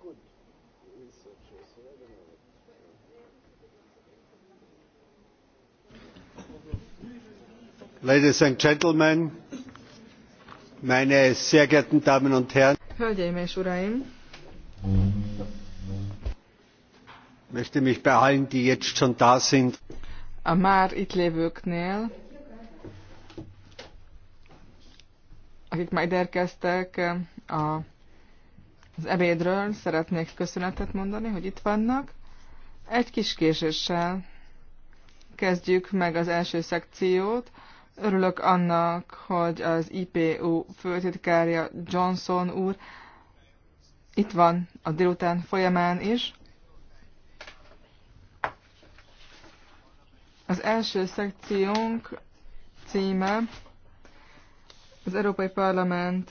good Ladies and Gentlemen, meine sehr geehrten Damen und Herren, Hölgyeim és Uraim! Möchte mich bei allen, die jetzt schon da sind. A már itt lévőknél, akik már érkeztek, a az ebédről szeretnék köszönetet mondani, hogy itt vannak. Egy kis késéssel kezdjük meg az első szekciót. Örülök annak, hogy az IPU főtitkárja Johnson úr itt van a délután folyamán is. Az első szekciónk címe az Európai Parlament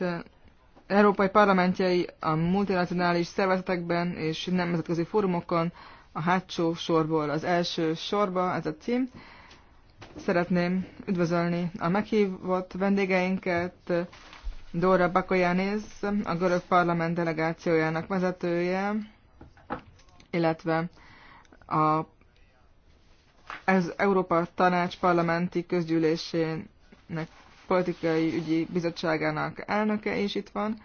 európai parlamentjei a multinacionális szervezetekben és nemzetközi fórumokon a hátsó sorból az első sorba, ez a cím. Szeretném üdvözölni a meghívott vendégeinket, Dóra Bakoyanis, a görög parlament delegációjának vezetője, illetve a, ez Európa Tanács parlamenti közgyűlésének politikai ügyi bizottságának elnöke is itt van,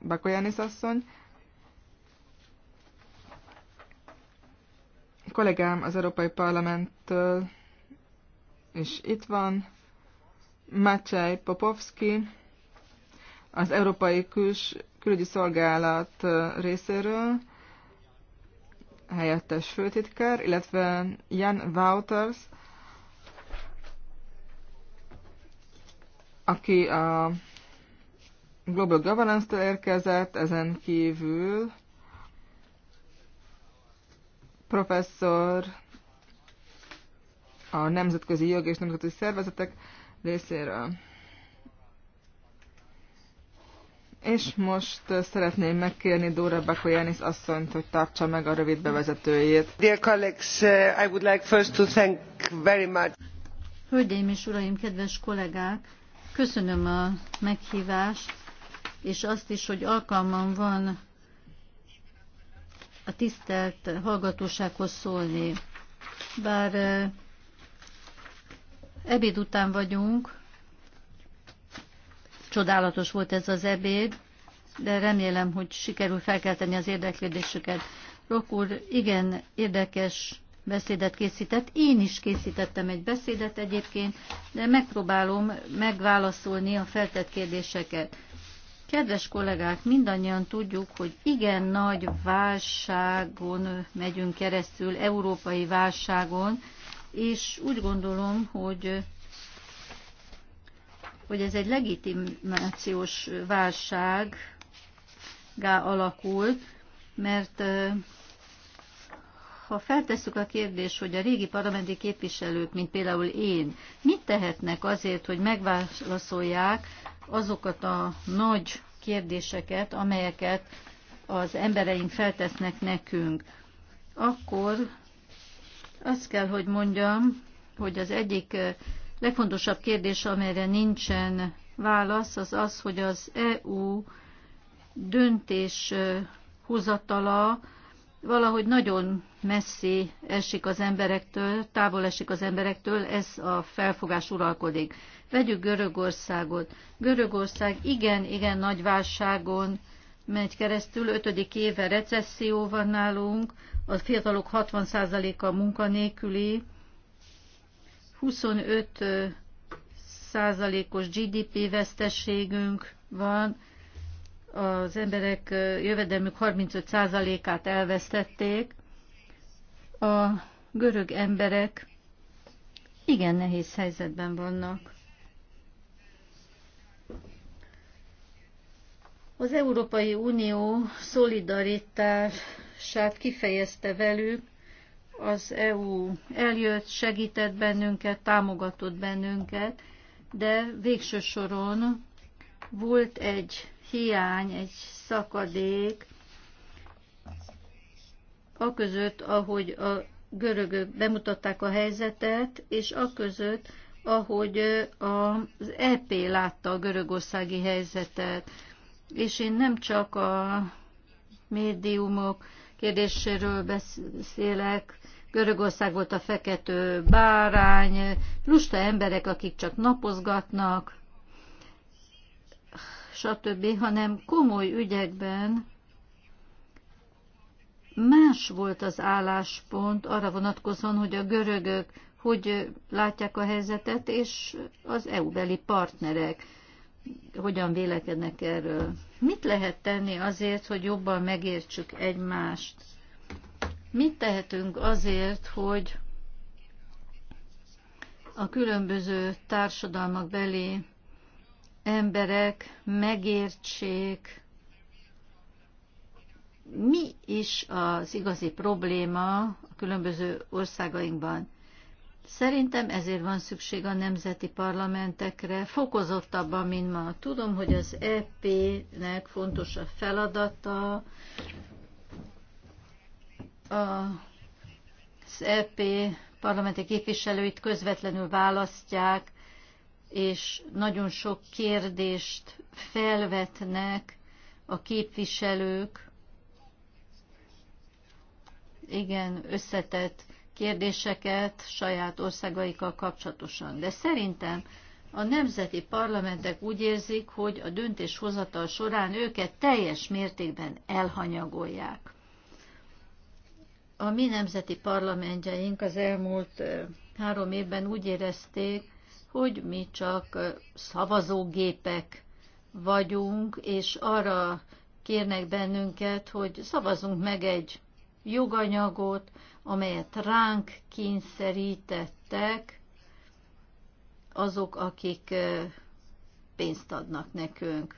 Bakoyanis asszony. kollégám az Európai Parlamenttől is itt van, Maciej Popovski, az Európai Küls, Külügyi Szolgálat részéről, helyettes főtitkár, illetve Jan Wouters, aki a Global Governance-től érkezett, ezen kívül professzor a Nemzetközi Jog és Nemzetközi Szervezetek részéről. És most szeretném megkérni Dóra Bakoyanis asszonyt, hogy tartsa meg a rövid bevezetőjét. Dear colleagues, uh, I would like first to thank very much. Hölgyeim és uraim, kedves kollégák! Köszönöm a meghívást, és azt is, hogy alkalmam van a tisztelt hallgatósághoz szólni. Bár ebéd után vagyunk, csodálatos volt ez az ebéd, de remélem, hogy sikerül felkelteni az érdeklődésüket. Rokur, igen, érdekes beszédet készített. Én is készítettem egy beszédet egyébként, de megpróbálom megválaszolni a feltett kérdéseket. Kedves kollégák, mindannyian tudjuk, hogy igen nagy válságon megyünk keresztül, európai válságon, és úgy gondolom, hogy hogy ez egy legitimációs válság alakult, mert ha feltesszük a kérdést, hogy a régi parlamenti képviselők, mint például én, mit tehetnek azért, hogy megválaszolják azokat a nagy kérdéseket, amelyeket az embereink feltesznek nekünk, akkor azt kell, hogy mondjam, hogy az egyik eh, legfontosabb kérdés, amelyre nincsen válasz, az az, hogy az EU döntés hozatala valahogy nagyon messzi esik az emberektől, távol esik az emberektől, ez a felfogás uralkodik. Vegyük Görögországot. Görögország igen, igen nagy válságon megy keresztül, ötödik éve recesszió van nálunk, a fiatalok 60%-a munkanélküli, 25 százalékos GDP veszteségünk van, az emberek jövedelmük 35%-át elvesztették. A görög emberek igen nehéz helyzetben vannak. Az Európai Unió szolidaritását kifejezte velük, az EU eljött, segített bennünket, támogatott bennünket, de végső soron volt egy hiány, egy szakadék a között, ahogy a görögök bemutatták a helyzetet, és a között, ahogy az EP látta a görögországi helyzetet. És én nem csak a médiumok kérdéséről beszélek, Görögország volt a fekete bárány, lusta emberek, akik csak napozgatnak, stb., hanem komoly ügyekben más volt az álláspont arra vonatkozóan, hogy a görögök hogy látják a helyzetet, és az EU-beli partnerek hogyan vélekednek erről. Mit lehet tenni azért, hogy jobban megértsük egymást? Mit tehetünk azért, hogy a különböző társadalmak beli emberek megértsék, mi is az igazi probléma a különböző országainkban. Szerintem ezért van szükség a nemzeti parlamentekre, fokozottabban, mint ma. Tudom, hogy az EP-nek fontos a feladata, az EP parlamenti képviselőit közvetlenül választják és nagyon sok kérdést felvetnek a képviselők. Igen, összetett kérdéseket saját országaikkal kapcsolatosan. De szerintem a nemzeti parlamentek úgy érzik, hogy a döntéshozatal során őket teljes mértékben elhanyagolják. A mi nemzeti parlamentjeink az elmúlt eh, három évben úgy érezték, hogy mi csak szavazógépek vagyunk, és arra kérnek bennünket, hogy szavazunk meg egy joganyagot, amelyet ránk kényszerítettek azok, akik pénzt adnak nekünk.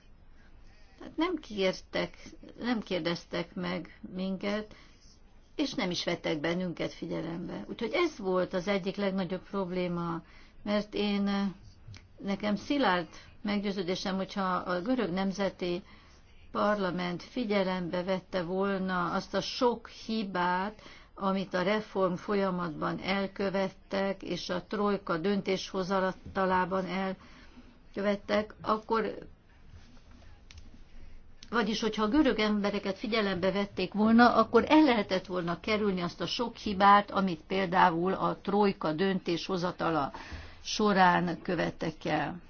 Tehát nem kértek, nem kérdeztek meg minket, és nem is vettek bennünket figyelembe. Úgyhogy ez volt az egyik legnagyobb probléma mert én eh, nekem szilárd meggyőződésem, hogyha a görög nemzeti parlament figyelembe vette volna azt a sok hibát, amit a reform folyamatban elkövettek, és a trojka döntéshozatalában elkövettek, akkor vagyis, hogyha a görög embereket figyelembe vették volna, akkor el lehetett volna kerülni azt a sok hibát, amit például a trojka döntéshozatala során követtek el.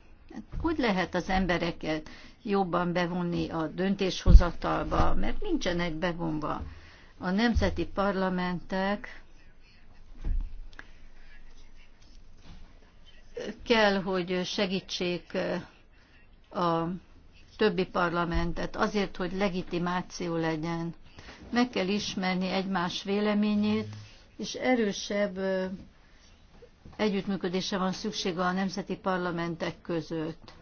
Hogy lehet az embereket jobban bevonni a döntéshozatalba, mert nincsenek bevonva. A nemzeti parlamentek kell, hogy segítsék eh, a többi parlamentet azért, hogy legitimáció legyen. Meg kell ismerni egymás véleményét, és erősebb eh, együttműködésre van szükség a nemzeti parlamentek között.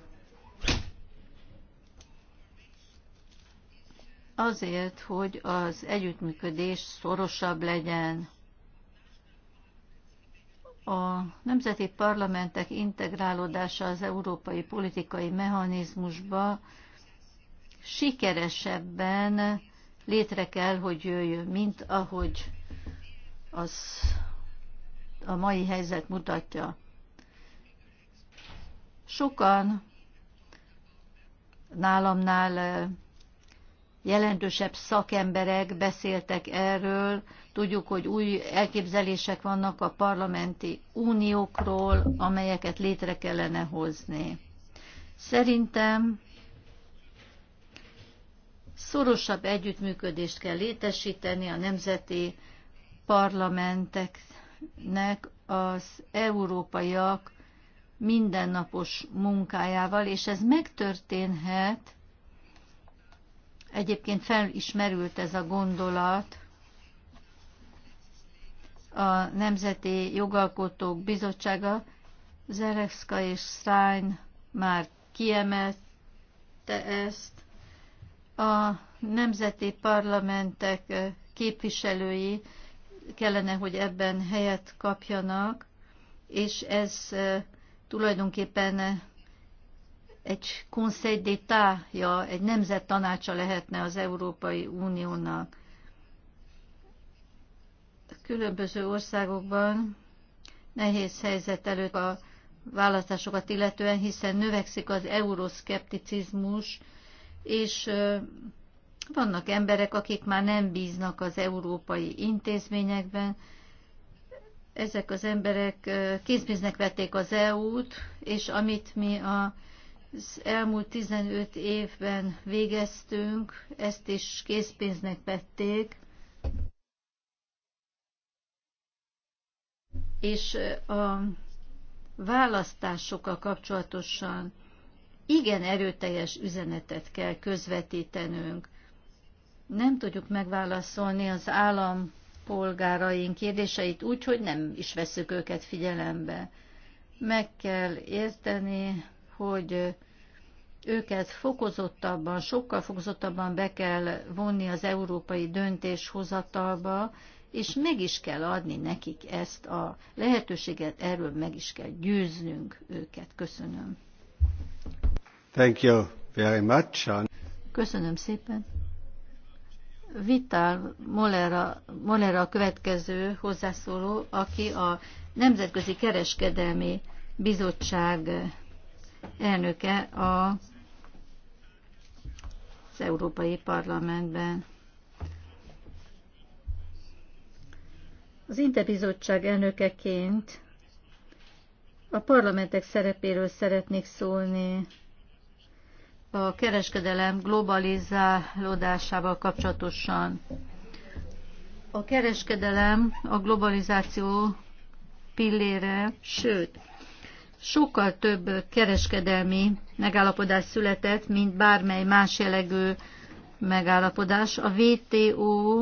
Azért, hogy az együttműködés szorosabb legyen. A nemzeti parlamentek integrálódása az európai politikai mechanizmusba sikeresebben létre kell, hogy jöjjön, mint ahogy az a mai helyzet mutatja. Sokan nálamnál eh, jelentősebb szakemberek beszéltek erről, tudjuk, hogy új elképzelések vannak a parlamenti uniókról, amelyeket létre kellene hozni. Szerintem szorosabb együttműködést kell létesíteni a nemzeti parlamentek együttműködnek az európaiak mindennapos munkájával, és ez megtörténhet, egyébként felismerült ez a gondolat a Nemzeti Jogalkotók Bizottsága, Zerevska és Stein már kiemelte ezt, a nemzeti parlamentek képviselői kellene, hogy ebben helyet kapjanak, és ez tulajdonképpen egy Conseil d'État-ja, egy tanácsa lehetne az Európai Uniónak. Különböző országokban nehéz helyzet előtt a választásokat illetően, hiszen növekszik az euroszkepticizmus, és vannak emberek, akik már nem bíznak az európai intézményekben. Ezek az emberek készpénznek vették az EU-t, és amit mi az elmúlt 15 évben végeztünk, ezt is készpénznek vették. És a választásokkal kapcsolatosan igen erőteljes üzenetet kell közvetítenünk nem tudjuk megválaszolni az állampolgáraink kérdéseit úgy, hogy nem is veszük őket figyelembe. Meg kell érteni, hogy őket fokozottabban, sokkal fokozottabban be kell vonni az európai döntéshozatalba, és meg is kell adni nekik ezt a lehetőséget, erről meg is kell győznünk őket. Köszönöm. Thank you very much. Köszönöm szépen. Vital Molera, Molera a következő hozzászóló, aki a Nemzetközi Kereskedelmi Bizottság elnöke a, az Európai Parlamentben. Az Interbizottság elnökeként a parlamentek szerepéről szeretnék szólni a kereskedelem globalizálódásával kapcsolatosan. A kereskedelem a globalizáció pillére, sőt, sokkal több kereskedelmi megállapodás született, mint bármely más jellegű megállapodás. A WTO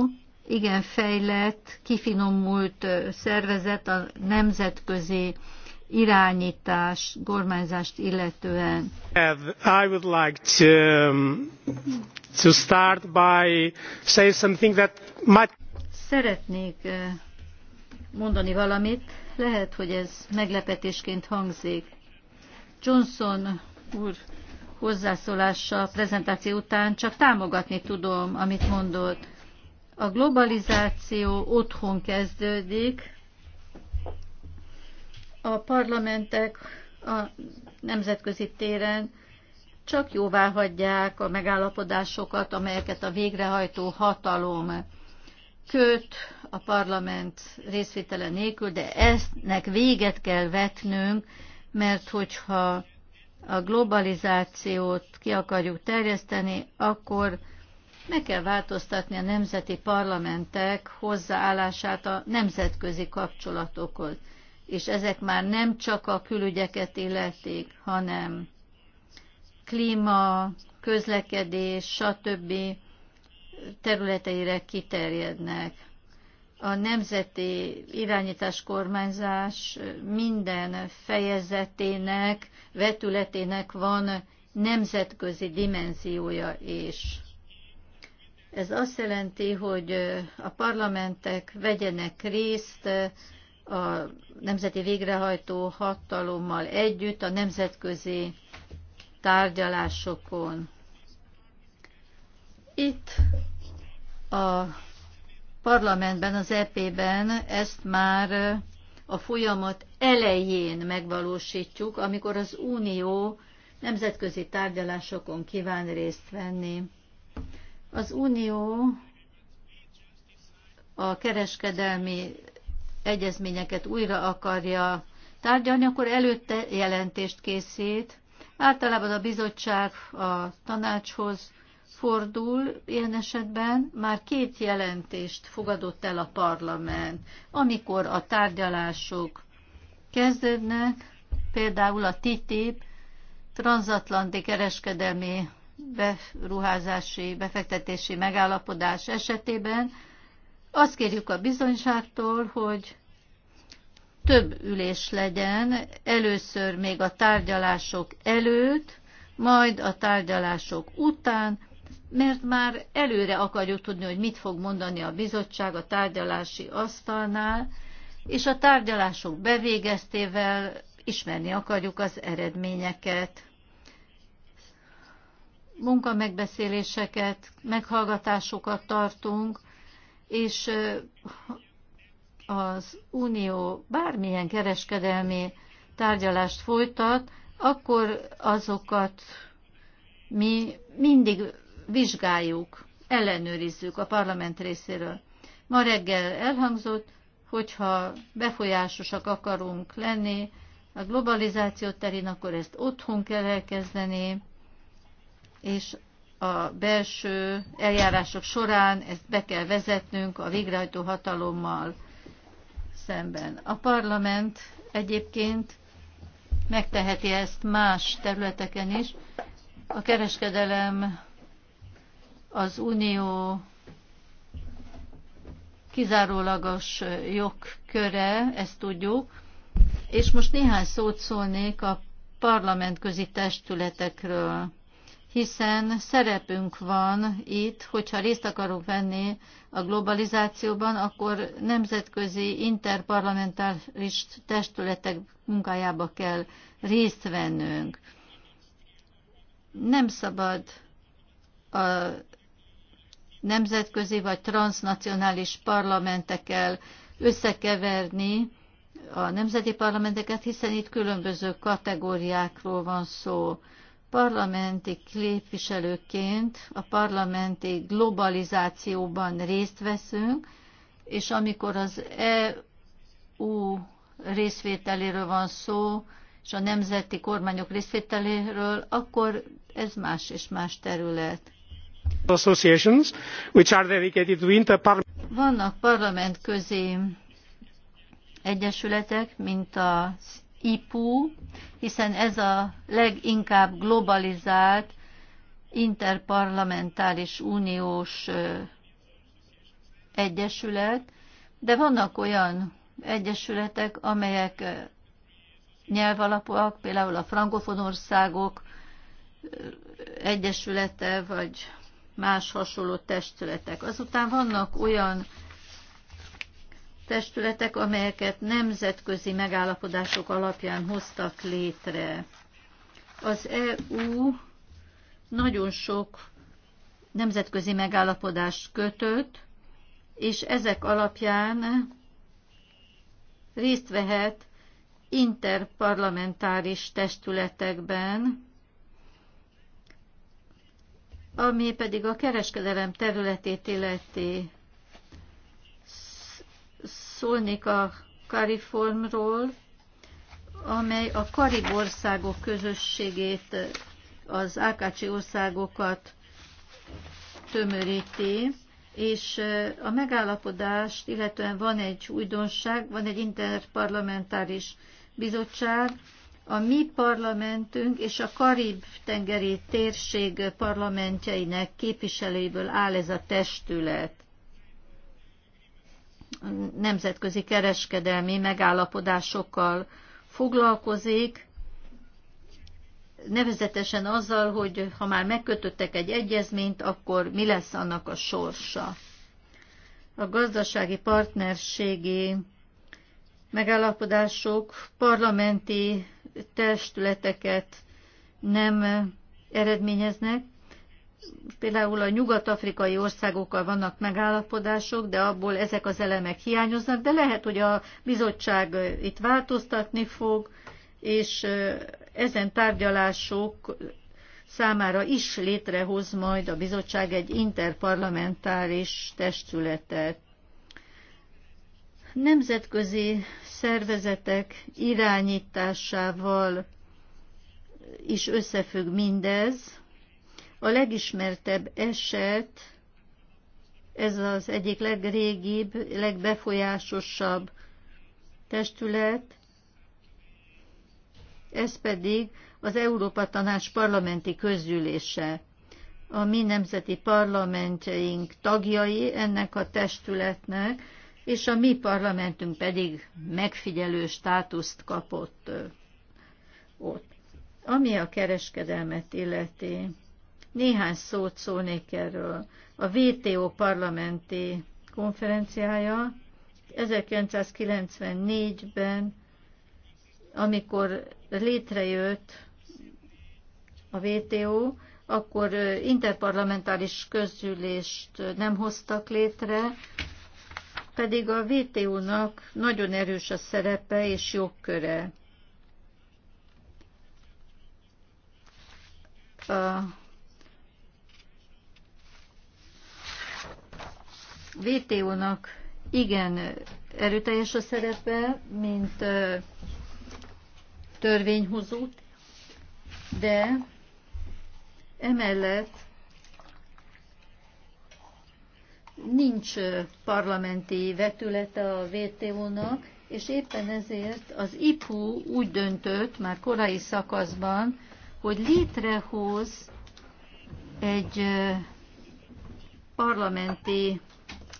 igen fejlett, kifinomult szervezet a nemzetközi irányítás, kormányzást illetően. I would like to, um, to start by say something that might... Szeretnék eh, mondani valamit, lehet, hogy ez meglepetésként hangzik. Johnson úr hozzászólása a prezentáció után csak támogatni tudom, amit mondott. A globalizáció otthon kezdődik, a parlamentek a nemzetközi téren csak jóvá hagyják a megállapodásokat, amelyeket a végrehajtó hatalom köt a parlament részvétele nélkül, de eztnek véget kell vetnünk, mert hogyha a globalizációt ki akarjuk terjeszteni, akkor meg kell változtatni a nemzeti parlamentek hozzáállását a nemzetközi kapcsolatokhoz és ezek már nem csak a külügyeket illetik, hanem klíma, közlekedés, stb. területeire kiterjednek. A nemzeti irányítás kormányzás minden fejezetének, vetületének van nemzetközi dimenziója is. Ez azt jelenti, hogy a parlamentek vegyenek részt a nemzeti végrehajtó hatalommal együtt a nemzetközi tárgyalásokon. Itt a parlamentben, az EP-ben ezt már a folyamat elején megvalósítjuk, amikor az Unió nemzetközi tárgyalásokon kíván részt venni. Az Unió a kereskedelmi egyezményeket újra akarja tárgyalni, akkor előtte jelentést készít. Általában a bizottság a tanácshoz fordul ilyen esetben, már két jelentést fogadott el a parlament, amikor a tárgyalások kezdődnek, például a TTIP, transatlanti kereskedelmi beruházási, befektetési megállapodás esetében, azt kérjük a bizonyságtól, hogy több ülés legyen, először még a tárgyalások előtt, majd a tárgyalások után, mert már előre akarjuk tudni, hogy mit fog mondani a bizottság a tárgyalási asztalnál, és a tárgyalások bevégeztével ismerni akarjuk az eredményeket. Munkamegbeszéléseket, meghallgatásokat tartunk, és az Unió bármilyen kereskedelmi tárgyalást folytat, akkor azokat mi mindig vizsgáljuk, ellenőrizzük a parlament részéről. Ma reggel elhangzott, hogyha befolyásosak akarunk lenni a globalizáció terén, akkor ezt otthon kell elkezdeni, és a belső eljárások során ezt be kell vezetnünk a végrehajtó hatalommal szemben. A parlament egyébként megteheti ezt más területeken is. A kereskedelem az unió kizárólagos jogköre, ezt tudjuk. És most néhány szót szólnék a parlamentközi testületekről hiszen szerepünk van itt, hogyha részt akarunk venni a globalizációban, akkor nemzetközi interparlamentáris testületek munkájába kell részt vennünk. Nem szabad a nemzetközi vagy transnacionális parlamentekkel összekeverni a nemzeti parlamenteket, hiszen itt különböző kategóriákról van szó parlamenti képviselőként a parlamenti globalizációban részt veszünk, és amikor az EU részvételéről van szó, és a nemzeti kormányok részvételéről, akkor ez más és más terület. Associations, which are dedicated to inter Vannak parlamentközi egyesületek, mint az IPU, hiszen ez a leginkább globalizált interparlamentális uniós egyesület, de vannak olyan egyesületek, amelyek nyelvalapúak, például a frankofon országok egyesülete, vagy más hasonló testületek. Azután vannak olyan testületek, amelyeket nemzetközi megállapodások alapján hoztak létre. Az EU nagyon sok nemzetközi megállapodást kötött, és ezek alapján részt vehet interparlamentáris testületekben, ami pedig a kereskedelem területét illeti szólnék a Kariformról, amely a Karib országok közösségét, az Ákácsi országokat tömöríti, és a megállapodást, illetően van egy újdonság, van egy interparlamentáris bizottság, a mi parlamentünk és a Karib-tengeri térség parlamentjeinek képviselőiből áll ez a testület nemzetközi kereskedelmi megállapodásokkal foglalkozik, nevezetesen azzal, hogy ha már megkötöttek egy egyezményt, akkor mi lesz annak a sorsa. A gazdasági partnerségi megállapodások parlamenti testületeket nem eredményeznek, például a nyugat-afrikai országokkal vannak megállapodások, de abból ezek az elemek hiányoznak, de lehet, hogy a bizottság itt változtatni fog, és ezen tárgyalások számára is létrehoz majd a bizottság egy interparlamentáris testületet. Nemzetközi szervezetek irányításával is összefügg mindez, a legismertebb eset, ez az egyik legrégibb, legbefolyásosabb testület, ez pedig az Európa Tanács parlamenti közgyűlése. A mi nemzeti parlamentjeink tagjai ennek a testületnek, és a mi parlamentünk pedig megfigyelő státuszt kapott ott. Ami a kereskedelmet illeti, néhány szót szólnék erről. A VTO parlamenti konferenciája 1994-ben, amikor létrejött a VTO, akkor interparlamentális közgyűlést nem hoztak létre, pedig a vto nak nagyon erős a szerepe és jogköre. A VTO-nak igen erőteljes a szerepe, mint törvényhozó, de emellett nincs parlamenti vetülete a VTO-nak, és éppen ezért az IPU úgy döntött már korai szakaszban, hogy létrehoz egy parlamenti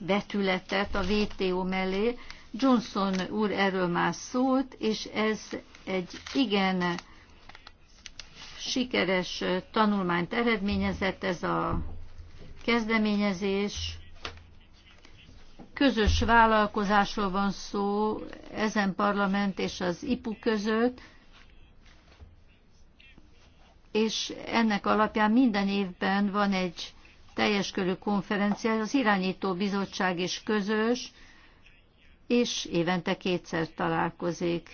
vetületet a WTO mellé. Johnson úr erről már szólt, és ez egy igen sikeres tanulmányt eredményezett ez a kezdeményezés. Közös vállalkozásról van szó ezen parlament és az IPU között, és ennek alapján minden évben van egy teljes körű konferencia, az irányító bizottság is közös, és évente kétszer találkozik.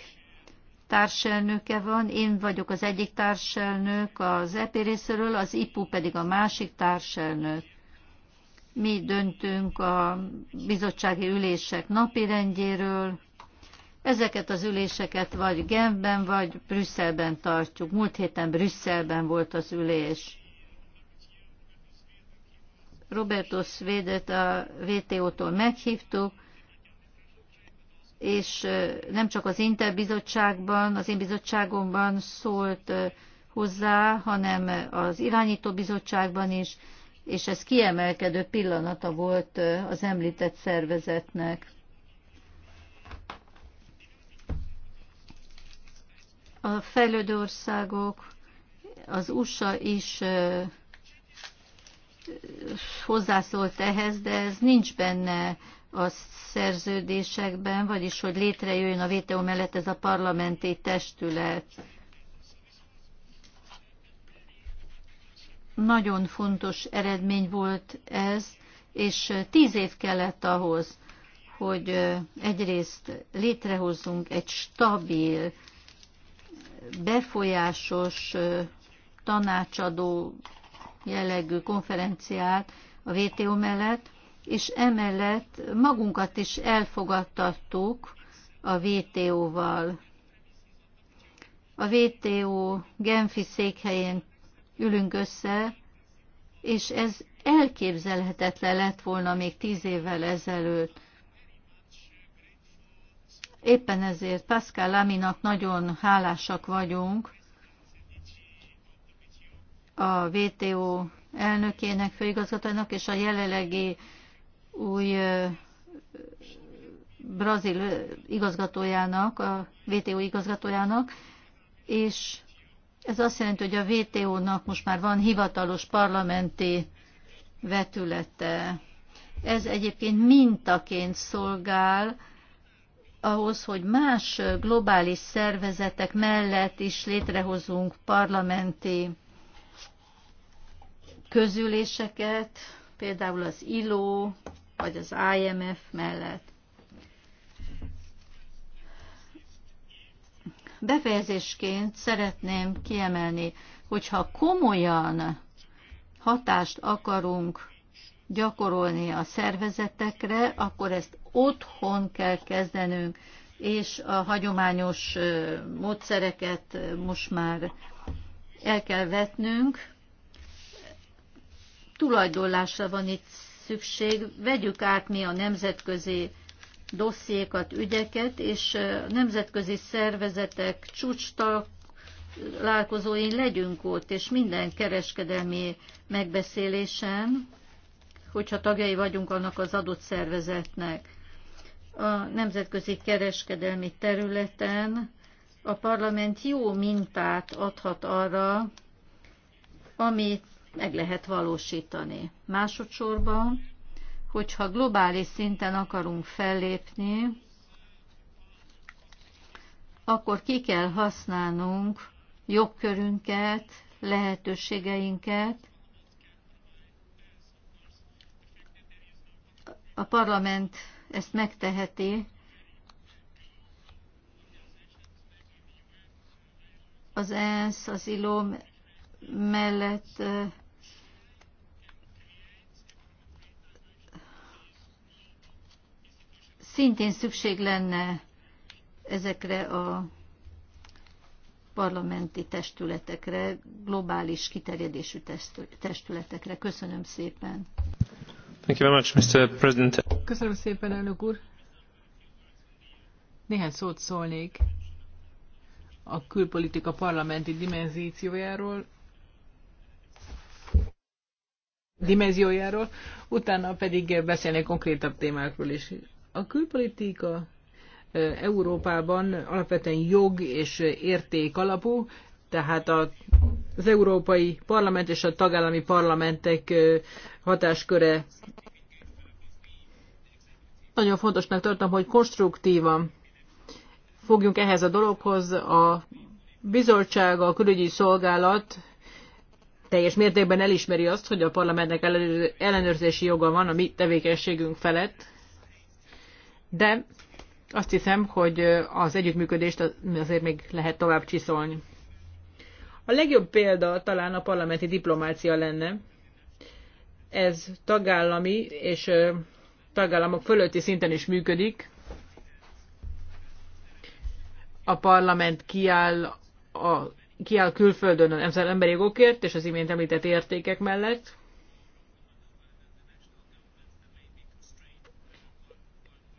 Társelnöke van, én vagyok az egyik társelnök az EP részéről, az IPU pedig a másik társelnök. Mi döntünk a bizottsági ülések rendjéről. Ezeket az üléseket vagy Genfben, vagy Brüsszelben tartjuk. Múlt héten Brüsszelben volt az ülés. Roberto Svédet a VTO-tól meghívtuk, és nem csak az Interbizottságban, az én bizottságomban szólt hozzá, hanem az irányító bizottságban is, és ez kiemelkedő pillanata volt az említett szervezetnek. A fejlődő országok, az USA is hozzászólt ehhez, de ez nincs benne a szerződésekben, vagyis hogy létrejöjjön a VTO mellett ez a parlamenti testület. Nagyon fontos eredmény volt ez, és tíz év kellett ahhoz, hogy egyrészt létrehozzunk egy stabil, befolyásos tanácsadó jellegű konferenciát a VTO mellett, és emellett magunkat is elfogadtattuk a vto val A VTO Genfi székhelyén ülünk össze, és ez elképzelhetetlen lett volna még tíz évvel ezelőtt. Éppen ezért Pascal Laminak nagyon hálásak vagyunk, a WTO elnökének, főigazgatónak és a jelenlegi új brazil igazgatójának, a WTO igazgatójának, és ez azt jelenti, hogy a WTO-nak most már van hivatalos parlamenti vetülete. Ez egyébként mintaként szolgál ahhoz, hogy más globális szervezetek mellett is létrehozunk parlamenti közüléseket, például az ILO vagy az IMF mellett. Befejezésként szeretném kiemelni, hogyha komolyan hatást akarunk gyakorolni a szervezetekre, akkor ezt otthon kell kezdenünk, és a hagyományos módszereket most már el kell vetnünk, tulajdonlásra van itt szükség. Vegyük át mi a nemzetközi dossziékat, ügyeket, és nemzetközi szervezetek csúcs találkozóin legyünk ott, és minden kereskedelmi megbeszélésen, hogyha tagjai vagyunk annak az adott szervezetnek. A nemzetközi kereskedelmi területen a parlament jó mintát adhat arra, amit meg lehet valósítani. Másodszorban, hogyha globális szinten akarunk fellépni, akkor ki kell használnunk jogkörünket, lehetőségeinket. A parlament ezt megteheti. Az ENSZ, az ILOM mellett szintén szükség lenne ezekre a parlamenti testületekre, globális kiterjedésű testületekre. Köszönöm szépen. Thank you very much, Mr. President. Köszönöm szépen, elnök úr. Néhány szót szólnék a külpolitika parlamenti dimenziójáról, dimenziójáról, utána pedig beszélni konkrétabb témákról is. A külpolitika Európában alapvetően jog és érték alapú, tehát a, az Európai Parlament és a tagállami parlamentek hatásköre nagyon fontosnak tartom, hogy konstruktívan fogjunk ehhez a dologhoz. A bizottság, a külügyi szolgálat teljes mértékben elismeri azt, hogy a parlamentnek ellenőrzési joga van a mi tevékenységünk felett, de azt hiszem, hogy az együttműködést azért még lehet tovább csiszolni. A legjobb példa talán a parlamenti diplomácia lenne. Ez tagállami és tagállamok fölötti szinten is működik. A parlament kiáll a kiáll külföldön az emberi jogokért és az imént említett értékek mellett,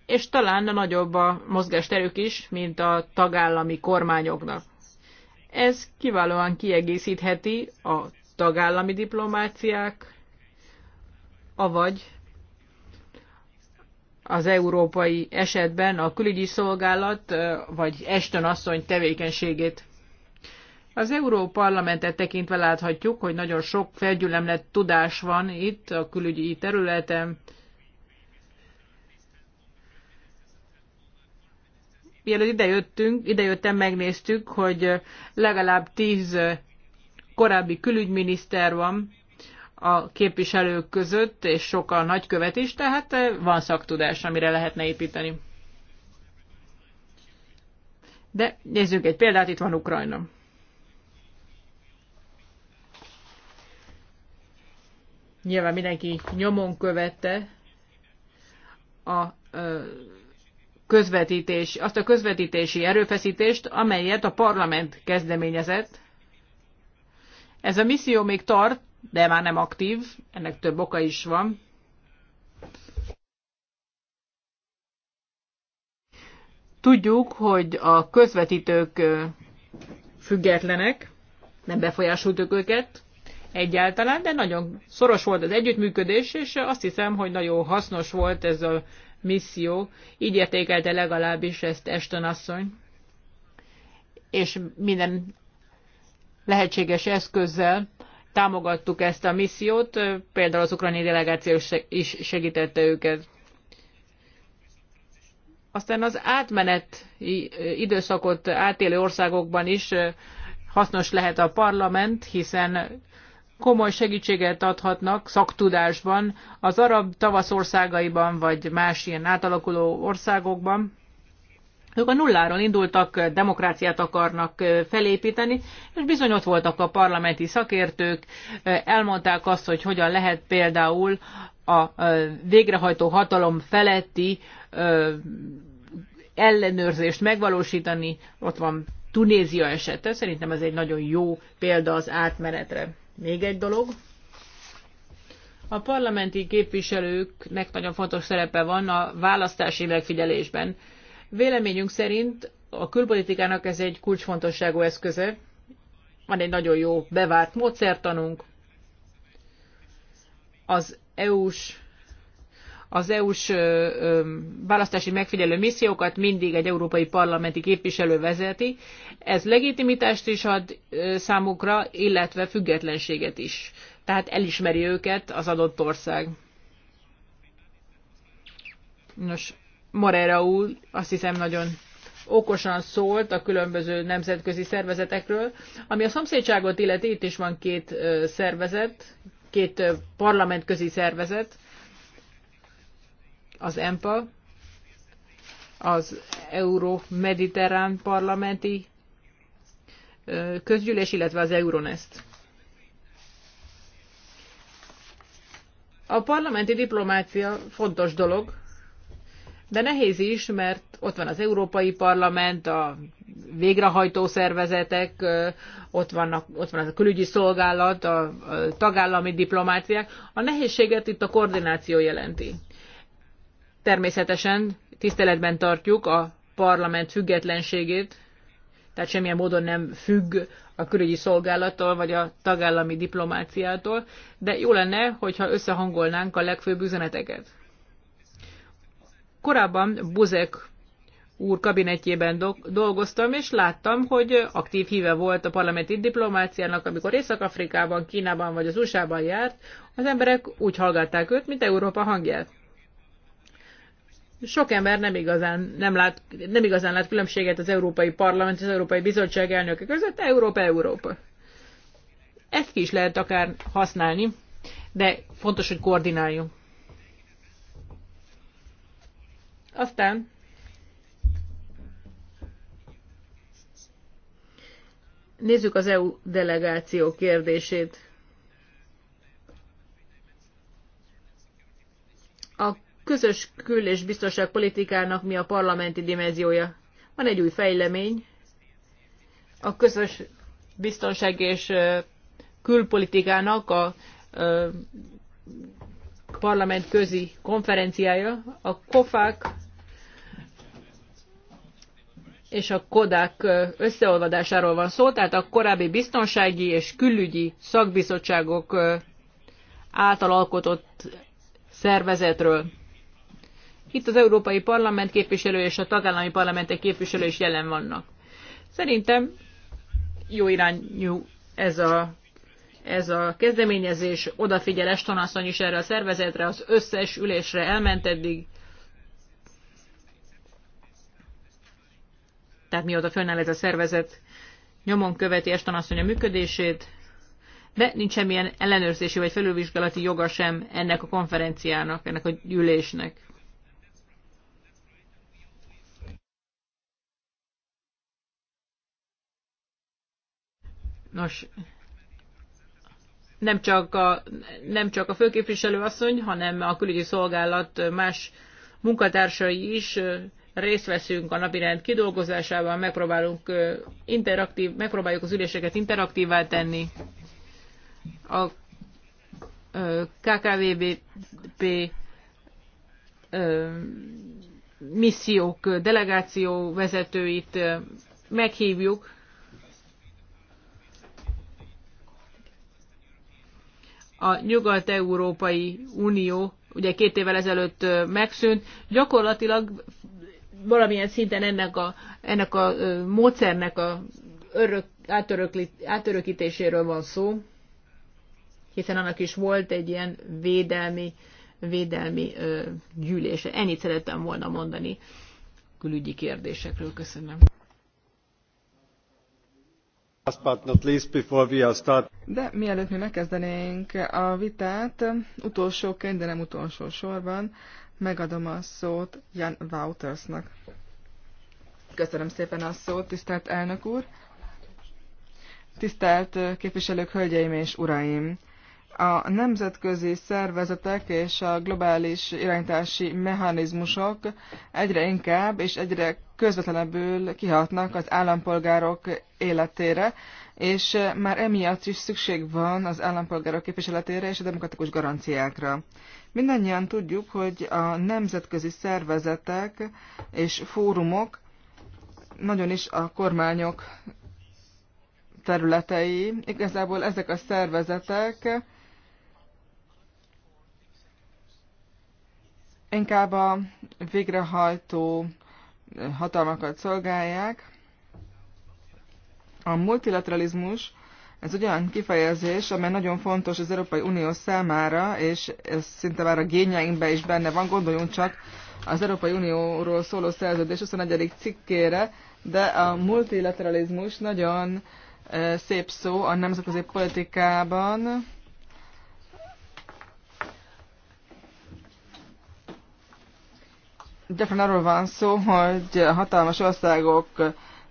és talán a nagyobb a mozgásterük is, mint a tagállami kormányoknak. Ez kiválóan kiegészítheti a tagállami diplomáciák, avagy az európai esetben a külügyi szolgálat, vagy Eston asszony tevékenységét. Az Parlamentet tekintve láthatjuk, hogy nagyon sok felgyülemlett tudás van itt a külügyi területen. Mielőtt idejöttünk, idejöttem, megnéztük, hogy legalább tíz korábbi külügyminiszter van a képviselők között, és sokkal nagykövet is, tehát van szaktudás, amire lehetne építeni. De nézzünk egy példát, itt van Ukrajna. Nyilván mindenki nyomon követte a közvetítés, azt a közvetítési erőfeszítést, amelyet a parlament kezdeményezett. Ez a misszió még tart, de már nem aktív, ennek több oka is van. Tudjuk, hogy a közvetítők függetlenek, nem befolyásoltuk őket, egyáltalán, de nagyon szoros volt az együttműködés, és azt hiszem, hogy nagyon hasznos volt ez a misszió. Így értékelte legalábbis ezt Eston asszony. És minden lehetséges eszközzel támogattuk ezt a missziót, például az ukrajnai delegáció is segítette őket. Aztán az átmenet időszakot átélő országokban is hasznos lehet a parlament, hiszen komoly segítséget adhatnak szaktudásban az arab tavasz országaiban, vagy más ilyen átalakuló országokban. Ők a nulláról indultak, demokráciát akarnak felépíteni, és bizony ott voltak a parlamenti szakértők, elmondták azt, hogy hogyan lehet például a végrehajtó hatalom feletti ellenőrzést megvalósítani. Ott van Tunézia esete, szerintem ez egy nagyon jó példa az átmenetre. Még egy dolog. A parlamenti képviselőknek nagyon fontos szerepe van a választási megfigyelésben. Véleményünk szerint a külpolitikának ez egy kulcsfontosságú eszköze. Van egy nagyon jó bevált módszertanunk. Az EU-s az EU-s választási megfigyelő missziókat mindig egy európai parlamenti képviselő vezeti. Ez legitimitást is ad számukra, illetve függetlenséget is. Tehát elismeri őket az adott ország. Nos, Morera úr azt hiszem nagyon okosan szólt a különböző nemzetközi szervezetekről. Ami a szomszédságot illeti, itt is van két szervezet, két parlamentközi szervezet, az EMPA, az Euró-Mediterrán Parlamenti Közgyűlés, illetve az Euronest. A parlamenti diplomácia fontos dolog, de nehéz is, mert ott van az Európai Parlament, a végrehajtó szervezetek, ott, vannak, ott van az a külügyi szolgálat, a, a tagállami diplomáciák. A nehézséget itt a koordináció jelenti. Természetesen tiszteletben tartjuk a parlament függetlenségét, tehát semmilyen módon nem függ a külügyi szolgálattól vagy a tagállami diplomáciától, de jó lenne, hogyha összehangolnánk a legfőbb üzeneteket. Korábban Buzek úr kabinetjében dolgoztam, és láttam, hogy aktív híve volt a parlamenti diplomáciának, amikor Észak-Afrikában, Kínában vagy az USA-ban járt, az emberek úgy hallgatták őt, mint Európa hangját. Sok ember nem igazán, nem, lát, nem igazán lát különbséget az Európai Parlament és az Európai Bizottság elnöke között. Európa, Európa. Ezt ki is lehet akár használni, de fontos, hogy koordináljunk. Aztán nézzük az EU delegáció kérdését. közös kül- és biztonságpolitikának mi a parlamenti dimenziója. Van egy új fejlemény, a közös biztonság és külpolitikának a parlament közi konferenciája, a COFAC és a Kodák összeolvadásáról van szó, tehát a korábbi biztonsági és külügyi szakbizottságok által alkotott szervezetről. Itt az Európai Parlament képviselő és a tagállami parlamentek képviselő is jelen vannak. Szerintem jó irányú ez a, ez a kezdeményezés, odafigyel Estonasszony is erre a szervezetre, az összes ülésre elment eddig. Tehát mióta fönnáll ez a szervezet, nyomon követi Estonasszony a működését, de nincs semmilyen ellenőrzési vagy felülvizsgálati joga sem ennek a konferenciának, ennek a gyűlésnek. Nos, nem csak a, nem csak a főképviselő asszony, hanem a külügyi szolgálat más munkatársai is részt veszünk a napirend kidolgozásában, megpróbálunk interaktív, megpróbáljuk az üléseket interaktívvá tenni. A KKVBP missziók, delegáció vezetőit meghívjuk, a Nyugat-Európai Unió ugye két évvel ezelőtt megszűnt, gyakorlatilag valamilyen szinten ennek a, ennek a módszernek a örök, átörökítéséről van szó, hiszen annak is volt egy ilyen védelmi, védelmi gyűlése. Ennyit szerettem volna mondani külügyi kérdésekről. Köszönöm. De mielőtt mi megkezdenénk a vitát, utolsóként, de nem utolsó sorban, megadom a szót Jan Woutersnak. Köszönöm szépen a szót, tisztelt elnök úr! Tisztelt képviselők, hölgyeim és uraim! A nemzetközi szervezetek és a globális irányítási mechanizmusok egyre inkább és egyre közvetlenebbül kihatnak az állampolgárok életére, és már emiatt is szükség van az állampolgárok képviseletére és a demokratikus garanciákra. Mindannyian tudjuk, hogy a nemzetközi szervezetek és fórumok nagyon is a kormányok területei. Igazából ezek a szervezetek inkább a végrehajtó hatalmakat szolgálják. A multilateralizmus ez olyan kifejezés, amely nagyon fontos az Európai Unió számára, és ez szinte már a gényeinkben is benne van, gondoljunk csak az Európai Unióról szóló szerződés 21. cikkére, de a multilateralizmus nagyon eh, szép szó a nemzetközi politikában, gyakran arról van szó, hogy hatalmas országok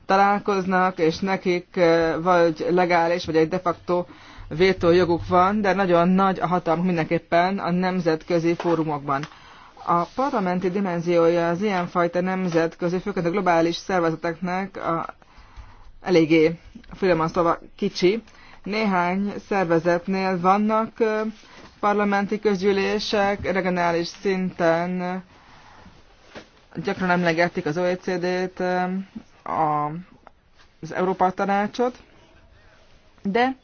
találkoznak, és nekik eh, vagy legális, vagy egy de facto vétójoguk van, de nagyon nagy a hatalmuk mindenképpen a nemzetközi fórumokban. A parlamenti dimenziója az ilyenfajta nemzetközi, főként a globális szervezeteknek a, eléggé, főleg szóval kicsi. Néhány szervezetnél vannak eh, parlamenti közgyűlések, regionális szinten Gyakran emlegetik az OECD-t, eh, a, az Európa Tanácsot, de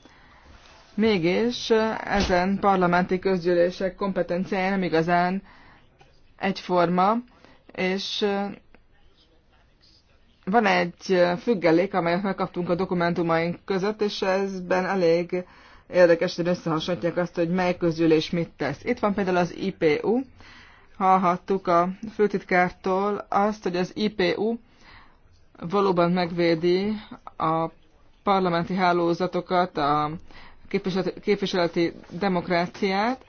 mégis eh, ezen parlamenti közgyűlések kompetenciája nem igazán egyforma, és eh, van egy függelék, amelyet megkaptunk a dokumentumaink között, és ezben elég érdekesen összehasonlítják azt, hogy mely közgyűlés mit tesz. Itt van például az IPU, hallhattuk a főtitkártól azt, hogy az IPU valóban megvédi a parlamenti hálózatokat, a képviseleti, képviseleti demokráciát,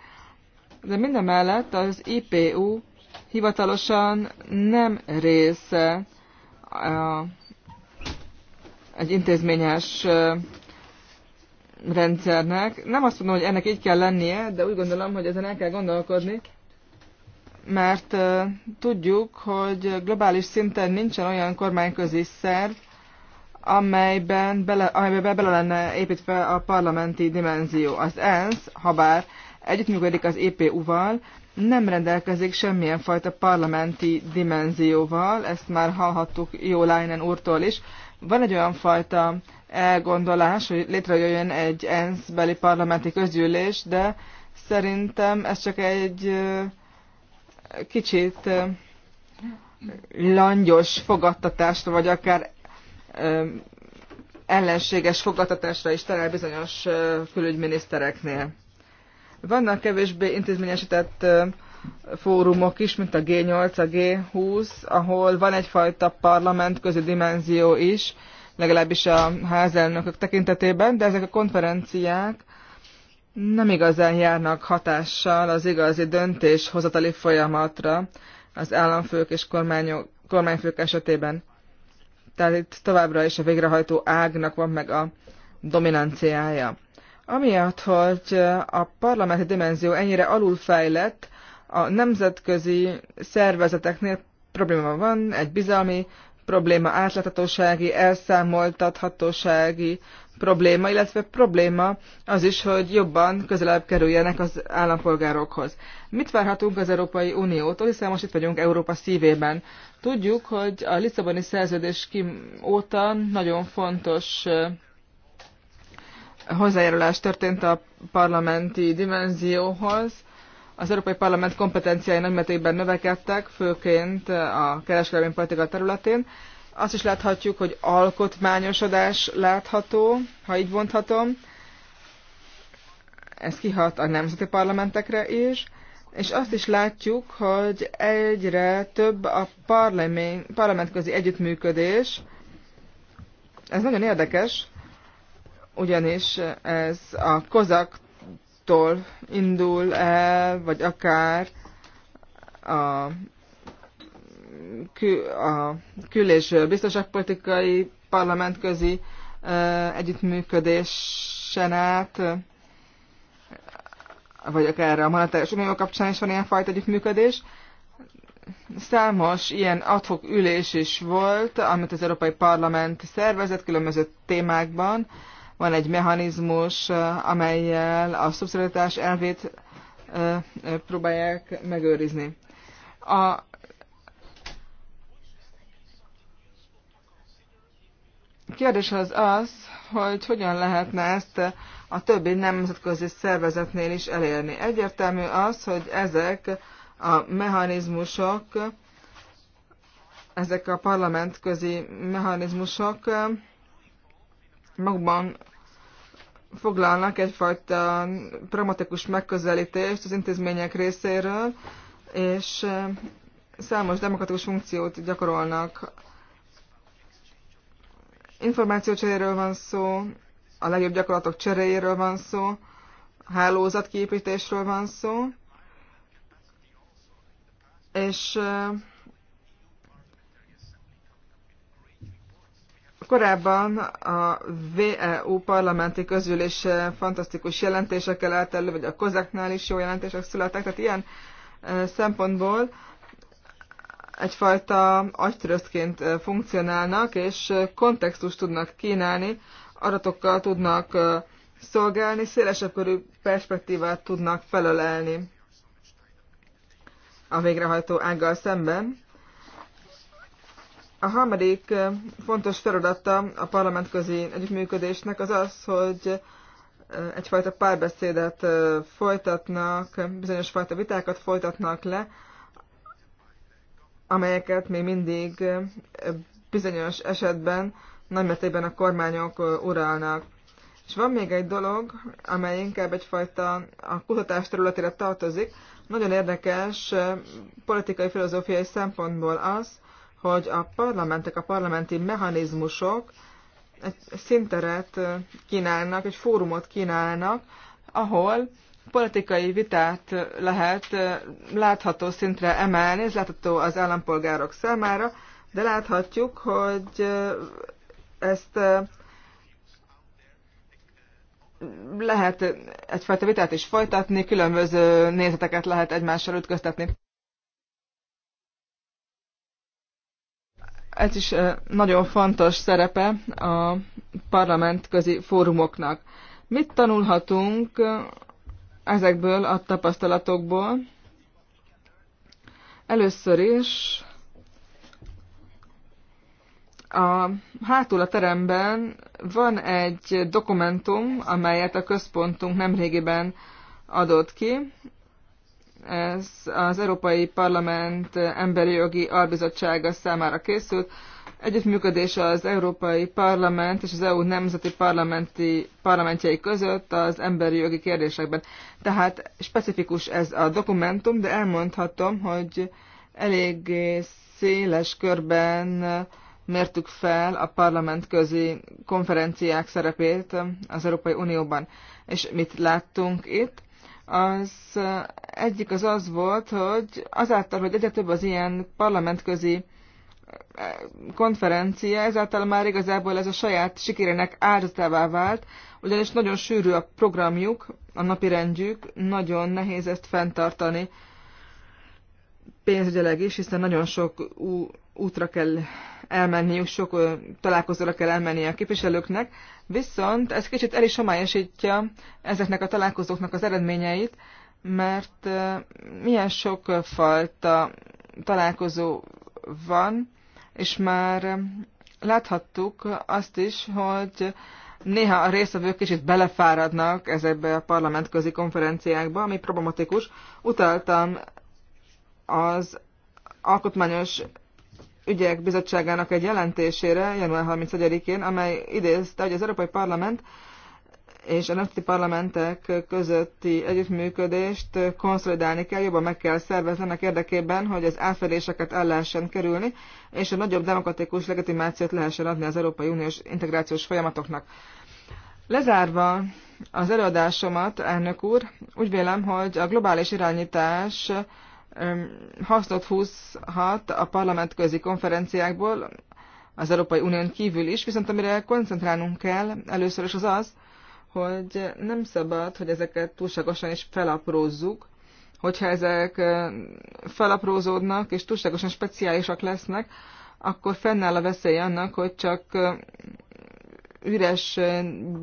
de minden mellett az IPU hivatalosan nem része a, egy intézményes rendszernek. Nem azt mondom, hogy ennek így kell lennie, de úgy gondolom, hogy ezen el kell gondolkodni, mert tudjuk, hogy globális szinten nincsen olyan kormányközi szerv, amelyben bele, amelyben bele lenne építve a parlamenti dimenzió. Az ENSZ, habár együttműködik az EPU-val, nem rendelkezik semmilyen fajta parlamenti dimenzióval, ezt már hallhattuk Jó Leinen úrtól is. Van egy olyan fajta elgondolás, hogy létrejöjjön egy ENSZ-beli parlamenti közgyűlés, de szerintem ez csak egy kicsit langyos fogadtatásra, vagy akár ellenséges fogadtatásra is terel bizonyos külügyminisztereknél. Vannak kevésbé intézményesített fórumok is, mint a G8, a G20, ahol van egyfajta parlamentközi dimenzió is, legalábbis a házelnökök tekintetében, de ezek a konferenciák nem igazán járnak hatással az igazi döntéshozatali folyamatra az államfők és kormányok, kormányfők esetében. Tehát itt továbbra is a végrehajtó ágnak van meg a dominanciája. Amiatt, hogy a parlamenti dimenzió ennyire alulfejlett, a nemzetközi szervezeteknél probléma van, egy bizalmi probléma, átláthatósági, elszámoltathatósági, probléma, illetve probléma az is, hogy jobban közelebb kerüljenek az állampolgárokhoz. Mit várhatunk az Európai Uniótól, hiszen most itt vagyunk Európa szívében. Tudjuk, hogy a Lisszaboni szerződés kim óta nagyon fontos eh, hozzájárulás történt a parlamenti dimenzióhoz. Az Európai Parlament kompetenciái nagymértékben növekedtek, főként eh, a kereskedelmi politika területén azt is láthatjuk, hogy alkotmányosodás látható, ha így mondhatom. Ez kihat a nemzeti parlamentekre is. És azt is látjuk, hogy egyre több a parlament, parlamentközi együttműködés. Ez nagyon érdekes, ugyanis ez a kozaktól indul el, vagy akár a a kül- és biztonságpolitikai parlamentközi együttműködésen át, vagy akár a monetáris unió kapcsán is van ilyen fajta együttműködés. Számos ilyen adhok ülés is volt, amit az Európai Parlament szervezett különböző témákban. Van egy mechanizmus, amelyel a szubszidiaritás elvét próbálják megőrizni. A kérdés az az, hogy hogyan lehetne ezt a többi nemzetközi szervezetnél is elérni. Egyértelmű az, hogy ezek a mechanizmusok, ezek a parlamentközi mechanizmusok magukban foglalnak egyfajta pragmatikus megközelítést az intézmények részéről, és számos demokratikus funkciót gyakorolnak információcseréről van szó, a legjobb gyakorlatok cseréjéről van szó, hálózatkiépítésről van szó, és Korábban a VEU parlamenti közülés fantasztikus jelentésekkel állt elő, vagy a kozaknál is jó jelentések születtek, tehát ilyen szempontból egyfajta agytöröztként funkcionálnak, és kontextust tudnak kínálni, adatokkal tudnak szolgálni, szélesebb körű perspektívát tudnak felölelni a végrehajtó ággal szemben. A harmadik fontos feladata a parlamentközi együttműködésnek az az, hogy egyfajta párbeszédet folytatnak, bizonyos fajta vitákat folytatnak le, amelyeket még mindig bizonyos esetben nagymértékben a kormányok uralnak. És van még egy dolog, amely inkább egyfajta a kutatás területére tartozik. Nagyon érdekes politikai filozófiai szempontból az, hogy a parlamentek, a parlamenti mechanizmusok egy szinteret kínálnak, egy fórumot kínálnak, ahol politikai vitát lehet látható szintre emelni, ez látható az állampolgárok számára, de láthatjuk, hogy ezt lehet egyfajta vitát is folytatni, különböző nézeteket lehet egymással ütköztetni. Ez is nagyon fontos szerepe a parlamentközi fórumoknak. Mit tanulhatunk ezekből a tapasztalatokból. Először is a hátul a teremben van egy dokumentum, amelyet a központunk nemrégiben adott ki. Ez az Európai Parlament Emberi Jogi Albizottsága számára készült együttműködés az Európai Parlament és az EU nemzeti parlamenti parlamentjei között az emberi jogi kérdésekben. Tehát specifikus ez a dokumentum, de elmondhatom, hogy elég széles körben mértük fel a parlament közi konferenciák szerepét az Európai Unióban. És mit láttunk itt? Az egyik az az volt, hogy azáltal, hogy egyre több az ilyen parlamentközi konferencia, ezáltal már igazából ez a saját sikerének áldozatává vált, ugyanis nagyon sűrű a programjuk, a napi rendjük, nagyon nehéz ezt fenntartani pénzügyileg is, hiszen nagyon sok útra kell elmenniük, sok találkozóra kell elmenni a képviselőknek, viszont ez kicsit el is homályosítja ezeknek a találkozóknak az eredményeit, mert milyen sok fajta találkozó van, és már láthattuk azt is, hogy néha a részvevők kicsit belefáradnak ezekbe a parlamentközi konferenciákba, ami problematikus. Utaltam az Alkotmányos Ügyek Bizottságának egy jelentésére január 31-én, amely idézte, hogy az Európai Parlament és a nemzeti parlamentek közötti együttműködést konszolidálni kell, jobban meg kell szervezni ennek érdekében, hogy az elfedéseket el lehessen kerülni, és a nagyobb demokratikus legitimációt lehessen adni az Európai Uniós integrációs folyamatoknak. Lezárva az előadásomat, elnök úr, úgy vélem, hogy a globális irányítás hasznot húzhat a parlamentközi konferenciákból, az Európai Unión kívül is, viszont amire koncentrálnunk kell először is az az, hogy nem szabad, hogy ezeket túlságosan is felaprózzuk, hogyha ezek felaprózódnak és túlságosan speciálisak lesznek, akkor fennáll a veszély annak, hogy csak üres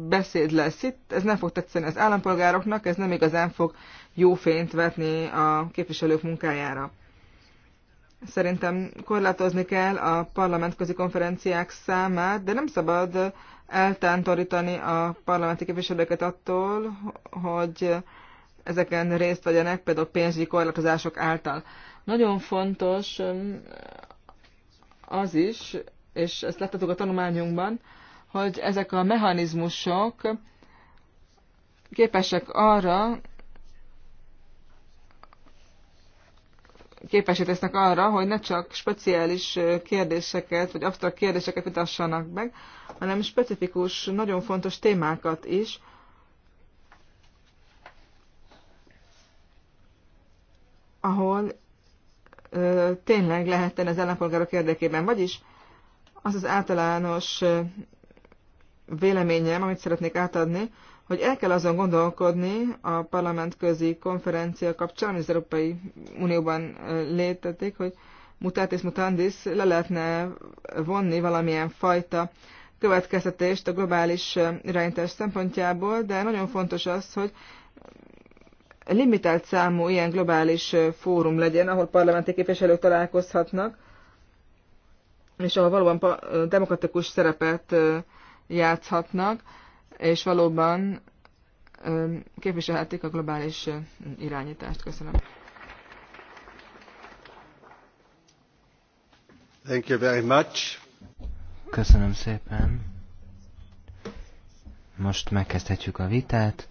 beszéd lesz itt. Ez nem fog tetszeni az állampolgároknak, ez nem igazán fog jó fényt vetni a képviselők munkájára. Szerintem korlátozni kell a parlamentközi konferenciák számát, de nem szabad eltántorítani a parlamenti képviselőket attól, hogy ezeken részt vegyenek, például pénzügyi korlátozások által. Nagyon fontos um, az is, és ezt láttuk a tanulmányunkban, hogy ezek a mechanizmusok képesek arra, képesé tesznek arra, hogy ne csak speciális kérdéseket, vagy abstrakt kérdéseket vitassanak meg, hanem specifikus, nagyon fontos témákat is. ahol ö, tényleg lehet tenni az ellenpolgárok érdekében. Vagyis az az általános ö, véleményem, amit szeretnék átadni, hogy el kell azon gondolkodni a parlament közi konferencia kapcsán, az Európai Unióban létették, hogy mutatis mutandis le lehetne vonni valamilyen fajta következtetést a globális irányítás szempontjából, de nagyon fontos az, hogy limitált számú ilyen globális fórum legyen, ahol parlamenti képviselők találkozhatnak, és ahol valóban demokratikus szerepet játszhatnak és valóban képviselhetik a globális irányítást. Köszönöm. Thank you very much. Köszönöm szépen. Most megkezdhetjük a vitát.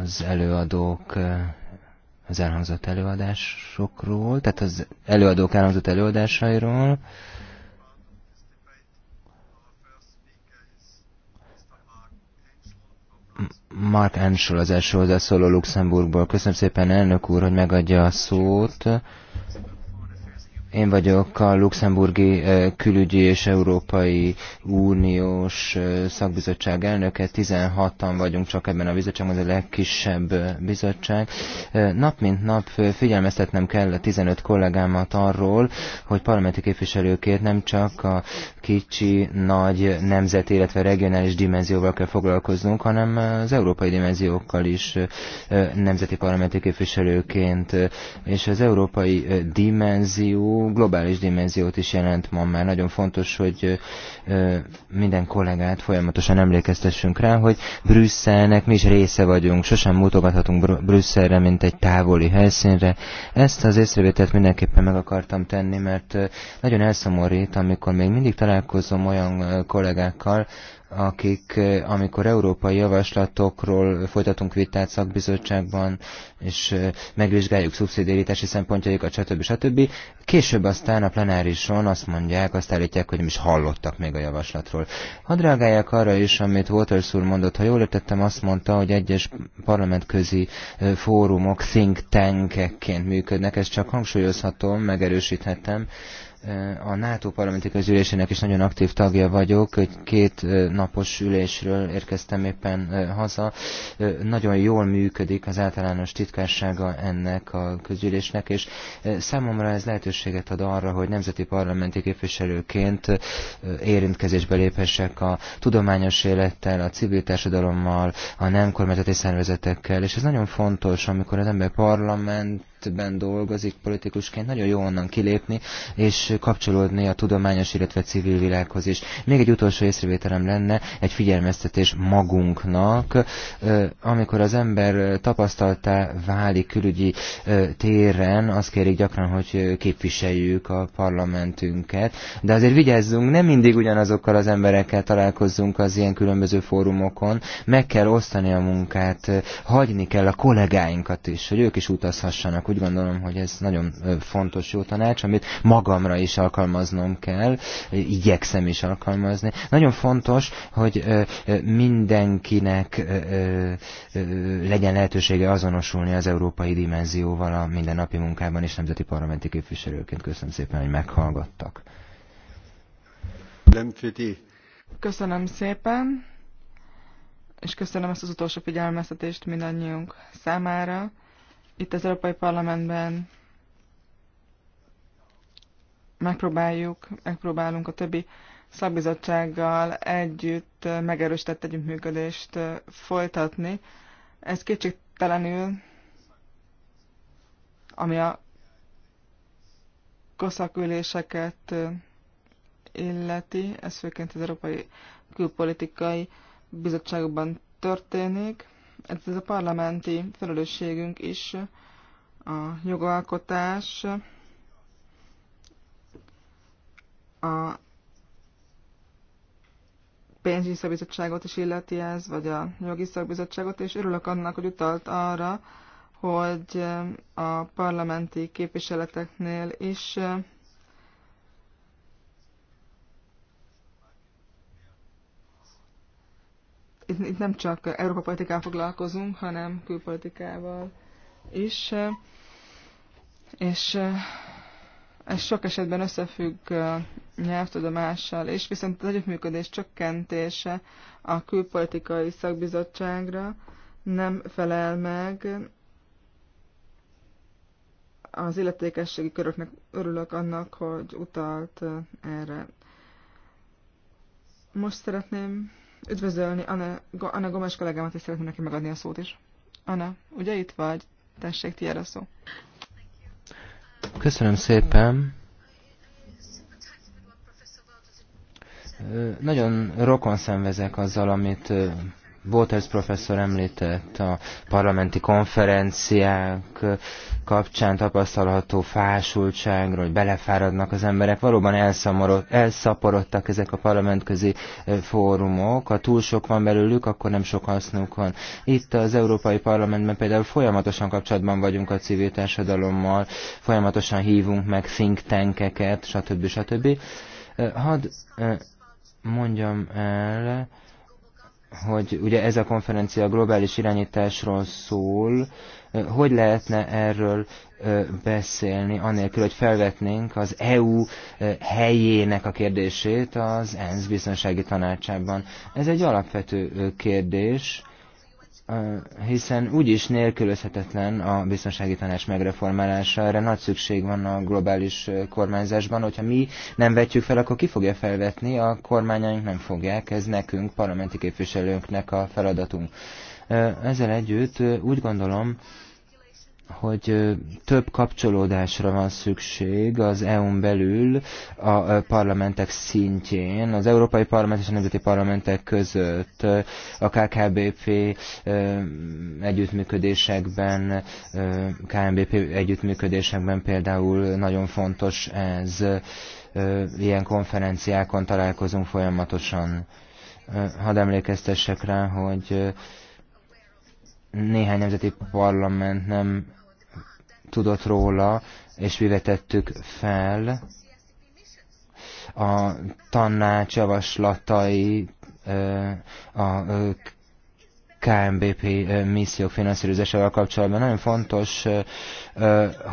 Az előadók az elhangzott előadásokról, tehát az előadók elhangzott előadásairól. Mark Ensol az első hozzászóló Luxemburgból. Köszönöm szépen elnök úr, hogy megadja a szót. Én vagyok a luxemburgi külügyi és Európai Uniós szakbizottság elnöke, 16-an vagyunk csak ebben a bizottságban, ez a legkisebb bizottság. Nap mint nap figyelmeztetnem kell a 15 kollégámat arról, hogy parlamenti képviselőként nem csak a kicsi, nagy nemzeti, illetve regionális dimenzióval kell foglalkoznunk, hanem az európai dimenziókkal is nemzeti parlamenti képviselőként, és az európai dimenzió globális dimenziót is jelent ma már. Nagyon fontos, hogy minden kollégát folyamatosan emlékeztessünk rá, hogy Brüsszelnek mi is része vagyunk, sosem mutogathatunk Brüsszelre, mint egy távoli helyszínre. Ezt az észrevételt mindenképpen meg akartam tenni, mert nagyon elszomorít, amikor még mindig találkozom olyan kollégákkal, akik, eh, amikor európai javaslatokról folytatunk vitát szakbizottságban, és eh, megvizsgáljuk szubszidiaritási szempontjaikat, stb. stb. Később aztán a plenárison azt mondják, azt állítják, hogy nem is hallottak még a javaslatról. Hadd reagálják arra is, amit Waters úr mondott. Ha jól értettem, azt mondta, hogy egyes parlamentközi eh, fórumok think tankekként működnek. Ezt csak hangsúlyozhatom, megerősíthetem, Eh, a NATO parlamenti közülésének is nagyon aktív tagja vagyok, egy két eh, napos ülésről érkeztem éppen eh, haza. Nagyon jól működik az általános titkársága ennek a közülésnek, és számomra ez lehetőséget ad arra, hogy nemzeti parlamenti képviselőként érintkezésbe léphessek a tudományos élettel, a civil társadalommal, a nem kormányzati szervezetekkel, és ez nagyon fontos, amikor az ember parlament projektben dolgozik politikusként, nagyon jó onnan kilépni, és kapcsolódni a tudományos, illetve civil világhoz is. Még egy utolsó észrevételem lenne, egy figyelmeztetés magunknak. Amikor az ember tapasztaltá válik külügyi téren, azt kérik gyakran, hogy képviseljük a parlamentünket, de azért vigyázzunk, nem mindig ugyanazokkal az emberekkel találkozzunk az ilyen különböző fórumokon, meg kell osztani a munkát, hagyni kell a kollégáinkat is, hogy ők is utazhassanak, úgy gondolom, hogy ez nagyon fontos jó tanács, amit magamra is alkalmaznom kell, igyekszem is alkalmazni. Nagyon fontos, hogy mindenkinek legyen lehetősége azonosulni az európai dimenzióval a mindennapi munkában és nemzeti parlamenti képviselőként. Köszönöm szépen, hogy meghallgattak. Köszönöm szépen, és köszönöm ezt az utolsó figyelmeztetést mindannyiunk számára itt az Európai Parlamentben megpróbáljuk, megpróbálunk a többi szakbizottsággal együtt megerősített együttműködést folytatni. Ez kétségtelenül, ami a koszaküléseket illeti, ez főként az Európai Külpolitikai Bizottságokban történik ez a parlamenti felelősségünk is, a jogalkotás, a pénzügyi szakbizottságot is illeti ez, vagy a jogi szakbizottságot, és örülök annak, hogy utalt arra, hogy a parlamenti képviseleteknél is itt, itt nem csak Európa politikával foglalkozunk, hanem külpolitikával is. És eh, ez sok esetben összefügg eh, nyelvtudomással, és viszont az együttműködés csökkentése a külpolitikai szakbizottságra nem felel meg az illetékességi köröknek örülök annak, hogy utalt eh, erre. Most szeretném üdvözölni Anna, Anna Gomes kollégámat, és szeretném neki megadni a szót is. Anna, ugye itt vagy? Tessék, tiéd a szó. Köszönöm szépen. Nagyon rokon szenvezek azzal, amit Waters professzor említett a parlamenti konferenciák kapcsán tapasztalható fásultságról, hogy belefáradnak az emberek. Valóban elszaporodtak ezek a parlamentközi fórumok. Ha túl sok van belőlük, akkor nem sok hasznuk van. Itt az Európai Parlamentben például folyamatosan kapcsolatban vagyunk a civil társadalommal, folyamatosan hívunk meg think tankeket, stb. stb. Hadd mondjam el, hogy ugye ez a konferencia globális irányításról szól, hogy lehetne erről beszélni, anélkül, hogy felvetnénk az EU helyének a kérdését az ENSZ biztonsági tanácsában. Ez egy alapvető kérdés, hiszen úgyis nélkülözhetetlen a biztonsági tanács megreformálása, erre nagy szükség van a globális kormányzásban, hogyha mi nem vetjük fel, akkor ki fogja felvetni, a kormányaink nem fogják, ez nekünk, parlamenti képviselőnknek a feladatunk. Ezzel együtt úgy gondolom, hogy több kapcsolódásra van szükség az EU-n belül a parlamentek szintjén, az Európai Parlament és a Nemzeti Parlamentek között, a KKBP együttműködésekben, KMBP együttműködésekben például nagyon fontos ez, ilyen konferenciákon találkozunk folyamatosan. Hadd emlékeztessek rá, hogy néhány nemzeti parlament nem tudott róla, és mi vetettük fel a tanács javaslatai a KMBP missziók finanszírozásával kapcsolatban. Nagyon fontos,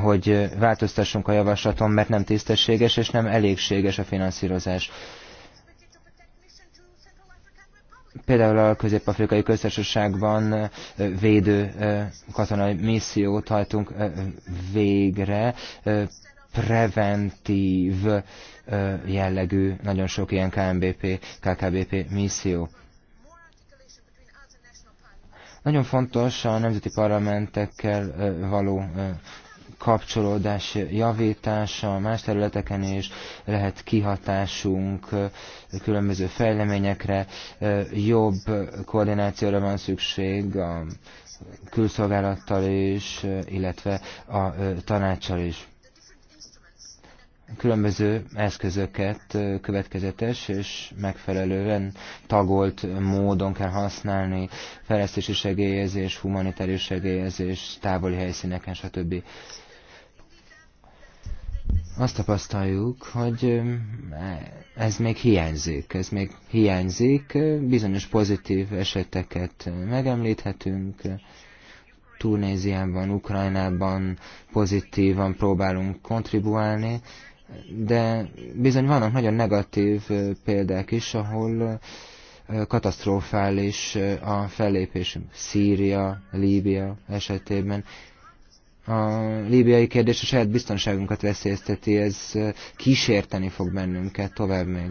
hogy változtassunk a javaslaton, mert nem tisztességes és nem elégséges a finanszírozás. Például a Közép-Afrikai Köztársaságban védő katonai missziót hajtunk végre, preventív jellegű, nagyon sok ilyen KMBP, KKBP misszió. Nagyon fontos a nemzeti parlamentekkel való kapcsolódás javítása más területeken is, lehet kihatásunk különböző fejleményekre, jobb koordinációra van szükség a külszolgálattal is, illetve a tanácssal is különböző eszközöket következetes és megfelelően tagolt módon kell használni, fejlesztési segélyezés, humanitárius segélyezés, távoli helyszíneken, stb azt tapasztaljuk, hogy ez még hiányzik, ez még hiányzik, bizonyos pozitív eseteket megemlíthetünk, Tunéziában, Ukrajnában pozitívan próbálunk kontribuálni, de bizony vannak nagyon negatív példák is, ahol katasztrofális a fellépés Szíria, Líbia esetében a líbiai kérdés a saját biztonságunkat veszélyezteti, ez kísérteni fog bennünket tovább még.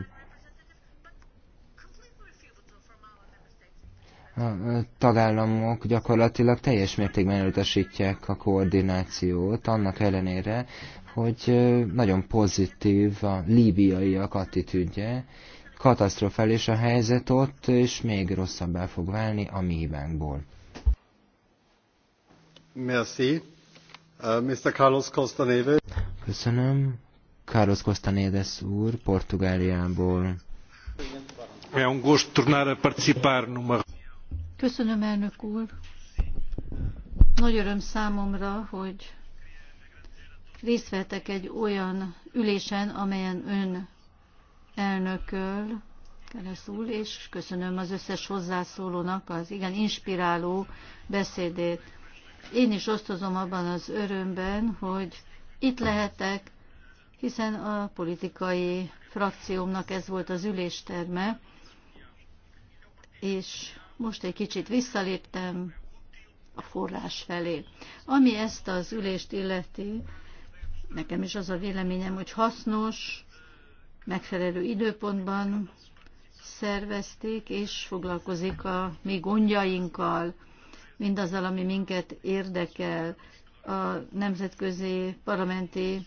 A tagállamok gyakorlatilag teljes mértékben elutasítják a koordinációt, annak ellenére, hogy nagyon pozitív a líbiaiak attitűdje, katasztrofális a helyzet ott, és még rosszabbá fog válni a mi hibánkból. Merci. Uh, Mr. Carlos Neves. Köszönöm. Carlos Neves úr, Portugáliából. É um gosto tornar a participar numa... Köszönöm, elnök úr. Nagy öröm számomra, hogy részt vettek egy olyan ülésen, amelyen ön elnököl, Keresz úr, és köszönöm az összes hozzászólónak az igen inspiráló beszédét. Én is osztozom abban az örömben, hogy itt lehetek, hiszen a politikai frakciómnak ez volt az ülésterme, és most egy kicsit visszaléptem a forrás felé. Ami ezt az ülést illeti, nekem is az a véleményem, hogy hasznos, megfelelő időpontban szervezték, és foglalkozik a mi gondjainkkal, mindazzal, ami minket érdekel a nemzetközi parlamenti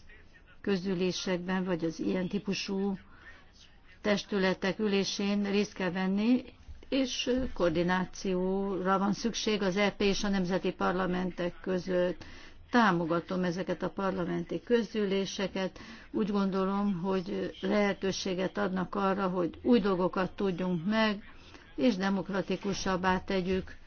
közülésekben, vagy az ilyen típusú testületek ülésén részt kell venni, és koordinációra van szükség az EP és a nemzeti parlamentek között. Támogatom ezeket a parlamenti közüléseket. Úgy gondolom, hogy lehetőséget adnak arra, hogy új dolgokat tudjunk meg, és demokratikusabbá tegyük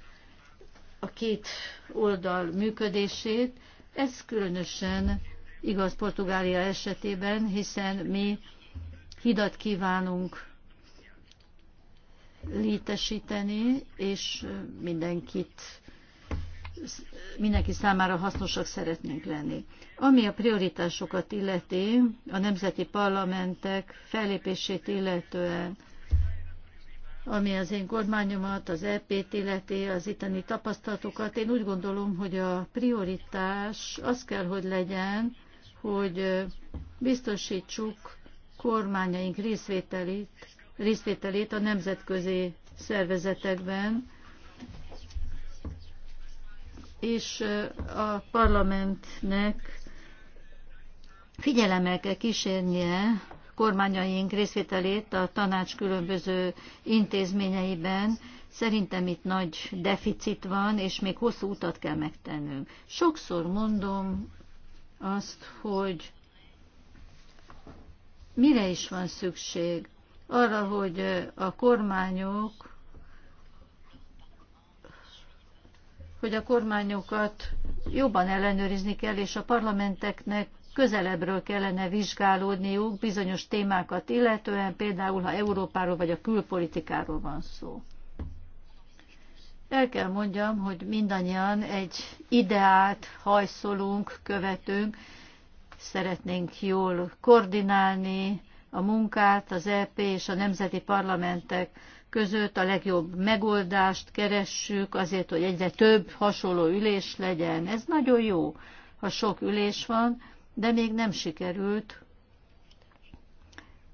a két oldal működését. Ez különösen igaz Portugália esetében, hiszen mi hidat kívánunk létesíteni, és mindenkit mindenki számára hasznosak szeretnénk lenni. Ami a prioritásokat illeti, a nemzeti parlamentek fellépését illetően ami az én kormányomat, az EP-t illeti, az itteni tapasztalatokat. Én úgy gondolom, hogy a prioritás az kell, hogy legyen, hogy biztosítsuk kormányaink részvételét, részvételét a nemzetközi szervezetekben, és a parlamentnek figyelemmel kell kísérnie kormányaink részvételét a tanács különböző intézményeiben. Szerintem itt nagy deficit van, és még hosszú utat kell megtennünk. Sokszor mondom azt, hogy mire is van szükség? Arra, hogy a kormányok hogy a kormányokat jobban ellenőrizni kell, és a parlamenteknek közelebbről kellene vizsgálódniuk bizonyos témákat illetően, például ha Európáról vagy a külpolitikáról van szó. El kell mondjam, hogy mindannyian egy ideát hajszolunk, követünk, szeretnénk jól koordinálni a munkát az EP és a nemzeti parlamentek között, a legjobb megoldást keressük azért, hogy egyre több hasonló ülés legyen. Ez nagyon jó, ha sok ülés van, de még nem sikerült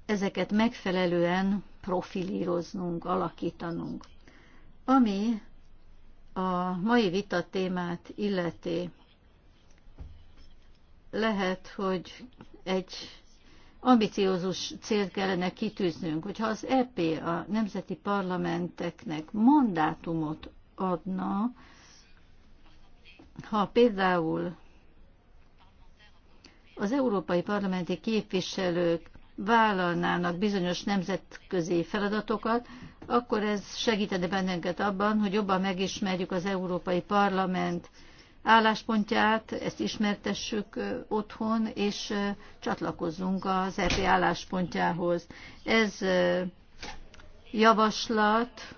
ezeket megfelelően profilíroznunk, alakítanunk. Ami a mai vita témát illeti, lehet, hogy egy ambiciózus célt kellene kitűznünk, hogyha az EP a nemzeti parlamenteknek mandátumot adna, ha például az európai parlamenti képviselők vállalnának bizonyos nemzetközi feladatokat, akkor ez segítene bennünket abban, hogy jobban megismerjük az Európai Parlament álláspontját, ezt ismertessük otthon, és csatlakozzunk az EP álláspontjához. Ez javaslat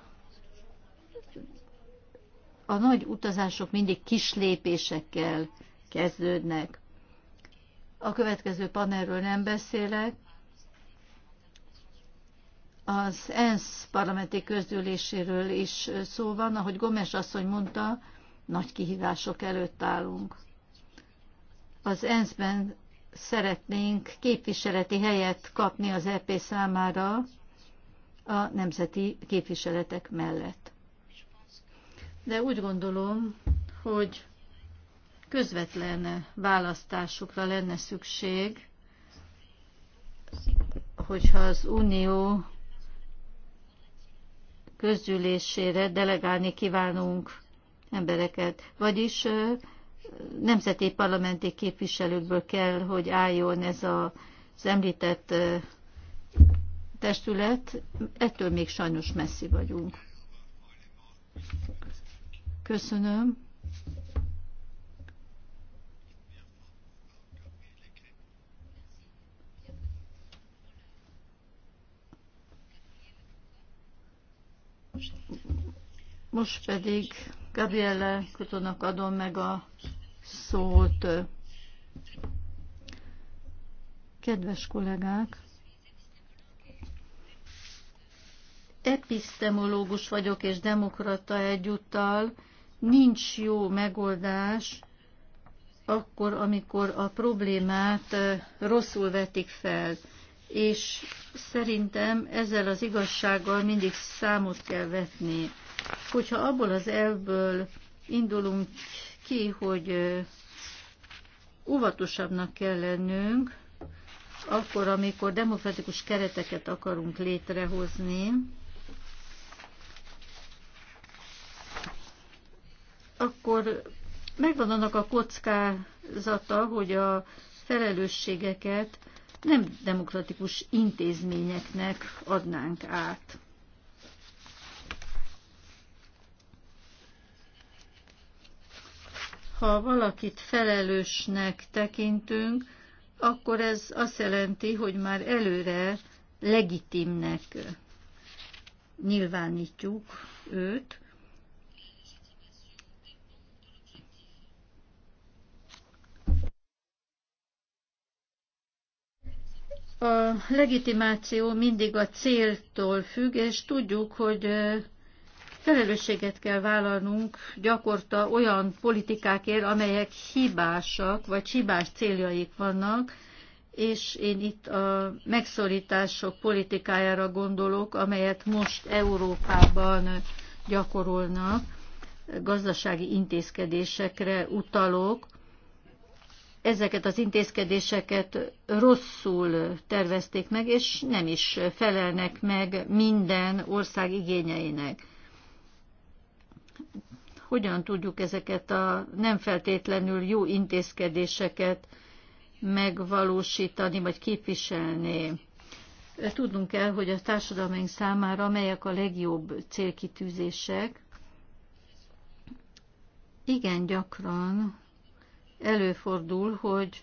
a nagy utazások mindig kis lépésekkel kezdődnek. A következő panelről nem beszélek. Az ENSZ parlamenti közgyűléséről is szó van. Ahogy Gomes asszony mondta, nagy kihívások előtt állunk. Az ENSZ-ben szeretnénk képviseleti helyet kapni az EP számára a nemzeti képviseletek mellett. De úgy gondolom, hogy közvetlen választásokra lenne szükség, hogyha az Unió közgyűlésére delegálni kívánunk embereket. Vagyis nemzeti parlamenti képviselőkből kell, hogy álljon ez a, az említett testület. Ettől még sajnos messzi vagyunk. Köszönöm. Most pedig Gabriele Kutónak adom meg a szót. Kedves kollégák, epistemológus vagyok és demokrata egyúttal, nincs jó megoldás akkor, amikor a problémát rosszul vetik fel. És szerintem ezzel az igazsággal mindig számot kell vetni. Hogyha abból az elvből indulunk ki, hogy óvatosabbnak kell lennünk, akkor, amikor demokratikus kereteket akarunk létrehozni, akkor megvan annak a kockázata, hogy a felelősségeket nem demokratikus intézményeknek adnánk át. ha valakit felelősnek tekintünk, akkor ez azt jelenti, hogy már előre legitimnek nyilvánítjuk őt. A legitimáció mindig a céltól függ, és tudjuk, hogy Felelősséget kell vállalnunk gyakorta olyan politikákért, amelyek hibásak, vagy hibás céljaik vannak, és én itt a megszorítások politikájára gondolok, amelyet most Európában gyakorolnak, gazdasági intézkedésekre utalok. Ezeket az intézkedéseket rosszul tervezték meg, és nem is felelnek meg minden ország igényeinek hogyan tudjuk ezeket a nem feltétlenül jó intézkedéseket megvalósítani vagy képviselni. Tudnunk kell, hogy a társadalmaink számára melyek a legjobb célkitűzések. Igen gyakran előfordul, hogy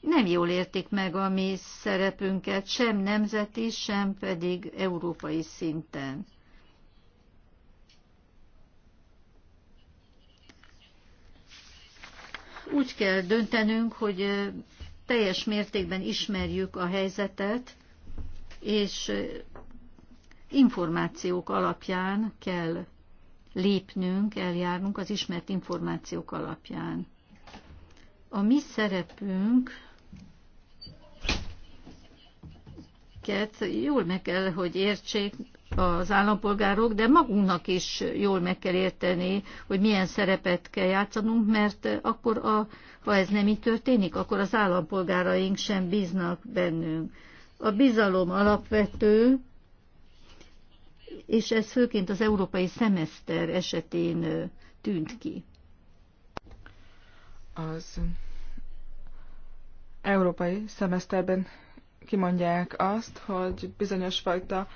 nem jól értik meg a mi szerepünket, sem nemzeti, sem pedig európai szinten. úgy kell döntenünk, hogy teljes mértékben ismerjük a helyzetet, és információk alapján kell lépnünk, eljárnunk az ismert információk alapján. A mi szerepünk jól meg kell, hogy értsék az állampolgárok, de magunknak is jól meg kell érteni, hogy milyen szerepet kell játszanunk, mert akkor, a, ha ez nem így történik, akkor az állampolgáraink sem bíznak bennünk. A bizalom alapvető, és ez főként az európai szemeszter esetén tűnt ki. Az európai szemeszterben kimondják azt, hogy bizonyos fajta uh,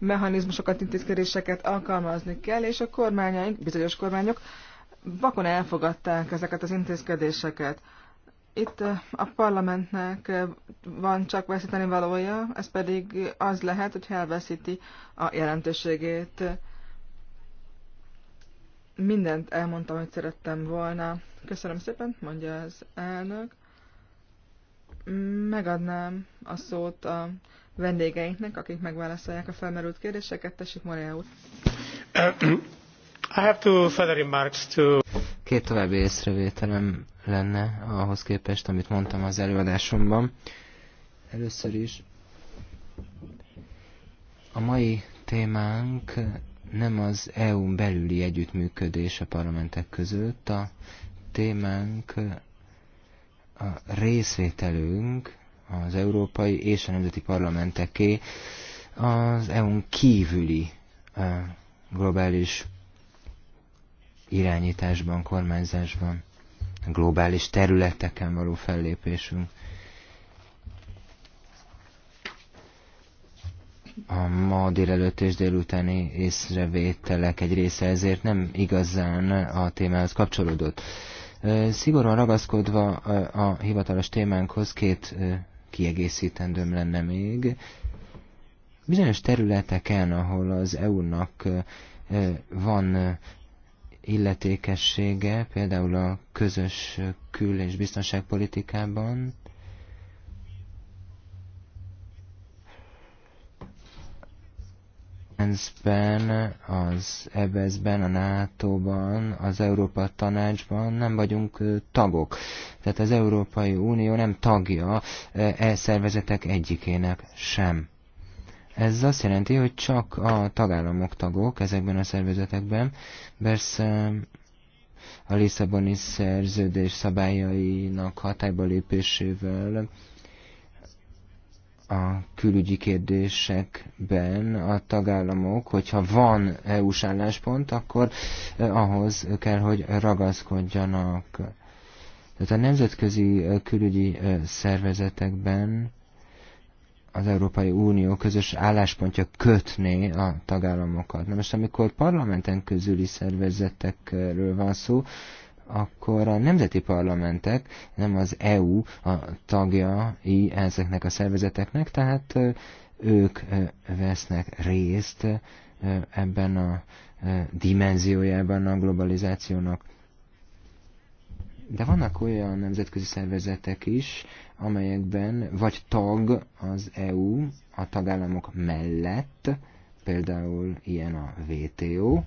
mechanizmusokat, intézkedéseket alkalmazni kell, és a kormányaink, bizonyos kormányok vakon elfogadták ezeket az intézkedéseket. Itt a parlamentnek van csak veszíteni valója, ez pedig az lehet, hogy elveszíti a jelentőségét. Mindent elmondtam, hogy szerettem volna. Köszönöm szépen, mondja az elnök. Megadnám a szót a vendégeinknek, akik megválaszolják a felmerült kérdéseket. Tessék, Maria úr. I have two further remarks to... Két további észrevételem lenne ahhoz képest, amit mondtam az előadásomban. Először is a mai témánk nem az eu belüli együttműködés a parlamentek között, a témánk a részvételünk az európai és a nemzeti parlamenteké az EU-n kívüli globális irányításban, kormányzásban, globális területeken való fellépésünk. a ma délelőtt és délutáni észrevételek egy része ezért nem igazán a témához kapcsolódott. Szigorúan ragaszkodva a hivatalos témánkhoz két kiegészítendőm lenne még. Bizonyos területeken, ahol az EU-nak van illetékessége, például a közös kül- és biztonságpolitikában, ben az EBS-ben, e a NATO-ban, az Európa Tanácsban nem vagyunk tagok. Tehát az Európai Unió nem tagja e szervezetek egyikének sem. Ez azt jelenti, hogy csak a tagállamok tagok ezekben a szervezetekben, persze a Lisszaboni szerződés szabályainak hatályba lépésével a külügyi kérdésekben a tagállamok, hogyha van EU-s álláspont, akkor ahhoz kell, hogy ragaszkodjanak. Tehát a nemzetközi külügyi szervezetekben az Európai Unió közös álláspontja kötné a tagállamokat. Na most, amikor parlamenten közüli szervezetekről van szó, akkor a nemzeti parlamentek, nem az EU a tagja ezeknek a szervezeteknek, tehát ők vesznek részt ebben a dimenziójában a globalizációnak. De vannak olyan nemzetközi szervezetek is, amelyekben vagy tag az EU a tagállamok mellett, például ilyen a WTO.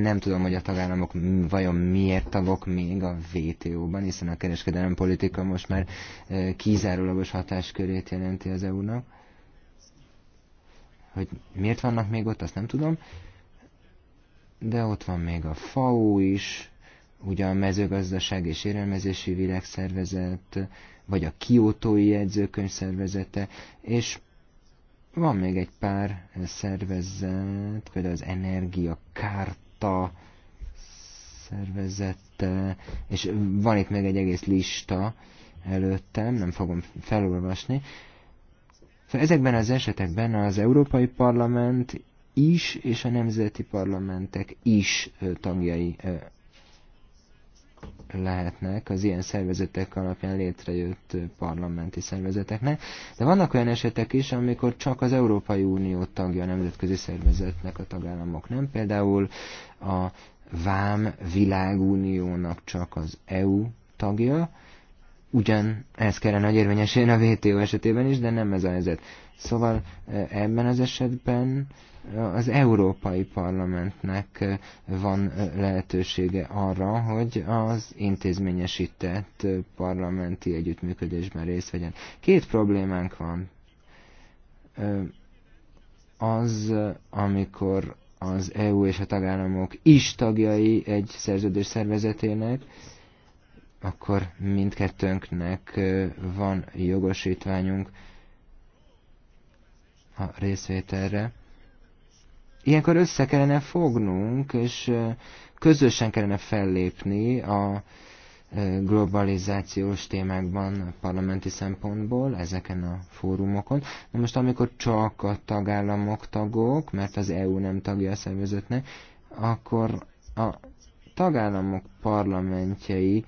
Nem tudom, hogy a tagállamok vajon miért tagok még a WTO-ban, hiszen a kereskedelem politika most már e, kizárólagos hatáskörét jelenti az EU-nak. Hogy miért vannak még ott, azt nem tudom. De ott van még a FAO is, ugye a mezőgazdaság és érelmezési világszervezet, vagy a kiotói jegyzőkönyv szervezete, és van még egy pár szervezet, például az Energia Kárta szervezete, és van itt még egy egész lista előttem, nem fogom felolvasni. Szóval ezekben az esetekben az Európai Parlament is, és a nemzeti parlamentek is tagjai lehetnek az ilyen szervezetek alapján létrejött parlamenti szervezeteknek, de vannak olyan esetek is, amikor csak az Európai Unió tagja a nemzetközi szervezetnek a tagállamok, nem? Például a Vám világuniónak csak az EU tagja, ugyan ez kellene, hogy érvényesüljön a WTO esetében is, de nem ez a helyzet. Szóval eh, ebben az esetben az Európai Parlamentnek van lehetősége arra, hogy az intézményesített parlamenti együttműködésben részt vegyen. Két problémánk van. Az, amikor az EU és a tagállamok is tagjai egy szerződés szervezetének, akkor mindkettőnknek van jogosítványunk a részvételre Ilyenkor össze kellene fognunk, és közösen kellene fellépni a globalizációs témákban parlamenti szempontból, ezeken a fórumokon. Na most amikor csak a tagállamok tagok, mert az EU nem tagja a szervezetnek, akkor a tagállamok parlamentjei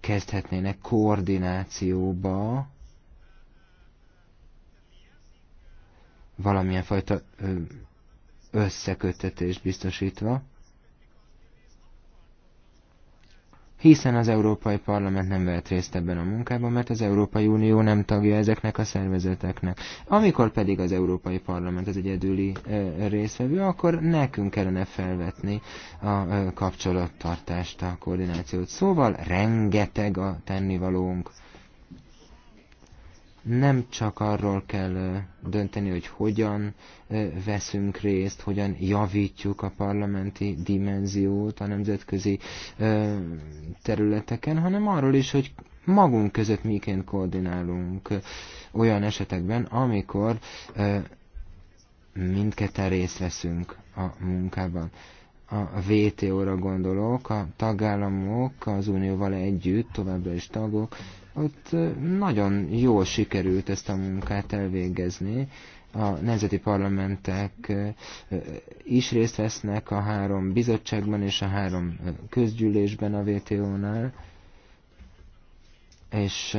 kezdhetnének koordinációba valamilyen fajta ö, összeköttetést biztosítva, hiszen az Európai Parlament nem vett részt ebben a munkában, mert az Európai Unió nem tagja ezeknek a szervezeteknek. Amikor pedig az Európai Parlament az egyedüli részvevő, akkor nekünk kellene felvetni a kapcsolattartást, a koordinációt. Szóval rengeteg a tennivalónk nem csak arról kell dönteni, hogy hogyan veszünk részt, hogyan javítjuk a parlamenti dimenziót a nemzetközi területeken, hanem arról is, hogy magunk között miként koordinálunk olyan esetekben, amikor mindketten részt veszünk a munkában a VTO-ra gondolok, a tagállamok az unióval együtt, továbbra is tagok, ott nagyon jól sikerült ezt a munkát elvégezni. A nemzeti parlamentek is részt vesznek a három bizottságban és a három közgyűlésben a WTO-nál, és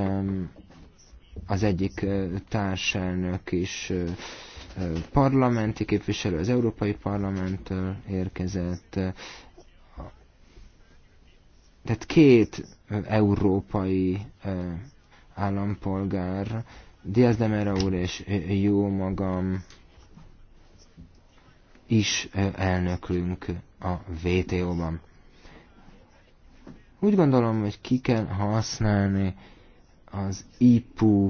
az egyik társelnök is parlamenti képviselő az Európai Parlamenttől érkezett, tehát két európai állampolgár, Diaz de Mera úr és jó magam is elnöklünk a VTO-ban. Úgy gondolom, hogy ki kell használni az IPU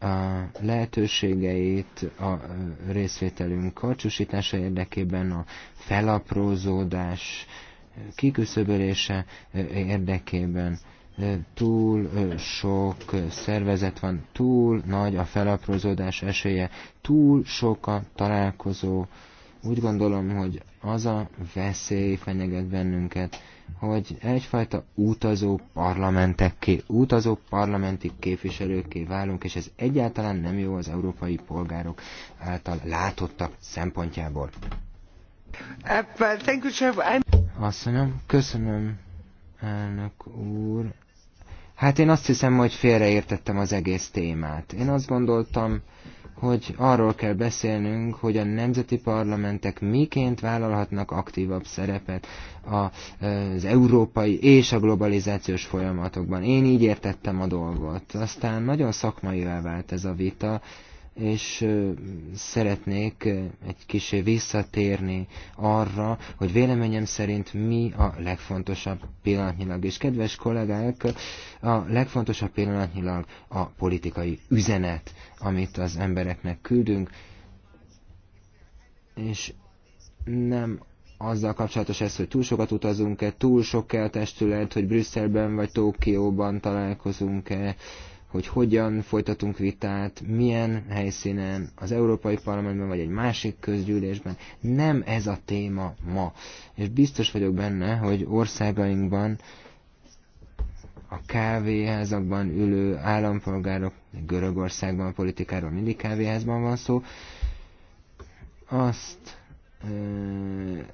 a lehetőségeit a részvételünk karcsúsítása érdekében, a felaprózódás kiküszöbölése érdekében túl sok szervezet van, túl nagy a felaprózódás esélye, túl sok a találkozó. Úgy gondolom, hogy az a veszély fenyeget bennünket, hogy egyfajta utazó parlamentekké, utazó parlamenti képviselőkké válunk, és ez egyáltalán nem jó az európai polgárok által látottak szempontjából. Asszonyom, köszönöm, elnök úr. Hát én azt hiszem, hogy félreértettem az egész témát. Én azt gondoltam, hogy arról kell beszélnünk, hogy a nemzeti parlamentek miként vállalhatnak aktívabb szerepet az európai és a globalizációs folyamatokban. Én így értettem a dolgot. Aztán nagyon szakmai vált ez a vita, és szeretnék egy kis visszatérni arra, hogy véleményem szerint mi a legfontosabb pillanatnyilag. És kedves kollégák, a legfontosabb pillanatnyilag a politikai üzenet, amit az embereknek küldünk, és nem azzal kapcsolatos ez, hogy túl sokat utazunk-e, túl sok kell testület, hogy Brüsszelben vagy Tókióban találkozunk-e, hogy hogyan folytatunk vitát, milyen helyszínen, az Európai Parlamentben vagy egy másik közgyűlésben. Nem ez a téma ma. És biztos vagyok benne, hogy országainkban a kávéházakban ülő állampolgárok, Görögországban a politikáról mindig kávéházban van szó, azt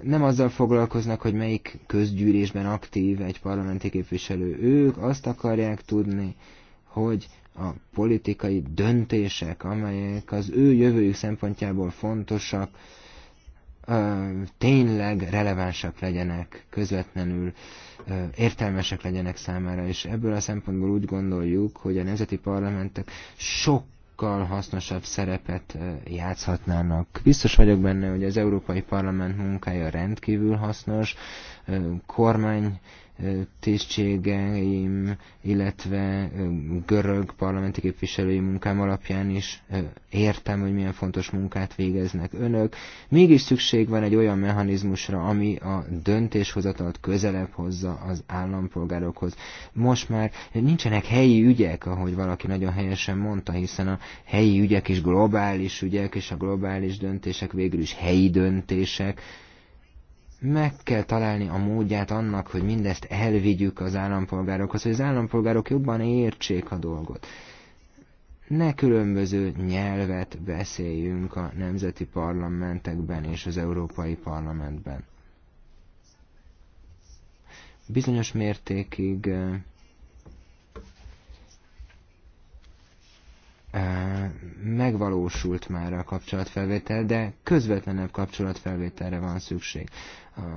nem azzal foglalkoznak, hogy melyik közgyűlésben aktív egy parlamenti képviselő. Ők azt akarják tudni, hogy a politikai döntések, amelyek az ő jövőjük szempontjából fontosak, tényleg relevánsak legyenek, közvetlenül értelmesek legyenek számára, és ebből a szempontból úgy gondoljuk, hogy a nemzeti parlamentek sok sokkal hasznosabb szerepet játszhatnának. Biztos vagyok benne, hogy az Európai Parlament munkája rendkívül hasznos, kormány tisztségeim, illetve görög parlamenti képviselői munkám alapján is értem, hogy milyen fontos munkát végeznek önök. Mégis szükség van egy olyan mechanizmusra, ami a döntéshozatalt közelebb hozza az állampolgárokhoz. Most már nincsenek helyi ügyek, ahogy valaki nagyon helyesen mondta, hiszen a helyi ügyek is globális ügyek, és a globális döntések végül is helyi döntések, meg kell találni a módját annak, hogy mindezt elvigyük az állampolgárokhoz, hogy az állampolgárok jobban értsék a dolgot. Ne különböző nyelvet beszéljünk a nemzeti parlamentekben és az Európai Parlamentben. Bizonyos mértékig eh, eh, megvalósult már a kapcsolatfelvétel, de közvetlenebb kapcsolatfelvételre van szükség.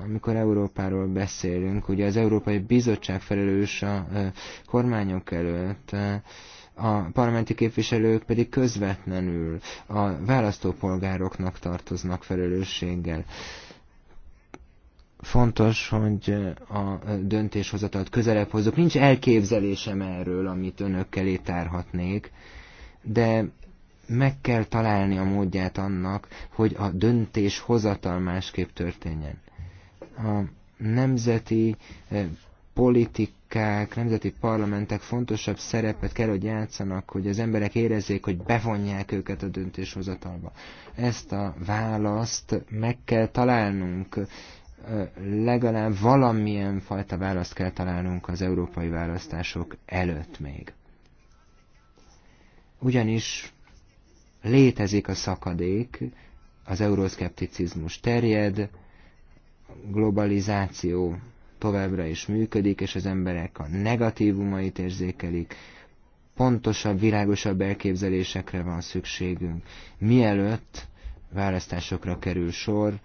Amikor Európáról beszélünk, ugye az Európai Bizottság felelős a kormányok előtt, a parlamenti képviselők pedig közvetlenül a választópolgároknak tartoznak felelősséggel fontos, hogy a döntéshozatalt közelebb hozzuk. Nincs elképzelésem erről, amit önökkel elé tárhatnék, de meg kell találni a módját annak, hogy a döntéshozatal másképp történjen a nemzeti eh, politikák, nemzeti parlamentek fontosabb szerepet kell, hogy játszanak, hogy az emberek érezzék, hogy bevonják őket a döntéshozatalba. Ezt a választ meg kell találnunk, eh, legalább valamilyen fajta választ kell találnunk az európai választások előtt még. Ugyanis létezik a szakadék, az euroszkepticizmus terjed, globalizáció továbbra is működik, és az emberek a negatívumait érzékelik, pontosabb, világosabb elképzelésekre van szükségünk. Mielőtt választásokra kerül sor,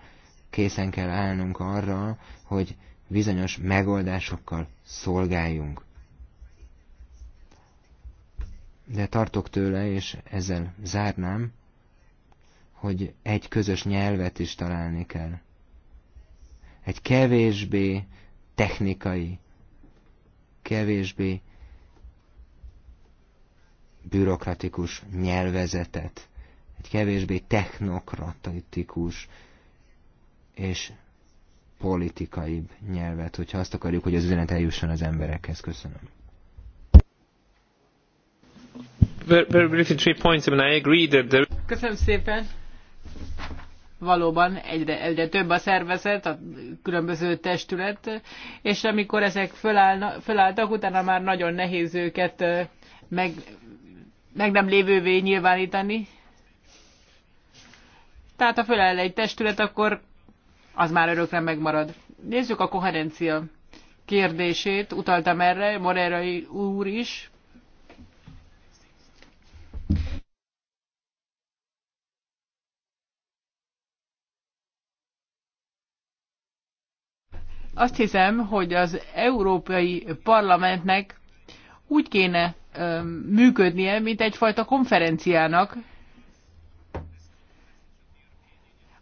készen kell állnunk arra, hogy bizonyos megoldásokkal szolgáljunk. De tartok tőle, és ezzel zárnám, hogy egy közös nyelvet is találni kell egy kevésbé technikai, kevésbé bürokratikus nyelvezetet, egy kevésbé technokratikus és politikaibb nyelvet, hogyha azt akarjuk, hogy az üzenet eljusson az emberekhez. Köszönöm. Köszönöm szépen valóban egyre, egyre több a szervezet, a különböző testület, és amikor ezek fölállna, fölálltak, utána már nagyon nehéz őket meg, meg nem lévővé nyilvánítani. Tehát ha föláll egy testület, akkor az már örökre megmarad. Nézzük a koherencia kérdését, utaltam erre, Morerai úr is. Azt hiszem, hogy az Európai Parlamentnek úgy kéne működnie, mint egyfajta konferenciának.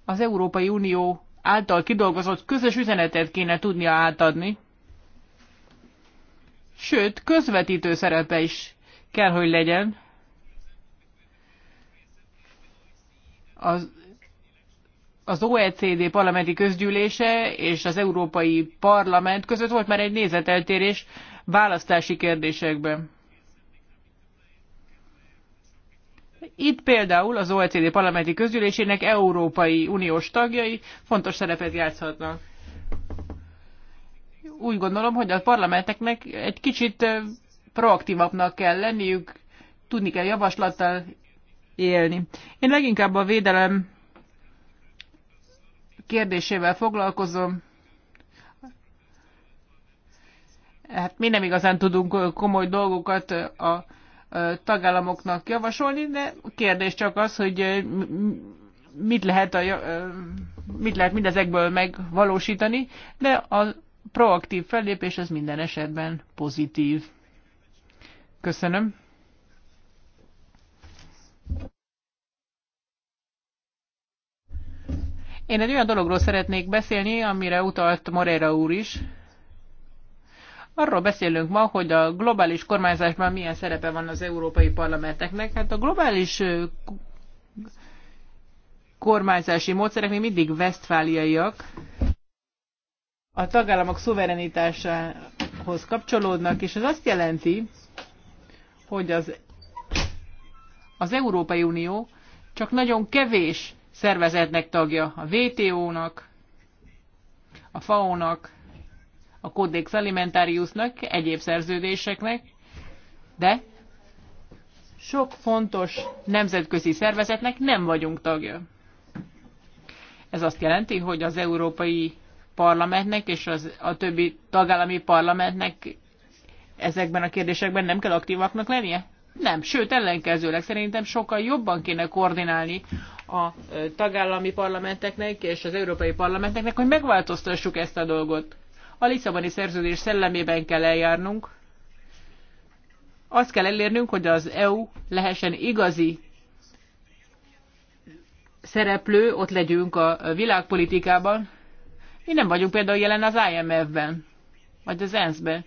Az Európai Unió által kidolgozott közös üzenetet kéne tudnia átadni. Sőt, közvetítő szerepe is kell, hogy legyen. Az az OECD parlamenti közgyűlése és az Európai Parlament között volt már egy nézeteltérés választási kérdésekben. Itt például az OECD parlamenti közgyűlésének Európai Uniós tagjai fontos szerepet játszhatnak. Úgy gondolom, hogy a parlamenteknek egy kicsit proaktívabbnak kell lenniük, tudni kell javaslattal élni. Én leginkább a védelem kérdésével foglalkozom. Hát mi nem igazán tudunk komoly dolgokat a tagállamoknak javasolni, de a kérdés csak az, hogy mit lehet, a, mit lehet mindezekből megvalósítani, de a proaktív fellépés az minden esetben pozitív. Köszönöm. Én egy olyan dologról szeretnék beszélni, amire utalt Moreira úr is. Arról beszélünk ma, hogy a globális kormányzásban milyen szerepe van az európai parlamenteknek. Hát a globális kormányzási módszerek még mindig vesztfáliaiak. A tagállamok szuverenitásához kapcsolódnak, és ez azt jelenti, hogy az, az Európai Unió csak nagyon kevés szervezetnek tagja, a WTO-nak, a FAO-nak, a Codex Alimentariusnak, egyéb szerződéseknek, de sok fontos nemzetközi szervezetnek nem vagyunk tagja. Ez azt jelenti, hogy az Európai Parlamentnek és az, a többi tagállami parlamentnek ezekben a kérdésekben nem kell aktívaknak lennie? Nem, sőt ellenkezőleg szerintem sokkal jobban kéne koordinálni a tagállami parlamenteknek és az Európai parlamenteknek, hogy megváltoztassuk ezt a dolgot. A Lisszaboni szerződés szellemében kell eljárnunk. Azt kell elérnünk, hogy az EU lehessen igazi szereplő, ott legyünk a világpolitikában. Mi nem vagyunk például jelen az IMF-ben, vagy az ENSZ-ben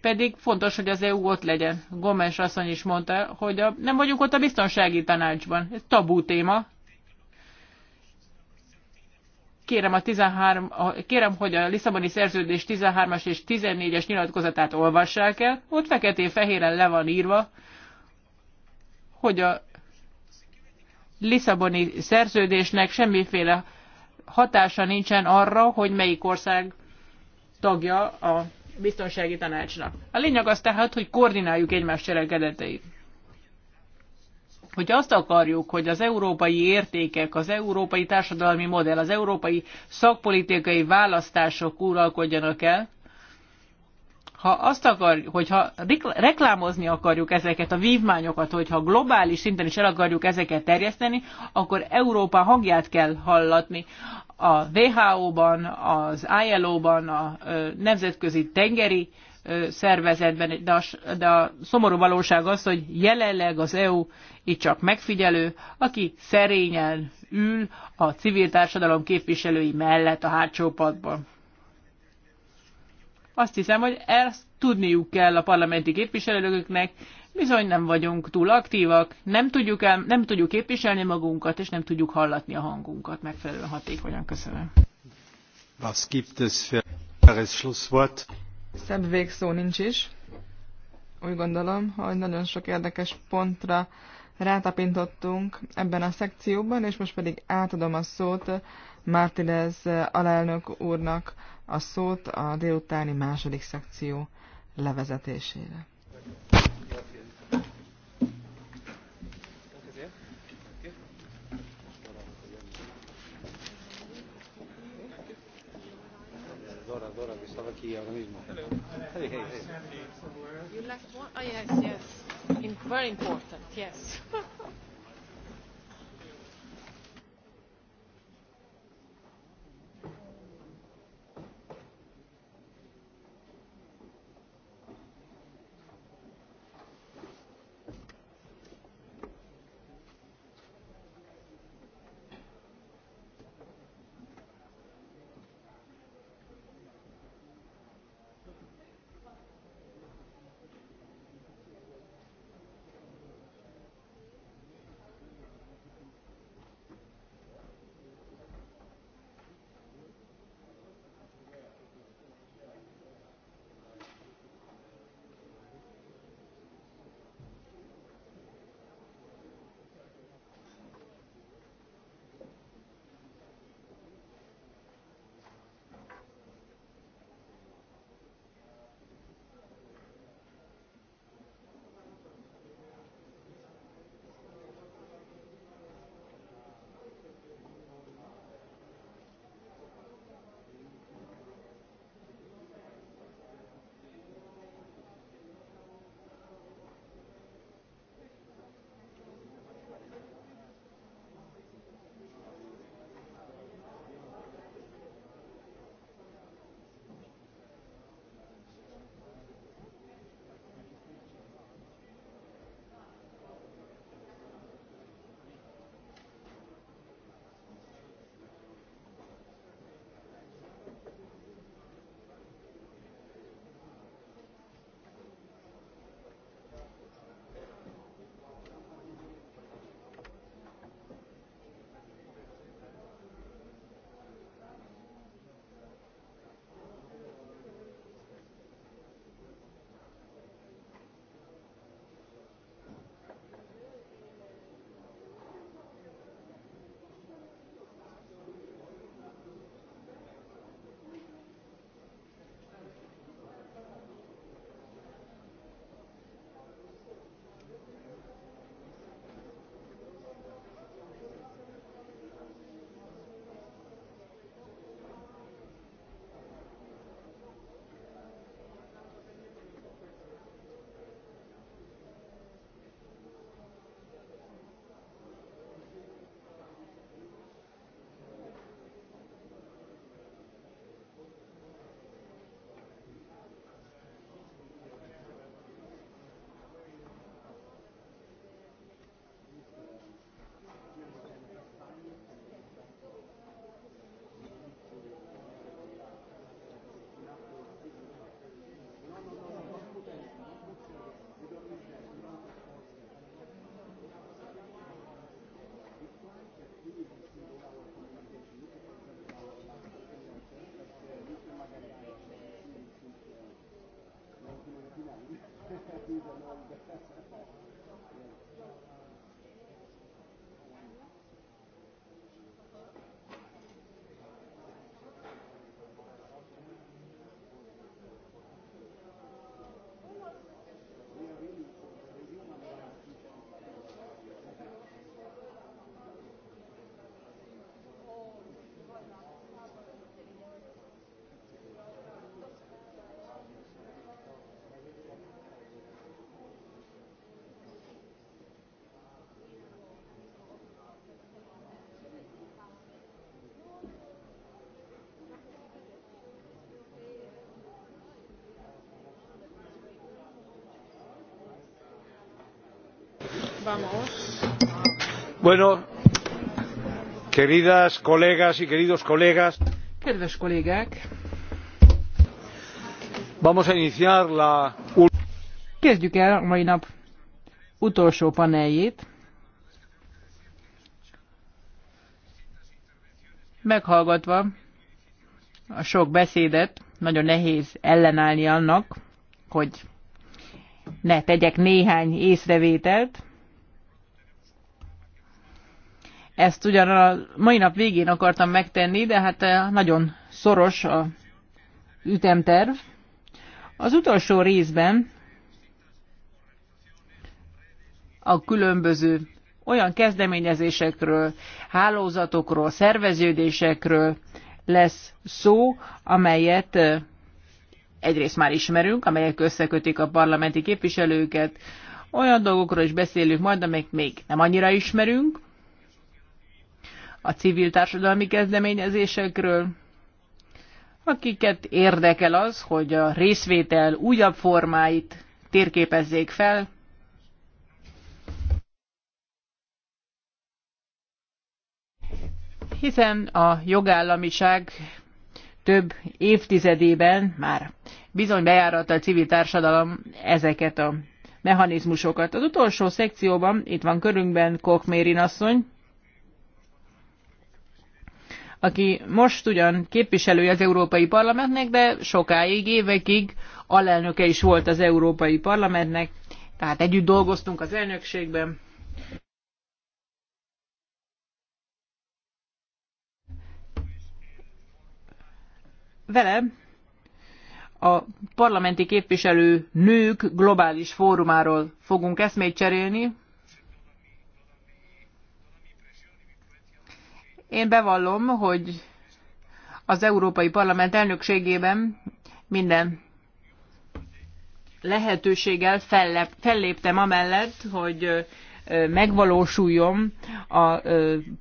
pedig fontos, hogy az EU ott legyen. Gomes asszony is mondta, hogy a, nem vagyunk ott a biztonsági tanácsban. Ez tabú téma. Kérem, a 13, a, kérem, hogy a Lisszaboni szerződés 13-as és 14-es nyilatkozatát olvassák el. Ott feketén-fehéren le van írva, hogy a Lisszaboni szerződésnek semmiféle hatása nincsen arra, hogy melyik ország tagja a biztonsági tanácsnak. A lényeg az tehát, hogy koordináljuk egymás cselekedeteit. Hogyha azt akarjuk, hogy az európai értékek, az európai társadalmi modell, az európai szakpolitikai választások uralkodjanak el, ha azt akarjuk, hogyha reklámozni akarjuk ezeket a vívmányokat, hogyha globális szinten is el akarjuk ezeket terjeszteni, akkor Európa hangját kell hallatni a WHO-ban, az ILO-ban, a Nemzetközi Tengeri Szervezetben, de a, de a szomorú valóság az, hogy jelenleg az EU itt csak megfigyelő, aki szerényen ül a civil társadalom képviselői mellett a hátsó padban. Azt hiszem, hogy ezt tudniuk kell a parlamenti képviselőknek, bizony nem vagyunk túl aktívak, nem tudjuk, el, nem tudjuk képviselni magunkat, és nem tudjuk hallatni a hangunkat megfelelően hatékonyan. Köszönöm. Was gibt es für Schlusswort? Szebb végszó nincs is. Úgy gondolom, hogy nagyon sok érdekes pontra rátapintottunk ebben a szekcióban, és most pedig átadom a szót Mártinez alelnök úrnak a szót a délutáni második szekció levezetésére. Dora, Dora, que estaba aquí ahora mismo. Hello. Hey, hey, hey. You left one? Oh, yes, yes. In, very important, yes. Bueno, queridas colegas y queridos colegas. Kedves kollégák. Vamos a iniciar la... Kezdjük el a mai nap utolsó paneljét. Meghallgatva a sok beszédet, nagyon nehéz ellenállni annak, hogy ne tegyek néhány észrevételt. Ezt ugyan a mai nap végén akartam megtenni, de hát eh, nagyon szoros a ütemterv. Az utolsó részben a különböző olyan kezdeményezésekről, hálózatokról, szerveződésekről lesz szó, amelyet eh, egyrészt már ismerünk, amelyek összekötik a parlamenti képviselőket, olyan dolgokról is beszélünk majd, amelyek még nem annyira ismerünk, a civil társadalmi kezdeményezésekről, akiket érdekel az, hogy a részvétel újabb formáit térképezzék fel, hiszen a jogállamiság több évtizedében már bizony bejárat a civil társadalom ezeket a mechanizmusokat. Az utolsó szekcióban, itt van körünkben Kokmérin asszony, aki most ugyan képviselője az Európai Parlamentnek, de sokáig, évekig alelnöke is volt az Európai Parlamentnek, tehát együtt dolgoztunk az elnökségben. Vele a parlamenti képviselő nők globális fórumáról fogunk eszmét cserélni, Én bevallom, hogy az Európai Parlament elnökségében minden lehetőséggel felléptem amellett, hogy megvalósuljon a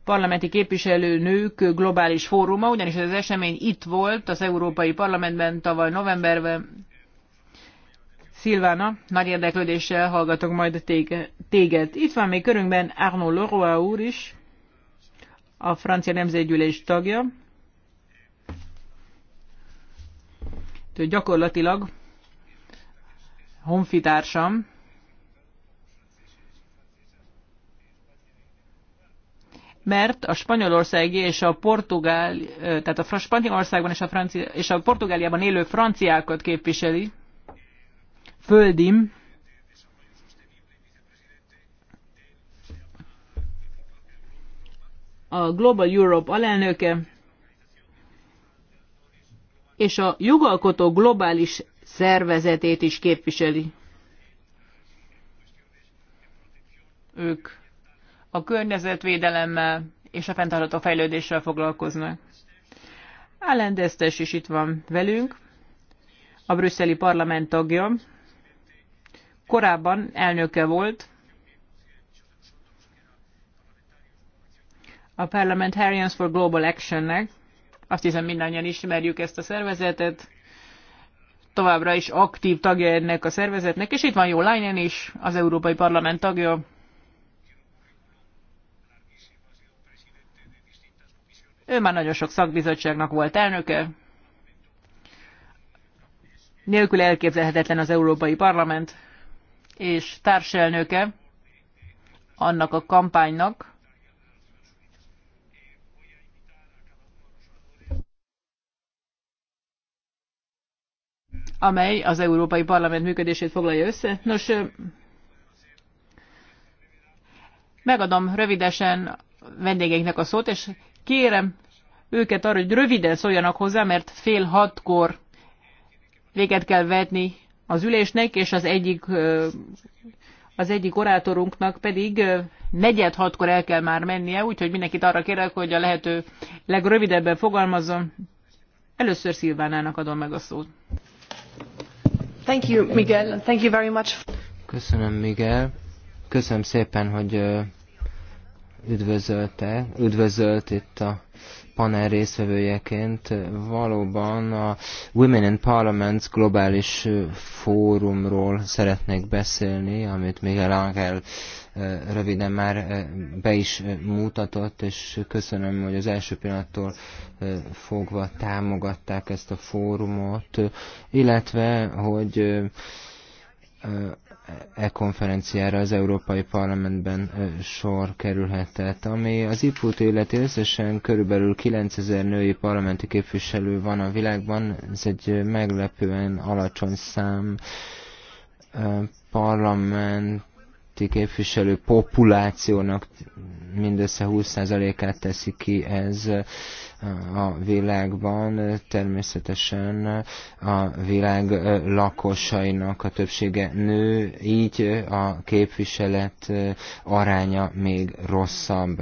parlamenti képviselőnők globális fóruma, ugyanis ez az esemény itt volt az Európai Parlamentben tavaly novemberben. Szilvána, nagy érdeklődéssel hallgatok majd téged. Itt van még körünkben Arnaud Leroy úr is, a francia nemzetgyűlés tagja. Tehát gyakorlatilag honfitársam, mert a spanyolországi és a portugál, tehát a Spanyolországban és a, francia, és a Portugáliában élő franciákat képviseli, földim, a Global Europe alelnöke, és a jogalkotó globális szervezetét is képviseli. Ők a környezetvédelemmel és a fenntartható fejlődéssel foglalkoznak. Alan Destes is itt van velünk, a brüsszeli parlament tagja. Korábban elnöke volt a Parliamentarians for Global Actionnek. Azt hiszem mindannyian ismerjük ezt a szervezetet. Továbbra is aktív tagja ennek a szervezetnek, és itt van Jó Leinen is, az Európai Parlament tagja. Ő már nagyon sok szakbizottságnak volt elnöke. Nélkül elképzelhetetlen az Európai Parlament, és társelnöke annak a kampánynak, amely az Európai Parlament működését foglalja össze. Nos, megadom rövidesen vendégeinknek a szót, és kérem őket arra, hogy röviden szóljanak hozzá, mert fél hatkor véget kell vetni az ülésnek, és az egyik, az egyik orátorunknak pedig negyed hatkor el kell már mennie, úgyhogy mindenkit arra kérek, hogy a lehető legrövidebben fogalmazzon. Először Szilvánának adom meg a szót. Thank you, Miguel. Thank you very much. Köszönöm, Miguel. Köszönöm szépen, hogy üdvözölte, üdvözölt itt a panel részvevőjeként. Valóban a Women in Parliament globális fórumról szeretnék beszélni, amit Miguel Angel röviden már be is mutatott, és köszönöm, hogy az első pillanattól fogva támogatták ezt a fórumot, illetve, hogy e konferenciára az Európai Parlamentben sor kerülhetett, ami az IPUT illeti összesen körülbelül 9000 női parlamenti képviselő van a világban, ez egy meglepően alacsony szám parlament parlamenti képviselő populációnak mindössze 20%-át teszi ki ez a világban. Természetesen a világ lakosainak a többsége nő, így a képviselet aránya még rosszabb.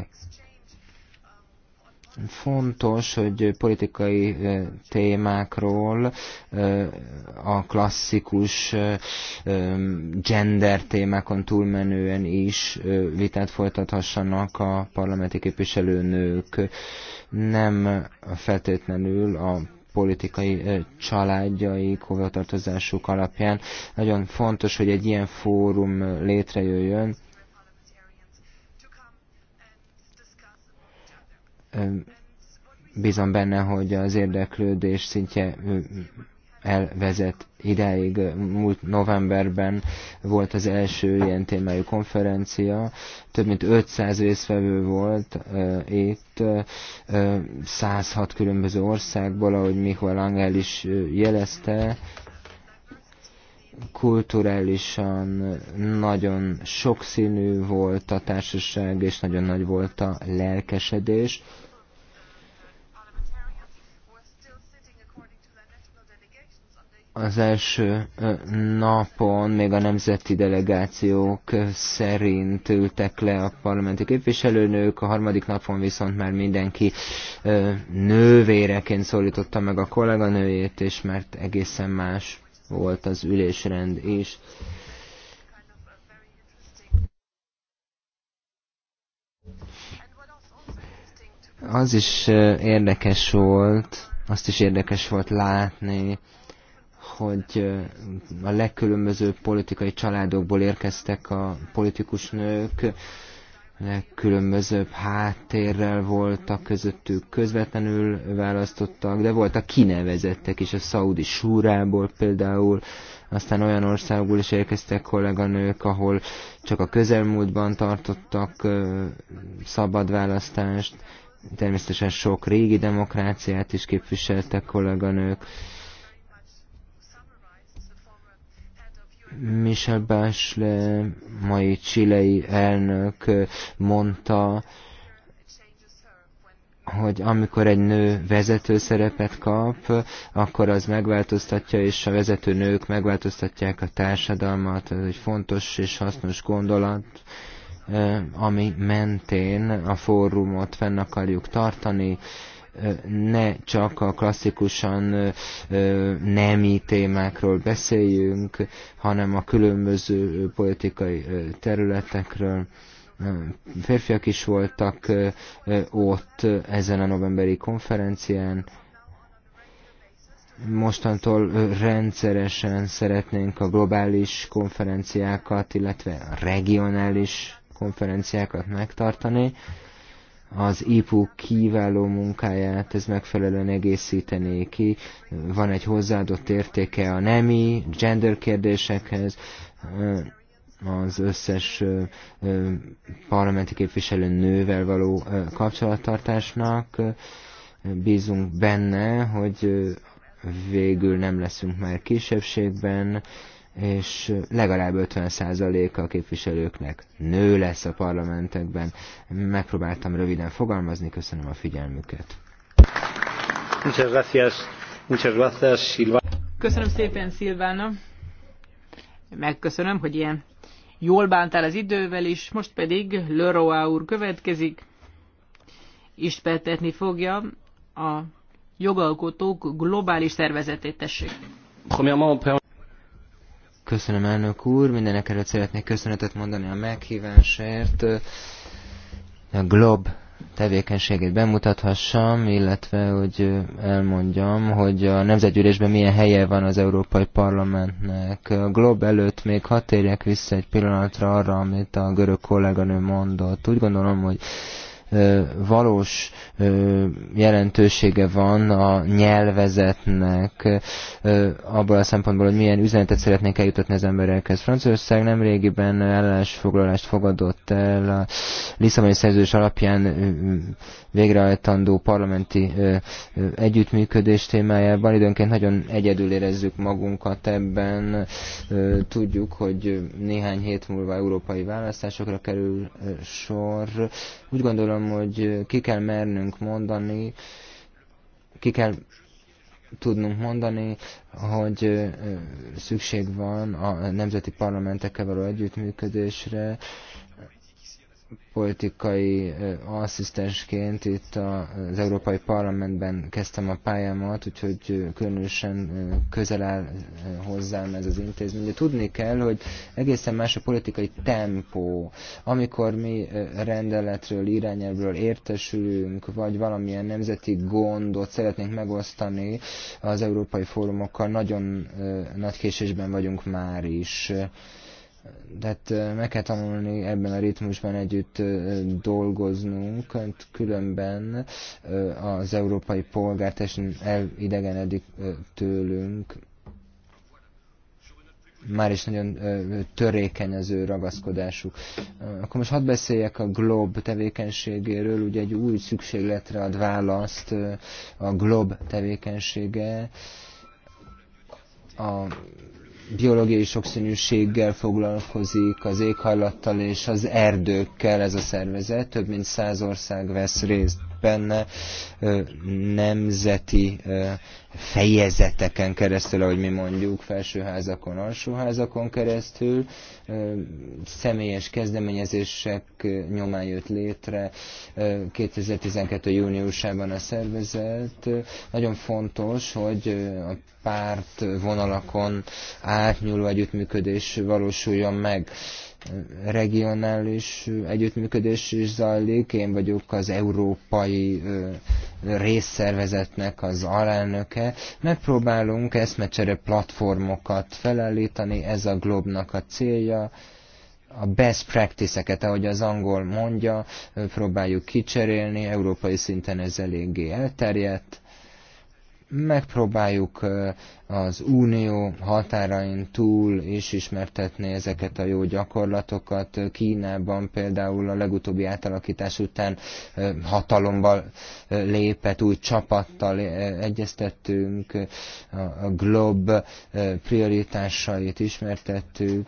Fontos, hogy politikai eh, témákról eh, a klasszikus eh, gender témákon túlmenően is vitát folytathassanak a parlamenti képviselőnők. Nem feltétlenül a politikai családjaik, hovatartozásuk alapján. Nagyon fontos, hogy egy ilyen fórum létrejöjjön, Bízom benne, hogy az érdeklődés szintje elvezet idáig. Múlt novemberben volt az első ilyen témájú konferencia, több mint 500 részvevő volt uh, itt, uh, 106 különböző országból, ahogy Michael Angel is jelezte, kulturálisan nagyon sokszínű volt a társaság, és nagyon nagy volt a lelkesedés. Uh, az első napon még a nemzeti delegációk szerint ültek le a parlamenti képviselőnők, a harmadik napon viszont már mindenki nővéreként szólította meg a kolléganőjét, és mert egészen más volt az ülésrend is. Az is érdekes volt, azt is érdekes volt látni, hogy a legkülönbözőbb politikai családokból érkeztek a politikus nők, legkülönbözőbb háttérrel voltak közöttük, közvetlenül választottak, de voltak kinevezettek is, a szaudi súrából például, aztán olyan országból is érkeztek kolléganők, ahol csak a közelmúltban tartottak szabad választást, természetesen sok régi demokráciát is képviseltek kolléganők, Michel Bachelet, mai csilei elnök mondta, hogy amikor egy nő vezető szerepet kap, akkor az megváltoztatja, és a vezető nők megváltoztatják a társadalmat. Ez egy fontos és hasznos gondolat, eh, ami mentén a fórumot fenn akarjuk tartani ne csak a klasszikusan nemi témákról beszéljünk, hanem a különböző politikai területekről. Férfiak is voltak ott ezen a novemberi konferencián, mostantól rendszeresen szeretnénk a globális konferenciákat, illetve a regionális konferenciákat megtartani az IPU kiváló munkáját ez megfelelően egészítené ki. Van egy hozzáadott értéke a nemi, gender kérdésekhez, az összes parlamenti képviselő nővel való kapcsolattartásnak. Bízunk benne, hogy végül nem leszünk már kisebbségben, és legalább 50%-a a képviselőknek nő lesz a parlamentekben. Megpróbáltam röviden fogalmazni, köszönöm a figyelmüket. Köszönöm szépen, Szilvána. Megköszönöm, hogy ilyen jól bántál az idővel is, most pedig Leroy úr következik, Ispertetni fogja a jogalkotók globális szervezetét, tessék. Köszönöm, elnök úr. Mindenek előtt szeretnék köszönetet mondani a meghívásért. A Glob tevékenységét bemutathassam, illetve hogy elmondjam, hogy a nemzetgyűlésben milyen helye van az Európai Parlamentnek. A Glob előtt még hat térjek vissza egy pillanatra arra, amit a görög kolléganő mondott. Úgy gondolom, hogy valós jelentősége van a nyelvezetnek abból a szempontból, hogy milyen üzenetet szeretnénk eljutatni az emberekhez. Franciaország nem régiben állásfoglalást fogadott el a Lisszaboni szerződés alapján végrehajtandó parlamenti együttműködés témájában. Időnként nagyon egyedül érezzük magunkat ebben. Tudjuk, hogy néhány hét múlva európai választásokra kerül sor. Úgy gondolom, gondolom, hogy ki kell mernünk mondani, ki kell tudnunk mondani, hogy szükség van a nemzeti parlamentekkel való együttműködésre, politikai eh, asszisztensként itt az Európai Parlamentben kezdtem a pályámat, úgyhogy eh, különösen eh, közel áll hozzám ez az intézmény. De tudni kell, hogy egészen más a politikai tempó. Amikor mi rendeletről, irányelvről értesülünk, vagy valamilyen nemzeti gondot szeretnénk megosztani az európai fórumokkal, nagyon nagy késésben vagyunk már is de hát meg kell tanulni ebben a ritmusban együtt dolgoznunk, hát különben az európai polgár teljesen elidegenedik tőlünk, már is nagyon törékeny az ő ragaszkodásuk. Akkor most hadd beszéljek a GLOB tevékenységéről, ugye egy új szükségletre ad választ a GLOB tevékenysége, a biológiai sokszínűséggel foglalkozik, az éghajlattal és az erdőkkel ez a szervezet, több mint száz ország vesz részt tulajdonképpen nemzeti fejezeteken keresztül, ahogy mi mondjuk, felsőházakon, alsóházakon keresztül, személyes kezdeményezések nyomán jött létre 2012. júniusában a szervezet. Nagyon fontos, hogy a párt vonalakon átnyúló együttműködés valósuljon meg regionális együttműködés is zajlik. Én vagyok az európai részszervezetnek az alelnöke. Megpróbálunk eszmecsere platformokat felállítani, ez a Globnak a célja a best practice-eket, ahogy az angol mondja, próbáljuk kicserélni, európai szinten ez eléggé elterjedt. Megpróbáljuk az unió határain túl is ismertetni ezeket a jó gyakorlatokat. Kínában például a legutóbbi átalakítás után hatalomban lépett, új csapattal egyeztettünk, a Glob prioritásait ismertettük,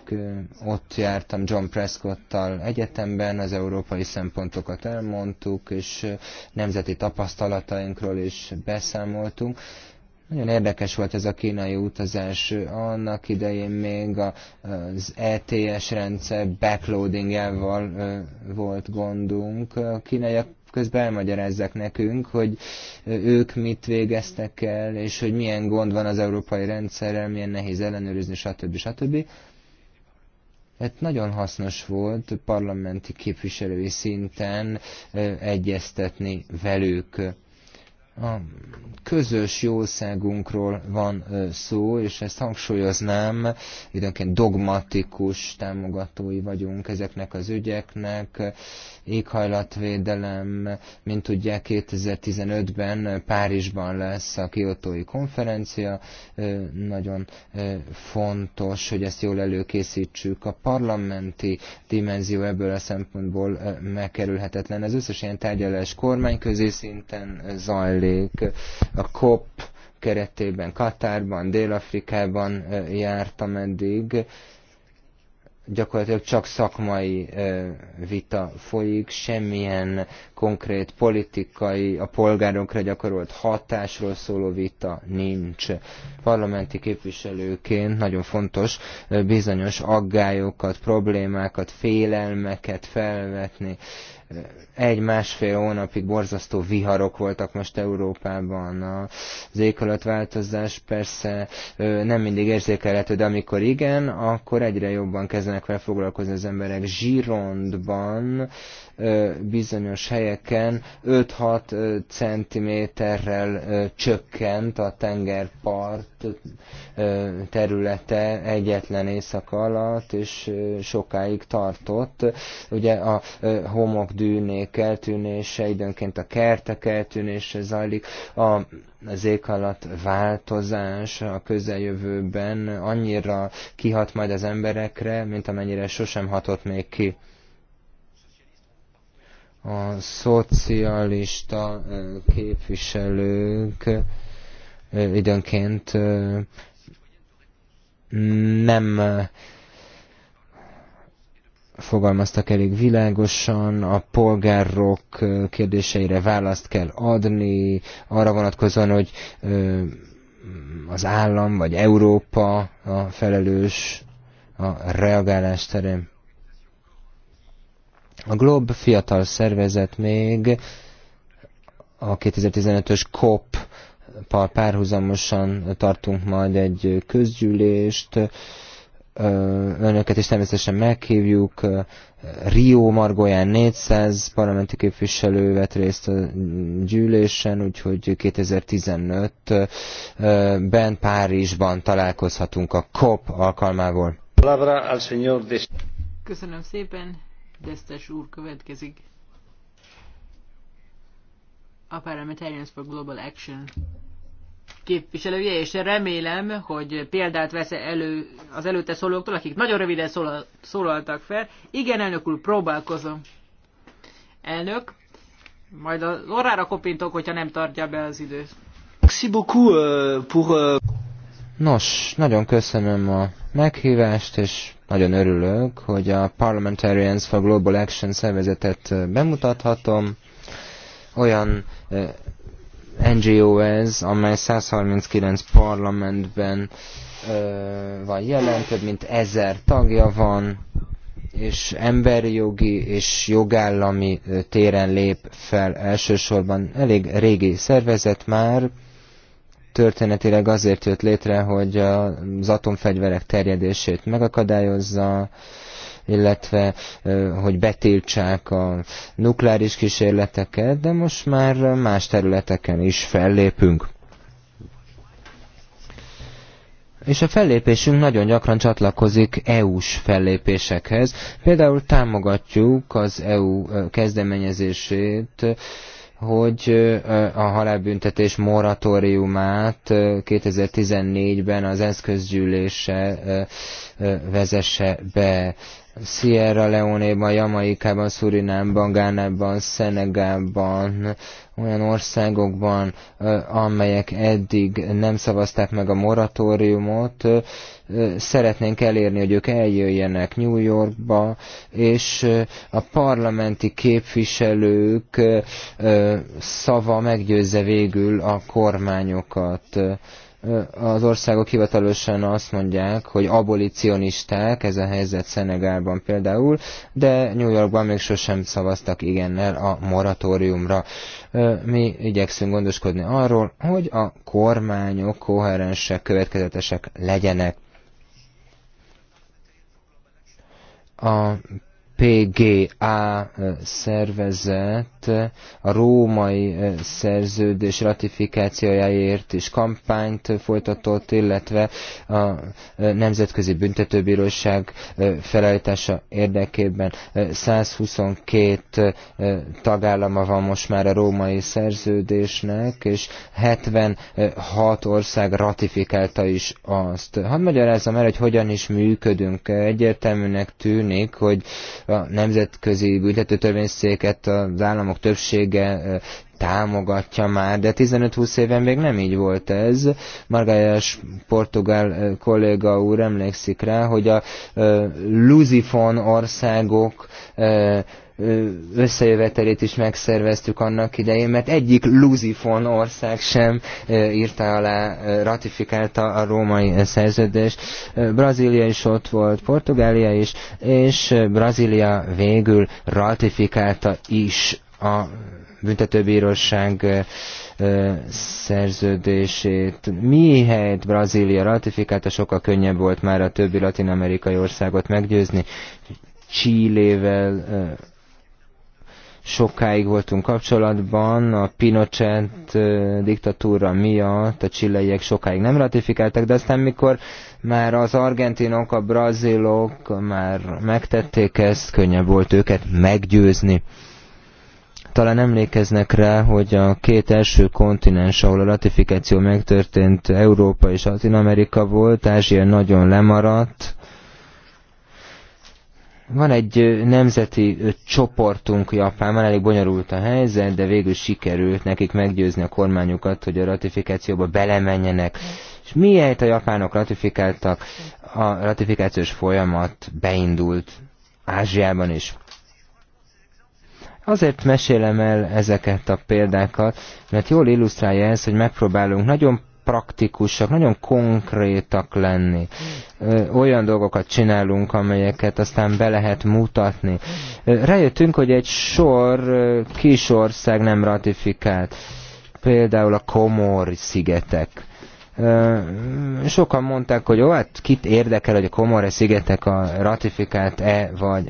ott jártam John Prescott-tal egyetemben, az európai szempontokat elmondtuk, és nemzeti tapasztalatainkról is beszámoltunk nagyon érdekes volt ez a kínai utazás. Annak idején még az ETS rendszer backloading volt gondunk. A kínaiak közben elmagyarázzák nekünk, hogy ők mit végeztek el, és hogy milyen gond van az európai rendszerrel, milyen nehéz ellenőrizni, stb. stb. Hát nagyon hasznos volt parlamenti képviselői szinten egyeztetni velük a közös jószágunkról van szó, és ezt hangsúlyoznám, időnként dogmatikus támogatói vagyunk ezeknek az ügyeknek, éghajlatvédelem, mint tudják 2015-ben Párizsban lesz a kiotói konferencia, nagyon fontos, hogy ezt jól előkészítsük. A parlamenti dimenzió ebből a szempontból megkerülhetetlen. Ez összes ilyen tárgyalás kormányközi szinten zajlik. A COP keretében Katárban, Dél-Afrikában jártam eddig, gyakorlatilag csak szakmai vita folyik, semmilyen konkrét politikai, a polgárokra gyakorolt hatásról szóló vita nincs. Parlamenti képviselőként nagyon fontos bizonyos aggályokat, problémákat, félelmeket felvetni egy-másfél hónapig borzasztó viharok voltak most Európában. Az változás persze nem mindig érzékelhető, de amikor igen, akkor egyre jobban kezdenek vele foglalkozni az emberek. Zsirondban bizonyos helyeken 5-6 centiméterrel csökkent a tengerpart területe egyetlen éjszaka alatt, és sokáig tartott. Ugye a dűnék eltűnése, időnként a kertek eltűnése zajlik, a az alatt változás a közeljövőben annyira kihat majd az emberekre, mint amennyire sosem hatott még ki a szocialista képviselők időnként nem fogalmaztak elég világosan, a polgárok kérdéseire választ kell adni, arra vonatkozóan, hogy az állam vagy Európa a felelős a reagálás terén. A Glob fiatal szervezet még a 2015-ös COP párhuzamosan tartunk majd egy közgyűlést, önöket is természetesen meghívjuk. Rio Margóján 400 parlamenti képviselő vett részt a gyűlésen, úgyhogy 2015-ben Párizsban találkozhatunk a COP alkalmából. Köszönöm szépen. Desztes úr következik. A Parliamentarians for Global Action képviselője, és remélem, hogy példát vesz elő az előtte szólóktól, akik nagyon röviden szólal, szólaltak fel. Igen, elnök úr, próbálkozom. Elnök, majd az orrára kopintok, hogyha nem tartja be az időt. Euh, euh, Nos, nagyon köszönöm a meghívást, és nagyon örülök, hogy a Parliamentarians for Global Action szervezetet bemutathatom. Olyan NGO ez, amely 139 parlamentben van jelen, több mint ezer tagja van, és emberi jogi és jogállami téren lép fel elsősorban. Elég régi szervezet már, történetileg azért jött létre, hogy az atomfegyverek terjedését megakadályozza, illetve hogy betiltsák a nukleáris kísérleteket, de most már más területeken is fellépünk. És a fellépésünk nagyon gyakran csatlakozik EU-s fellépésekhez. Például támogatjuk az EU kezdeményezését, hogy a halálbüntetés moratóriumát 2014-ben az ENSZ közgyűlése vezesse be. Sierra Leone-ban, Jamaikában, Szurinámban, Gánában, Szenegában, olyan országokban, amelyek eddig nem szavazták meg a moratóriumot, szeretnénk elérni, hogy ők eljöjjenek New Yorkba, és a parlamenti képviselők szava meggyőzze végül a kormányokat az országok hivatalosan azt mondják, hogy abolicionisták, ez a helyzet Szenegálban például, de New Yorkban még sosem szavaztak igennel a moratóriumra. Mi igyekszünk gondoskodni arról, hogy a kormányok koherensek, következetesek legyenek. A PGA eh, szervezet a római eh, szerződés ratifikációjáért is kampányt eh, folytatott, illetve a Nemzetközi Büntetőbíróság felállítása érdekében 122 tagállama van most már a római szerződésnek, és 76 ország ratifikálta is azt. Hadd magyarázzam el, hogy hogyan is működünk. Egyértelműnek tűnik, hogy a nemzetközi büntetőtörvényszéket az államok többsége támogatja már, de 15-20 éven még nem így volt ez. Margályás portugál kolléga úr emlékszik rá, hogy a Luzifon országok összejövetelét is megszerveztük annak idején, mert egyik luzifon ország sem írta alá, ratifikálta a római szerződést. Brazília is ott volt, Portugália is, és Brazília végül ratifikálta is a büntetőbíróság szerződését. helyett Brazília ratifikálta, sokkal könnyebb volt már a többi latin-amerikai országot meggyőzni. Csillével sokáig voltunk kapcsolatban, a Pinochet diktatúra miatt a csilleiek sokáig nem ratifikáltak, de aztán mikor már az argentinok, a brazilok már megtették ezt, könnyebb volt őket meggyőzni. Talán emlékeznek rá, hogy a két első kontinens, ahol a ratifikáció megtörtént, Európa és Latin Amerika volt, Ázsia nagyon lemaradt, van egy nemzeti csoportunk Japánban, elég bonyolult a helyzet, de végül sikerült nekik meggyőzni a kormányukat, hogy a ratifikációba belemenjenek. És miért a japánok ratifikáltak, a ratifikációs folyamat beindult Ázsiában is. Azért mesélem el ezeket a példákat, mert jól illusztrálja ez, hogy megpróbálunk nagyon praktikusak, nagyon konkrétak lenni. Olyan dolgokat csinálunk, amelyeket aztán be lehet mutatni. Rájöttünk, hogy egy sor kis ország nem ratifikált. Például a Komori szigetek sokan mondták, hogy ó, hát kit érdekel, hogy a Komore szigetek a ratifikált-e vagy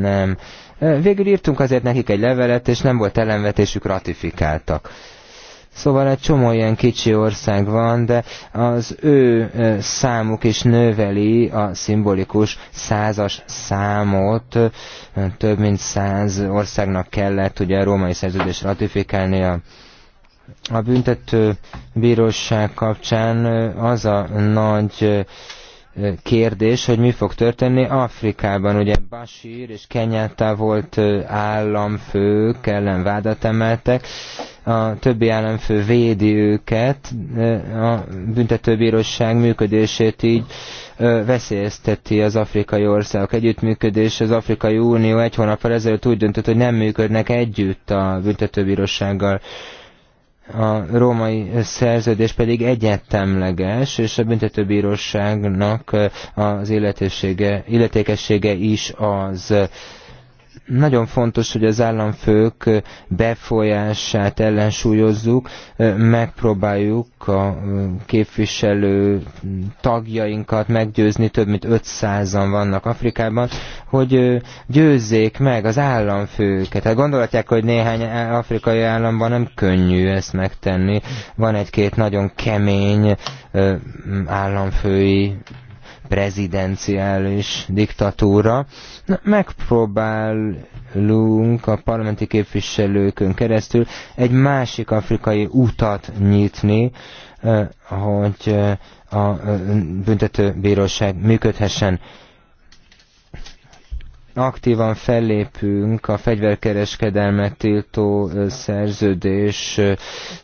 nem. Végül írtunk azért nekik egy levelet, és nem volt ellenvetésük, ratifikáltak. Szóval egy csomó ilyen kicsi ország van, de az ő számuk is növeli a szimbolikus százas számot. Több mint száz országnak kellett ugye a római szerződést ratifikálnia. A büntető bíróság kapcsán az a nagy kérdés, hogy mi fog történni Afrikában. Ugye Bashir és Kenyatta volt államfők ellen vádat emeltek, a többi államfő védi őket, a büntetőbíróság működését így veszélyezteti az afrikai országok együttműködés. Az Afrikai Unió egy hónap ezelőtt úgy döntött, hogy nem működnek együtt a büntetőbírósággal. A római szerződés pedig egyetemleges, és a büntetőbíróságnak az illetékessége is az nagyon fontos, hogy az államfők befolyását ellensúlyozzuk, megpróbáljuk a képviselő tagjainkat meggyőzni, több mint 500-an vannak Afrikában, hogy győzzék meg az államfőket. Hát gondolhatják, hogy néhány afrikai államban nem könnyű ezt megtenni. Van egy-két nagyon kemény államfői prezidenciális diktatúra. Na, megpróbálunk a parlamenti képviselőkön keresztül egy másik afrikai utat nyitni, eh, hogy eh, a eh, büntetőbíróság működhessen aktívan fellépünk a fegyverkereskedelmet tiltó szerződés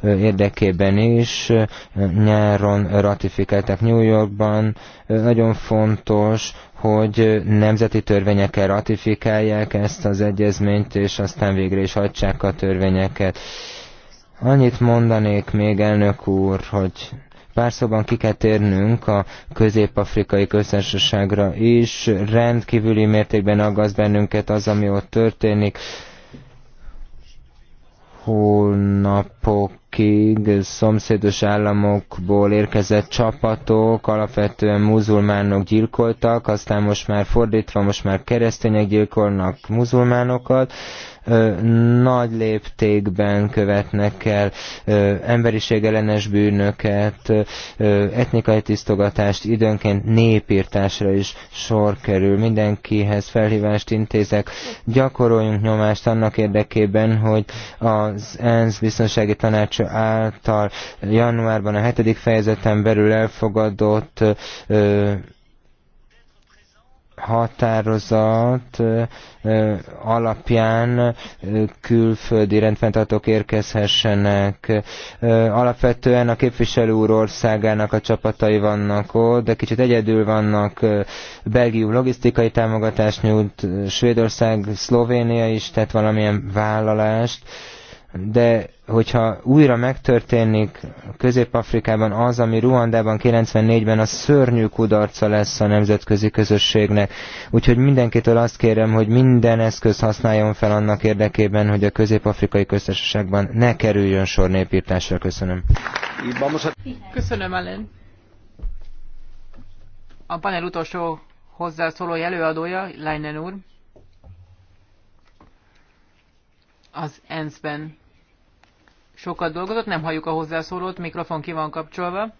érdekében is. Nyáron ratifikáltak New Yorkban. Nagyon fontos, hogy nemzeti törvényekkel ratifikálják ezt az egyezményt, és aztán végre is hagyják a törvényeket. Annyit mondanék még, elnök úr, hogy Pár szóban ki kell térnünk a közép-afrikai köztársaságra is. Rendkívüli mértékben aggaszt bennünket az, ami ott történik. Hónapok évekig szomszédos államokból érkezett csapatok, alapvetően muzulmánok gyilkoltak, aztán most már fordítva, most már keresztények gyilkolnak muzulmánokat, nagy léptékben követnek el emberiség ellenes bűnöket, etnikai tisztogatást, időnként népírtásra is sor kerül. Mindenkihez felhívást intézek. Gyakoroljunk nyomást annak érdekében, hogy az ENSZ biztonsági tanácsa által januárban a hetedik fejezeten belül elfogadott határozat alapján külföldi rendfenntartók érkezhessenek. Alapvetően a képviselő úr országának a csapatai vannak ott, de kicsit egyedül vannak. Belgium logisztikai támogatást nyújt, Svédország, Szlovénia is tett valamilyen vállalást de hogyha újra megtörténik Közép-Afrikában az, ami Ruandában 94-ben a szörnyű kudarca lesz a nemzetközi közösségnek. Úgyhogy mindenkitől azt kérem, hogy minden eszközt használjon fel annak érdekében, hogy a közép-afrikai köztársaságban ne kerüljön sor népírtásra. Köszönöm. Köszönöm, Ellen. A panel utolsó hozzászóló előadója, Leinen úr. az ENSZ-ben sokat dolgozott, nem halljuk a hozzászólót, mikrofon ki van kapcsolva.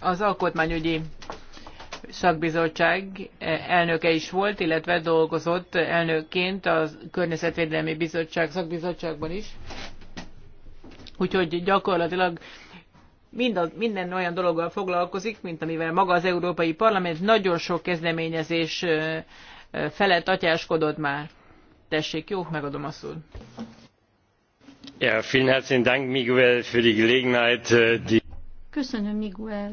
Az Alkotmányügyi Szakbizottság elnöke is volt, illetve dolgozott elnökként a Környezetvédelmi Bizottság szakbizottságban is. Úgyhogy gyakorlatilag minden, minden olyan dologgal foglalkozik, mint amivel maga az Európai Parlament. Nagyon sok kezdeményezés felett atyáskodott már. Tessék, jó, megadom a szót. Ja, Miguel, äh, Köszönöm, Miguel.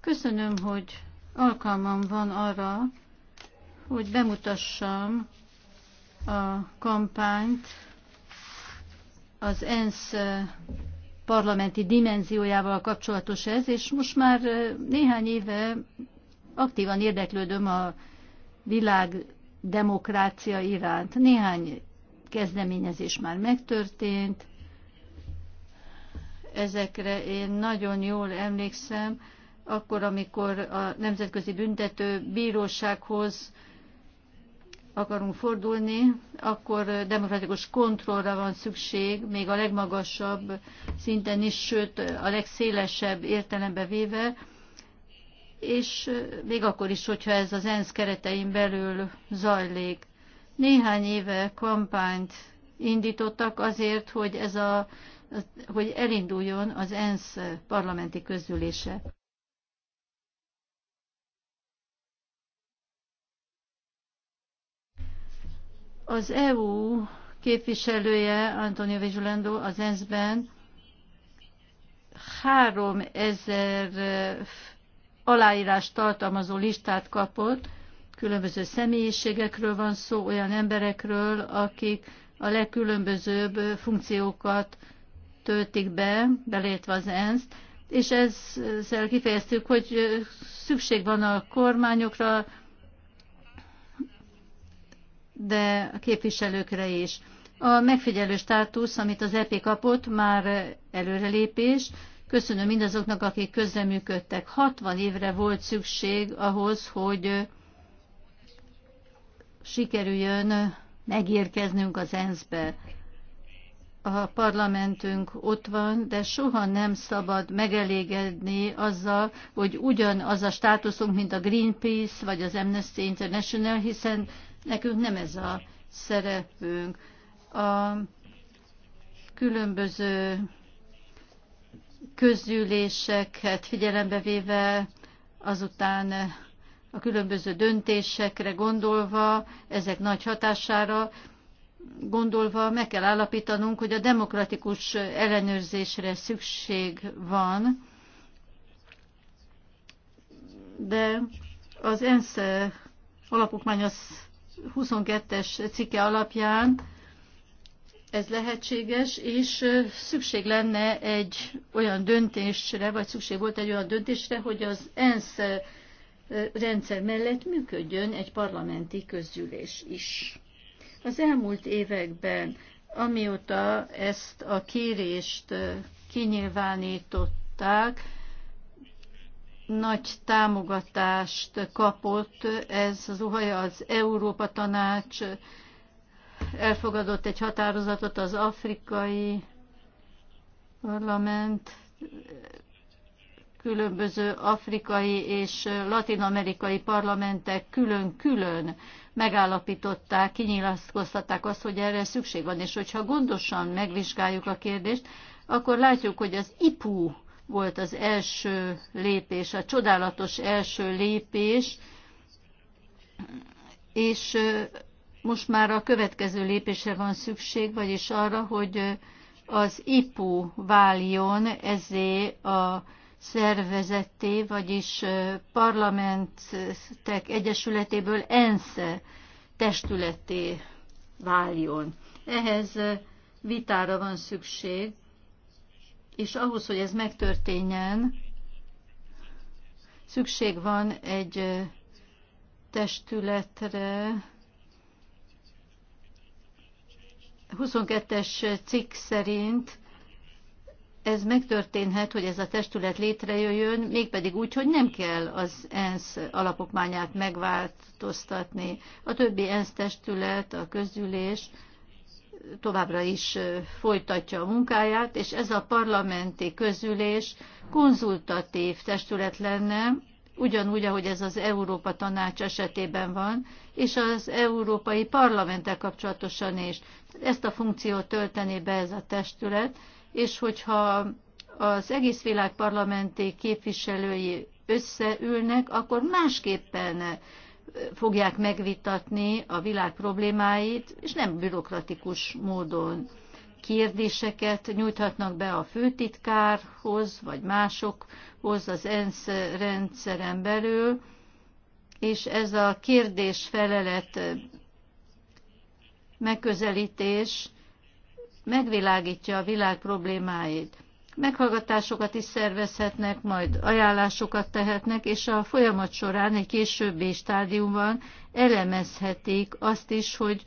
Köszönöm, hogy alkalmam van arra, hogy bemutassam a kampányt, az ENSZ parlamenti dimenziójával kapcsolatos ez, és most már néhány éve aktívan érdeklődöm a világ demokrácia iránt. Néhány kezdeményezés már megtörtént, ezekre én nagyon jól emlékszem, akkor, amikor a Nemzetközi Büntető Bírósághoz akarunk fordulni, akkor demokratikus kontrollra van szükség, még a legmagasabb szinten is, sőt a legszélesebb értelembe véve, és még akkor is, hogyha ez az ENSZ keretein belül zajlik. Néhány éve kampányt indítottak azért, hogy, ez a, hogy elinduljon az ENSZ parlamenti közülése. Az EU képviselője, Antonio Vizsulando az ENSZ-ben 3000 aláírás tartalmazó listát kapott, különböző személyiségekről van szó, olyan emberekről, akik a legkülönbözőbb funkciókat töltik be, belétve az ensz és ezzel kifejeztük, hogy szükség van a kormányokra, de a képviselőkre is. A megfigyelő státusz, amit az EP kapott, már előrelépés. Köszönöm mindazoknak, akik közreműködtek. 60 évre volt szükség ahhoz, hogy sikerüljön megérkeznünk az ENSZ-be. A parlamentünk ott van, de soha nem szabad megelégedni azzal, hogy ugyanaz a státuszunk, mint a Greenpeace vagy az Amnesty International, hiszen Nekünk nem ez a szerepünk. A különböző közgyűléseket figyelembe véve, azután a különböző döntésekre gondolva, ezek nagy hatására gondolva meg kell állapítanunk, hogy a demokratikus ellenőrzésre szükség van, de az ENSZ alapokmány az 22-es cikke alapján ez lehetséges, és szükség lenne egy olyan döntésre, vagy szükség volt egy olyan döntésre, hogy az ENSZ rendszer mellett működjön egy parlamenti közgyűlés is. Az elmúlt években, amióta ezt a kérést kinyilvánították, nagy támogatást kapott ez az uhaja, az Európa Tanács elfogadott egy határozatot az afrikai parlament különböző afrikai és latinamerikai parlamentek külön-külön megállapították, kinyilatkoztatták azt, hogy erre szükség van. És hogyha gondosan megvizsgáljuk a kérdést, akkor látjuk, hogy az IPU volt az első lépés, a csodálatos első lépés, és most már a következő lépésre van szükség, vagyis arra, hogy az IPU váljon ezé a szervezetté, vagyis parlamentek egyesületéből ENSZE testületé váljon. Ehhez vitára van szükség, és ahhoz, hogy ez megtörténjen, szükség van egy testületre, 22-es cikk szerint ez megtörténhet, hogy ez a testület létrejöjjön, mégpedig úgy, hogy nem kell az ENSZ alapokmányát megváltoztatni. A többi ENSZ testület, a közgyűlés továbbra is folytatja a munkáját, és ez a parlamenti közülés konzultatív testület lenne, ugyanúgy, ahogy ez az Európa Tanács esetében van, és az Európai Parlamenttel kapcsolatosan is. Ezt a funkciót töltené be ez a testület, és hogyha az egész világ parlamenti képviselői összeülnek, akkor másképpen fogják megvitatni a világ problémáit, és nem bürokratikus módon kérdéseket nyújthatnak be a főtitkárhoz, vagy másokhoz az ENSZ rendszeren belül, és ez a kérdés-felelet megközelítés megvilágítja a világ problémáit meghallgatásokat is szervezhetnek, majd ajánlásokat tehetnek, és a folyamat során egy későbbi stádiumban elemezhetik azt is, hogy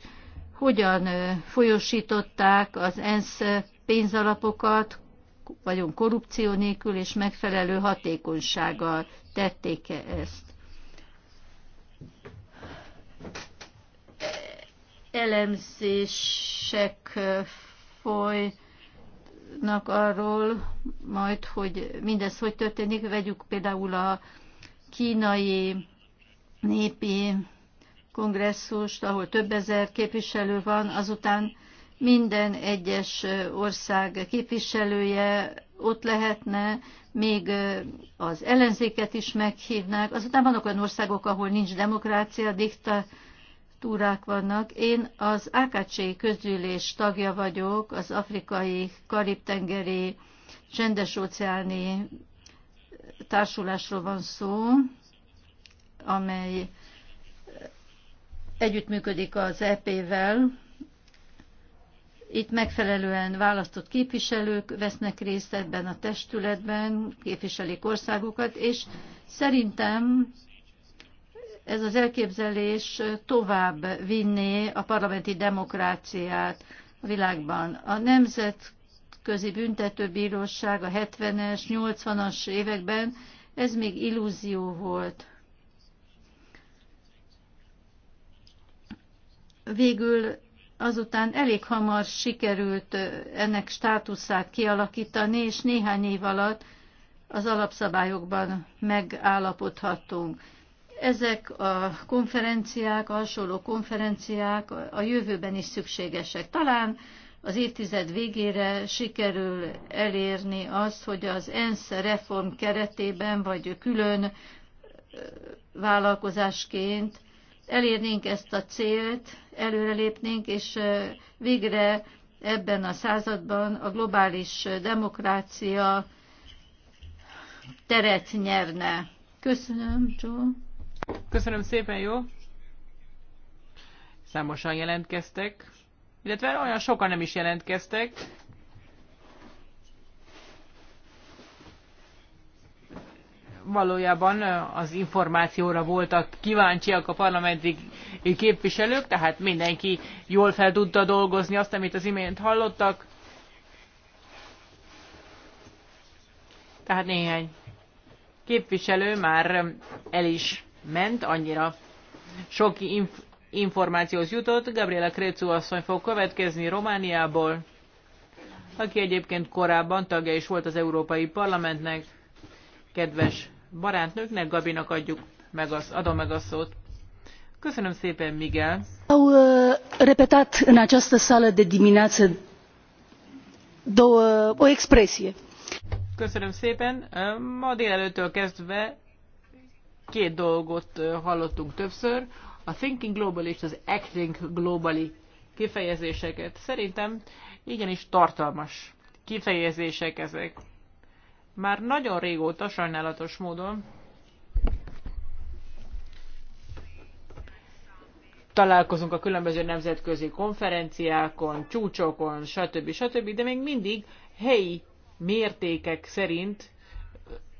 hogyan folyosították az ENSZ pénzalapokat, vagyon korrupció nélkül és megfelelő hatékonysággal tették -e ezt. Elemzések folynak nak arról majd, hogy mindez hogy történik. Vegyük például a kínai népi kongresszust, ahol több ezer képviselő van, azután minden egyes ország képviselője ott lehetne, még az ellenzéket is meghívnák. Azután vannak olyan országok, ahol nincs demokrácia, diktatúra, struktúrák vannak. Én az AKC közgyűlés tagja vagyok, az afrikai, karib-tengeri, csendes-óceáni társulásról van szó, amely együttműködik az EP-vel. Itt megfelelően választott képviselők vesznek részt ebben a testületben, képviselik országokat, és szerintem ez az elképzelés tovább vinné a parlamenti demokráciát a világban. A Nemzetközi Büntetőbíróság a 70-es, 80-as években ez még illúzió volt. Végül azután elég hamar sikerült ennek státuszát kialakítani, és néhány év alatt az alapszabályokban megállapodhatunk. Ezek a konferenciák, a hasonló konferenciák a jövőben is szükségesek. Talán az évtized végére sikerül elérni azt, hogy az ENSZ reform keretében, vagy külön vállalkozásként elérnénk ezt a célt, előrelépnénk, és végre ebben a században a globális demokrácia teret nyerne. Köszönöm, Joe. Köszönöm szépen, jó? Számosan jelentkeztek, illetve olyan sokan nem is jelentkeztek. Valójában az információra voltak kíváncsiak a parlamenti képviselők, tehát mindenki jól fel tudta dolgozni azt, amit az imént hallottak. Tehát néhány képviselő már el is ment, annyira sok inf- információhoz jutott. Gabriela Krécu asszony fog következni Romániából, aki egyébként korábban tagja is volt az Európai Parlamentnek. Kedves barátnőknek, Gabinak adjuk meg az, adom meg a szót. Köszönöm szépen, Miguel. Au uh, repetat în această sală de dimineață două, o expresie. Köszönöm szépen. Ma délelőttől kezdve Két dolgot hallottunk többször, a thinking global és az acting globally kifejezéseket. Szerintem igenis tartalmas kifejezések ezek. Már nagyon régóta, sajnálatos módon találkozunk a különböző nemzetközi konferenciákon, csúcsokon, stb. stb., de még mindig helyi mértékek szerint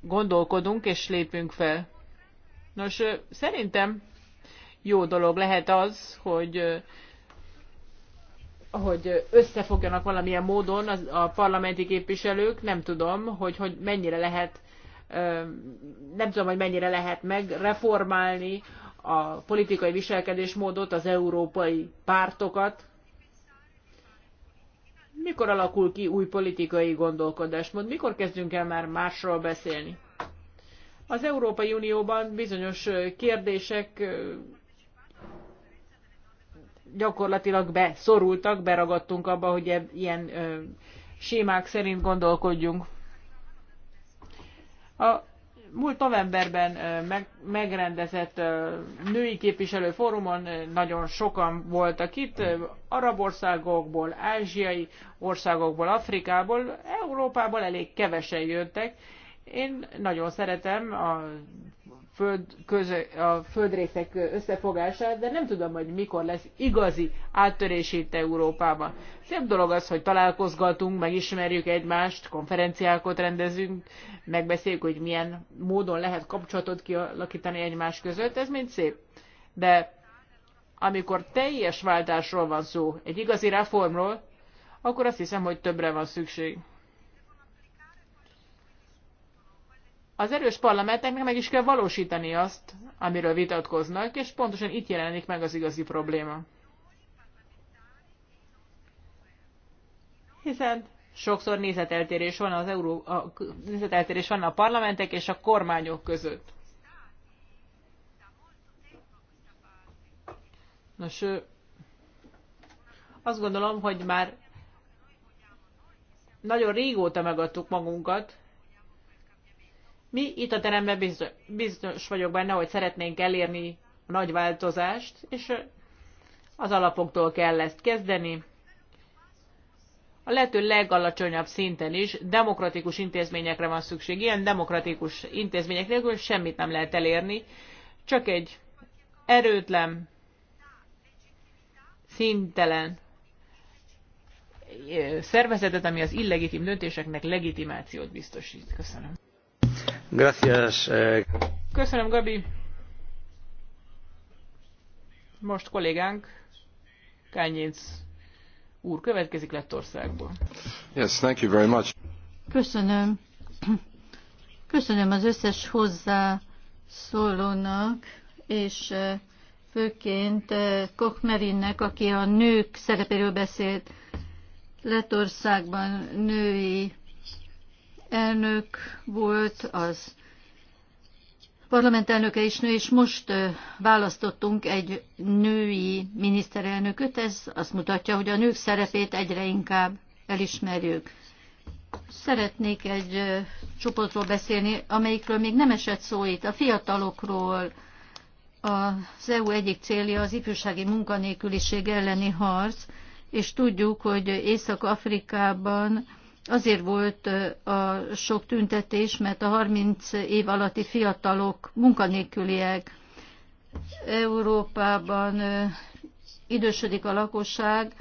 gondolkodunk és lépünk fel. Nos, szerintem jó dolog lehet az, hogy hogy összefogjanak valamilyen módon az, a parlamenti képviselők, nem tudom, hogy, hogy mennyire lehet, nem tudom, hogy mennyire lehet megreformálni a politikai viselkedésmódot, az európai pártokat. Mikor alakul ki új politikai gondolkodásmód? Mikor kezdünk el már másról beszélni? Az Európai Unióban bizonyos kérdések gyakorlatilag beszorultak, beragadtunk abba, hogy e- ilyen sémák szerint gondolkodjunk. A múlt novemberben megrendezett női képviselő fórumon nagyon sokan voltak itt, arab országokból, ázsiai országokból, Afrikából, Európából elég kevesen jöttek, én nagyon szeretem a, föld közö, a földrészek összefogását, de nem tudom, hogy mikor lesz igazi áttörés itt Európában. Szép dolog az, hogy találkozgatunk, megismerjük egymást, konferenciákat rendezünk, megbeszéljük, hogy milyen módon lehet kapcsolatot kialakítani egymás között, ez mind szép. De amikor teljes váltásról van szó, egy igazi reformról, akkor azt hiszem, hogy többre van szükség. Az erős parlamentnek meg is kell valósítani azt, amiről vitatkoznak, és pontosan itt jelenik meg az igazi probléma. Hiszen sokszor nézeteltérés van, az Euró, a, nézeteltérés van a parlamentek és a kormányok között. Nos, azt gondolom, hogy már nagyon régóta megadtuk magunkat mi itt a teremben biztos, vagyok benne, hogy szeretnénk elérni a nagy változást, és az alapoktól kell ezt kezdeni. A lehető legalacsonyabb szinten is demokratikus intézményekre van szükség. Ilyen demokratikus intézmények nélkül semmit nem lehet elérni, csak egy erőtlen, szintelen szervezetet, ami az illegitim döntéseknek legitimációt biztosít. Köszönöm. Eh. Köszönöm, Gabi. Most kollégánk, Kányénc úr következik Lettországból. Yes, thank you very much. Köszönöm. Köszönöm az összes hozzá szólónak, és eh, főként eh, Kochmerinnek, aki a nők szerepéről beszélt Letországban női elnök volt, az parlament elnöke is nő, és most választottunk egy női miniszterelnököt. Ez azt mutatja, hogy a nők szerepét egyre inkább elismerjük. Szeretnék egy csoportról beszélni, amelyikről még nem esett szó itt, a fiatalokról. Az EU egyik célja az ifjúsági munkanélküliség elleni harc, és tudjuk, hogy Észak-Afrikában Azért volt a sok tüntetés, mert a 30 év alatti fiatalok munkanélküliek. Európában idősödik a lakosság,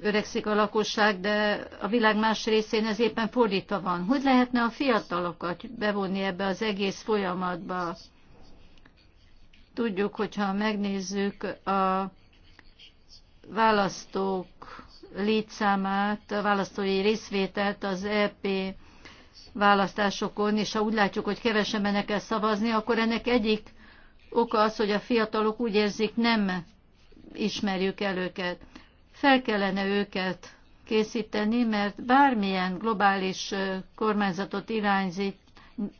öregszik a lakosság, de a világ más részén ez éppen fordítva van. Hogy lehetne a fiatalokat bevonni ebbe az egész folyamatba? Tudjuk, hogyha megnézzük a választók létszámát, a választói részvételt az EP választásokon, és ha úgy látjuk, hogy kevesen mennek el szavazni, akkor ennek egyik oka az, hogy a fiatalok úgy érzik, nem ismerjük el őket. Fel kellene őket készíteni, mert bármilyen globális kormányzatot irányzik,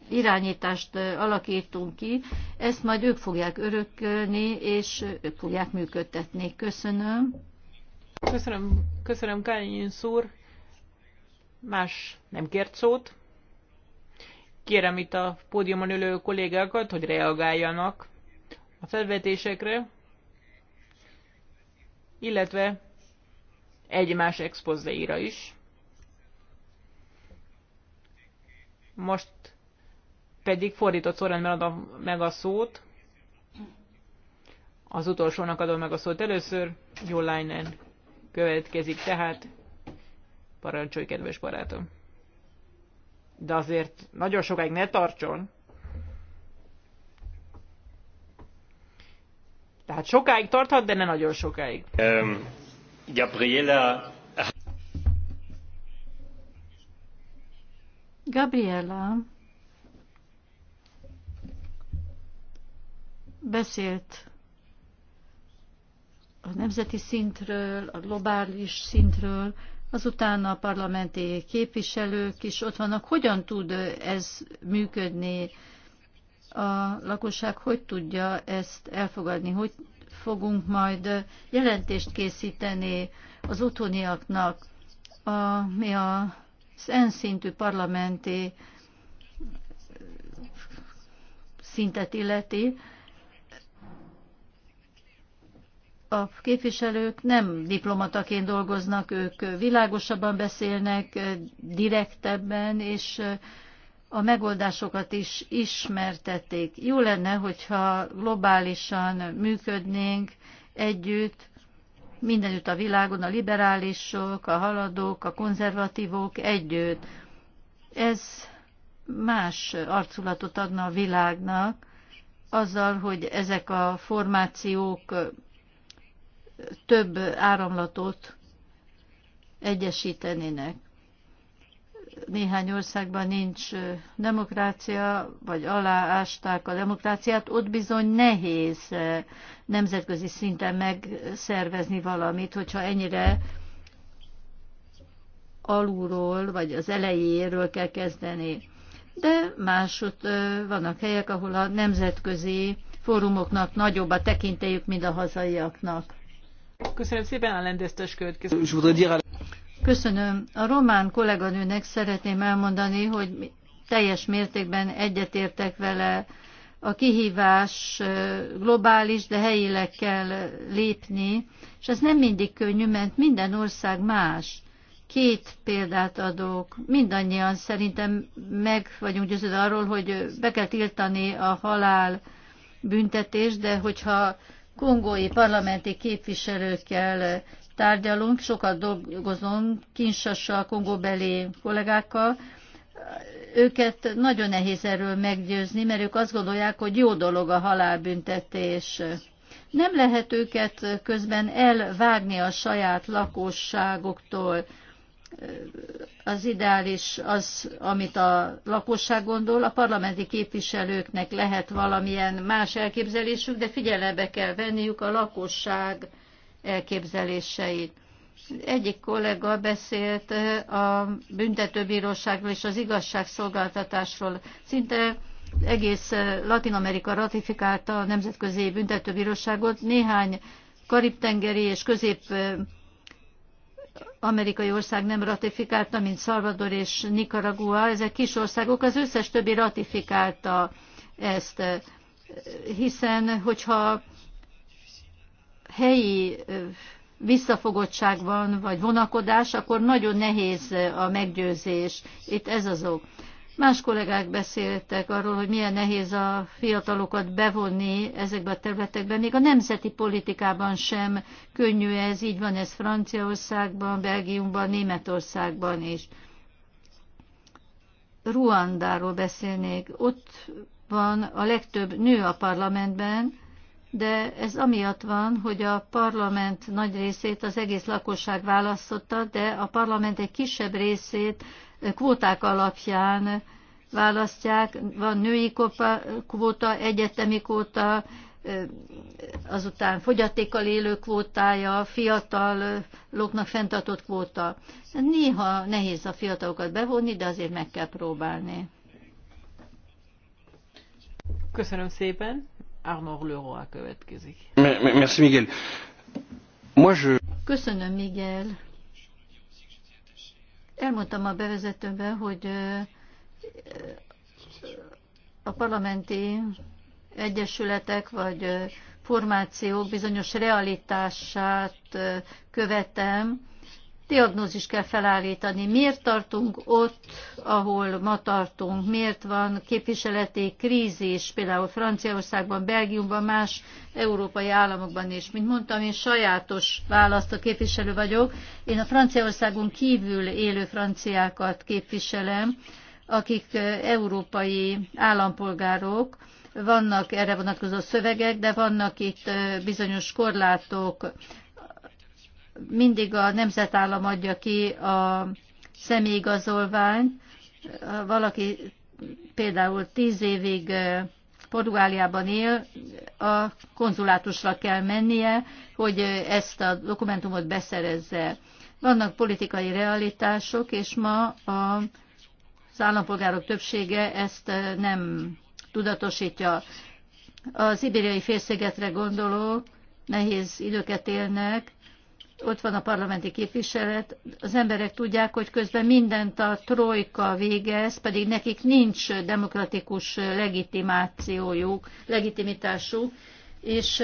irányítást alakítunk ki, ezt majd ők fogják örökölni, és ők fogják működtetni. Köszönöm. Köszönöm, köszönöm Kányin szúr. Más nem kért szót. Kérem itt a pódiumon ülő kollégákat, hogy reagáljanak a felvetésekre, illetve egymás expozéira is. Most pedig fordított sorrendben adom meg a szót. Az utolsónak adom meg a szót először, Jó Leinen következik, tehát parancsolj, kedves barátom. De azért nagyon sokáig ne tartson. Tehát sokáig tarthat, de ne nagyon sokáig. Um, Gabriela... Gabriela beszélt a nemzeti szintről, a globális szintről, azután a parlamenti képviselők is ott vannak. Hogyan tud ez működni? A lakosság hogy tudja ezt elfogadni? Hogy fogunk majd jelentést készíteni az otthoniaknak, ami az ENSZ szintű parlamenti szintet illeti, a képviselők nem diplomataként dolgoznak, ők világosabban beszélnek, direktebben, és a megoldásokat is ismertették. Jó lenne, hogyha globálisan működnénk együtt, mindenütt a világon, a liberálisok, a haladók, a konzervatívok együtt. Ez más arculatot adna a világnak, azzal, hogy ezek a formációk több áramlatot egyesítenének. Néhány országban nincs demokrácia, vagy aláásták a demokráciát, ott bizony nehéz nemzetközi szinten megszervezni valamit, hogyha ennyire alulról, vagy az elejéről kell kezdeni. De másod vannak helyek, ahol a nemzetközi fórumoknak nagyobb a tekintélyük, mint a hazaiaknak. Köszönöm szépen, a lendeztes következő. Köszönöm. A román kolléganőnek szeretném elmondani, hogy teljes mértékben egyetértek vele. A kihívás globális, de helyileg kell lépni, és ez nem mindig könnyű, mert minden ország más. Két példát adok. Mindannyian szerintem meg vagyunk győződve arról, hogy be kell tiltani a halál büntetés, de hogyha kongói parlamenti képviselőkkel tárgyalunk, sokat dolgozom Kinsassa, kongóbeli kollégákkal. Őket nagyon nehéz erről meggyőzni, mert ők azt gondolják, hogy jó dolog a halálbüntetés. Nem lehet őket közben elvágni a saját lakosságoktól az ideális az, amit a lakosság gondol, a parlamenti képviselőknek lehet valamilyen más elképzelésük, de figyelembe kell venniük a lakosság elképzeléseit. Egyik kollega beszélt a büntetőbíróságról és az igazságszolgáltatásról. Szinte egész Latin Amerika ratifikálta a Nemzetközi Büntetőbíróságot. Néhány karib-tengeri és közép amerikai ország nem ratifikálta, mint Salvador és Nicaragua, ezek kis országok, az összes többi ratifikálta ezt, hiszen hogyha helyi visszafogottság van, vagy vonakodás, akkor nagyon nehéz a meggyőzés. Itt ez az ok. Más kollégák beszéltek arról, hogy milyen nehéz a fiatalokat bevonni ezekbe a területekbe. Még a nemzeti politikában sem könnyű ez, így van ez Franciaországban, Belgiumban, Németországban is. Ruandáról beszélnék. Ott van a legtöbb nő a parlamentben, de ez amiatt van, hogy a parlament nagy részét az egész lakosság választotta, de a parlament egy kisebb részét kvóták alapján választják. Van női kvóta, egyetemi kvóta, azután fogyatékkal élő kvótája, fiataloknak fenntartott kvóta. Néha nehéz a fiatalokat bevonni, de azért meg kell próbálni. Köszönöm szépen. Armor Leroy következik. Merci, Miguel. Moi, je... Köszönöm, Miguel. Elmondtam a bevezetőben, hogy a parlamenti egyesületek vagy formációk bizonyos realitását követem, diagnózis kell felállítani. Miért tartunk ott, ahol ma tartunk? Miért van képviseleti krízis, például Franciaországban, Belgiumban, más európai államokban is? Mint mondtam, én sajátos választó képviselő vagyok. Én a Franciaországon kívül élő franciákat képviselem, akik európai állampolgárok, vannak erre vonatkozó szövegek, de vannak itt bizonyos korlátok mindig a nemzetállam adja ki a személyigazolványt. Valaki például tíz évig Portugáliában él, a konzulátusra kell mennie, hogy ezt a dokumentumot beszerezze. Vannak politikai realitások, és ma a, az állampolgárok többsége ezt nem tudatosítja. Az ibériai félszigetre gondolok, nehéz időket élnek, ott van a parlamenti képviselet, az emberek tudják, hogy közben mindent a trojka végez, pedig nekik nincs demokratikus legitimációjuk, legitimitásuk, és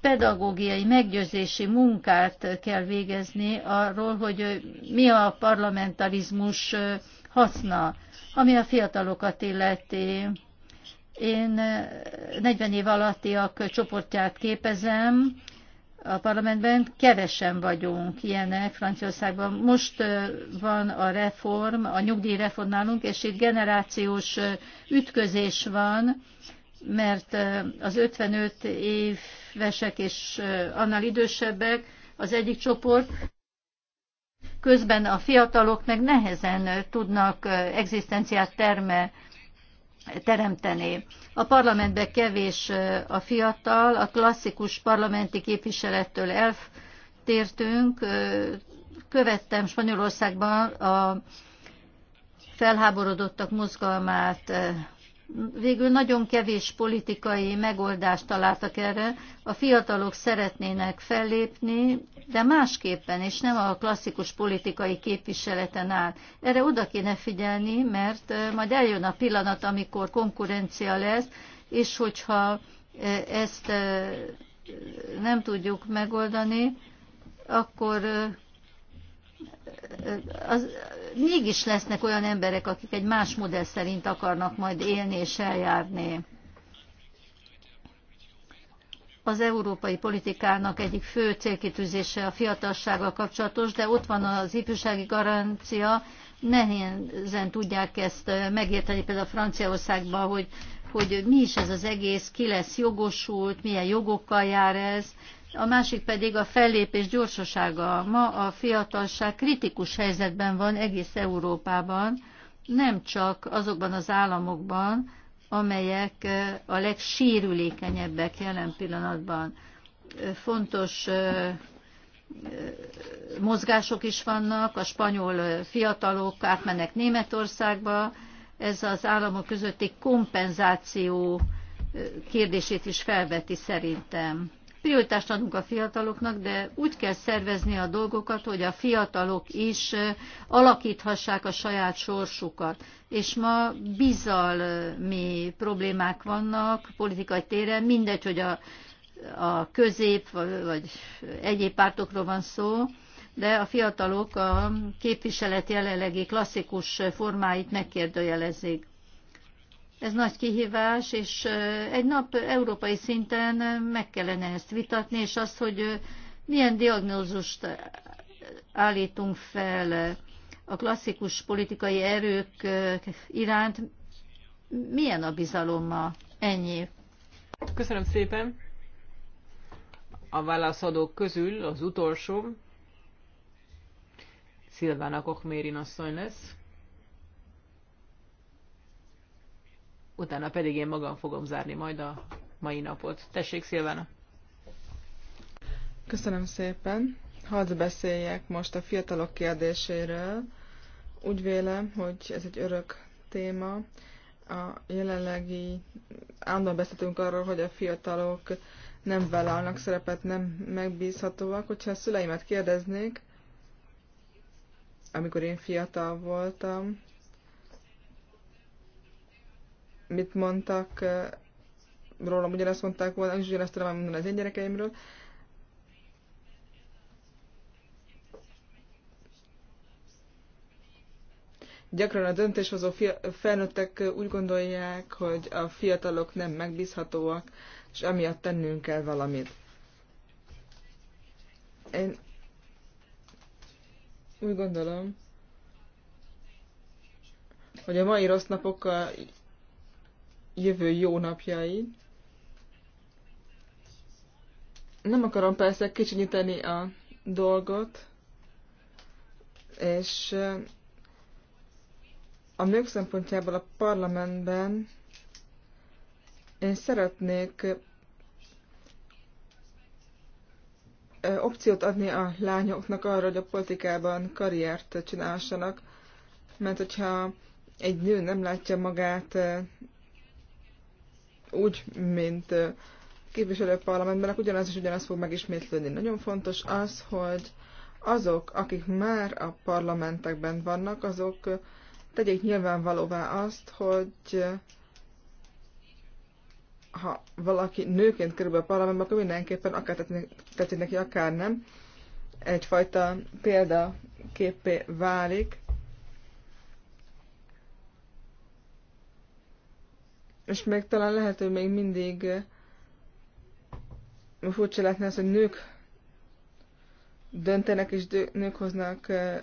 pedagógiai meggyőzési munkát kell végezni arról, hogy mi a parlamentarizmus haszna, ami a fiatalokat illeti. Én 40 év alattiak csoportját képezem, a parlamentben kevesen vagyunk ilyenek Franciaországban. Most van a reform, a nyugdíjreform nálunk, és itt generációs ütközés van, mert az 55 évesek és annál idősebbek az egyik csoport, közben a fiatalok meg nehezen tudnak egzisztenciát terme, teremteni. A parlamentben kevés a fiatal, a klasszikus parlamenti képviselettől eltértünk. Követtem Spanyolországban a felháborodottak mozgalmát végül nagyon kevés politikai megoldást találtak erre. A fiatalok szeretnének fellépni, de másképpen, és nem a klasszikus politikai képviseleten áll. Erre oda kéne figyelni, mert majd eljön a pillanat, amikor konkurencia lesz, és hogyha ezt nem tudjuk megoldani, akkor az, mégis lesznek olyan emberek, akik egy más modell szerint akarnak majd élni és eljárni. Az európai politikának egyik fő célkitűzése a fiatalsággal kapcsolatos, de ott van az ifjúsági garancia, nehézen tudják ezt megérteni például Franciaországban, hogy, hogy mi is ez az egész, ki lesz jogosult, milyen jogokkal jár ez, a másik pedig a fellépés gyorsasága. Ma a fiatalság kritikus helyzetben van egész Európában, nem csak azokban az államokban, amelyek a legsérülékenyebbek jelen pillanatban. Fontos mozgások is vannak, a spanyol fiatalok átmennek Németországba, ez az államok közötti kompenzáció kérdését is felveti szerintem Prioritást adunk a fiataloknak, de úgy kell szervezni a dolgokat, hogy a fiatalok is alakíthassák a saját sorsukat. És ma bizalmi problémák vannak politikai téren, mindegy, hogy a, a közép vagy egyéb pártokról van szó, de a fiatalok a képviselet jelenlegi klasszikus formáit megkérdőjelezik. Ez nagy kihívás, és egy nap európai szinten meg kellene ezt vitatni, és azt, hogy milyen diagnózust állítunk fel a klasszikus politikai erők iránt, milyen a bizalommal? Ennyi. Köszönöm szépen. A válaszadók közül az utolsó Szilvána Kochmérin asszony lesz. utána pedig én magam fogom zárni majd a mai napot. Tessék, Szilvána! Köszönöm szépen! Hadd beszéljek most a fiatalok kérdéséről. Úgy vélem, hogy ez egy örök téma. A jelenlegi állandóan beszéltünk arról, hogy a fiatalok nem vállalnak szerepet, nem megbízhatóak. Hogyha a szüleimet kérdeznék, amikor én fiatal voltam, mit mondtak rólam, ugyanezt mondták volna, és ugyanezt tudom mondani az én gyerekeimről. Gyakran a döntéshozó felnőttek úgy gondolják, hogy a fiatalok nem megbízhatóak, és amiatt tennünk kell valamit. Én úgy gondolom, hogy a mai rossz napokkal jövő jó napjai. Nem akarom persze kicsinyíteni a dolgot, és eh, a nők szempontjából a parlamentben én szeretnék eh, opciót adni a lányoknak arra, hogy a politikában karriert csinálhassanak, mert hogyha egy nő nem látja magát eh, úgy, mint képviselő parlamentben, ugyanaz és ugyanaz fog megismétlődni. Nagyon fontos az, hogy azok, akik már a parlamentekben vannak, azok tegyék nyilvánvalóvá azt, hogy ha valaki nőként kerül a parlamentbe, akkor mindenképpen akár tetszik neki, akár nem, egyfajta példaképpé válik, és még talán lehet, hogy még mindig furcsa eh, lehetne az, hogy nők döntenek és nők hoznak eh,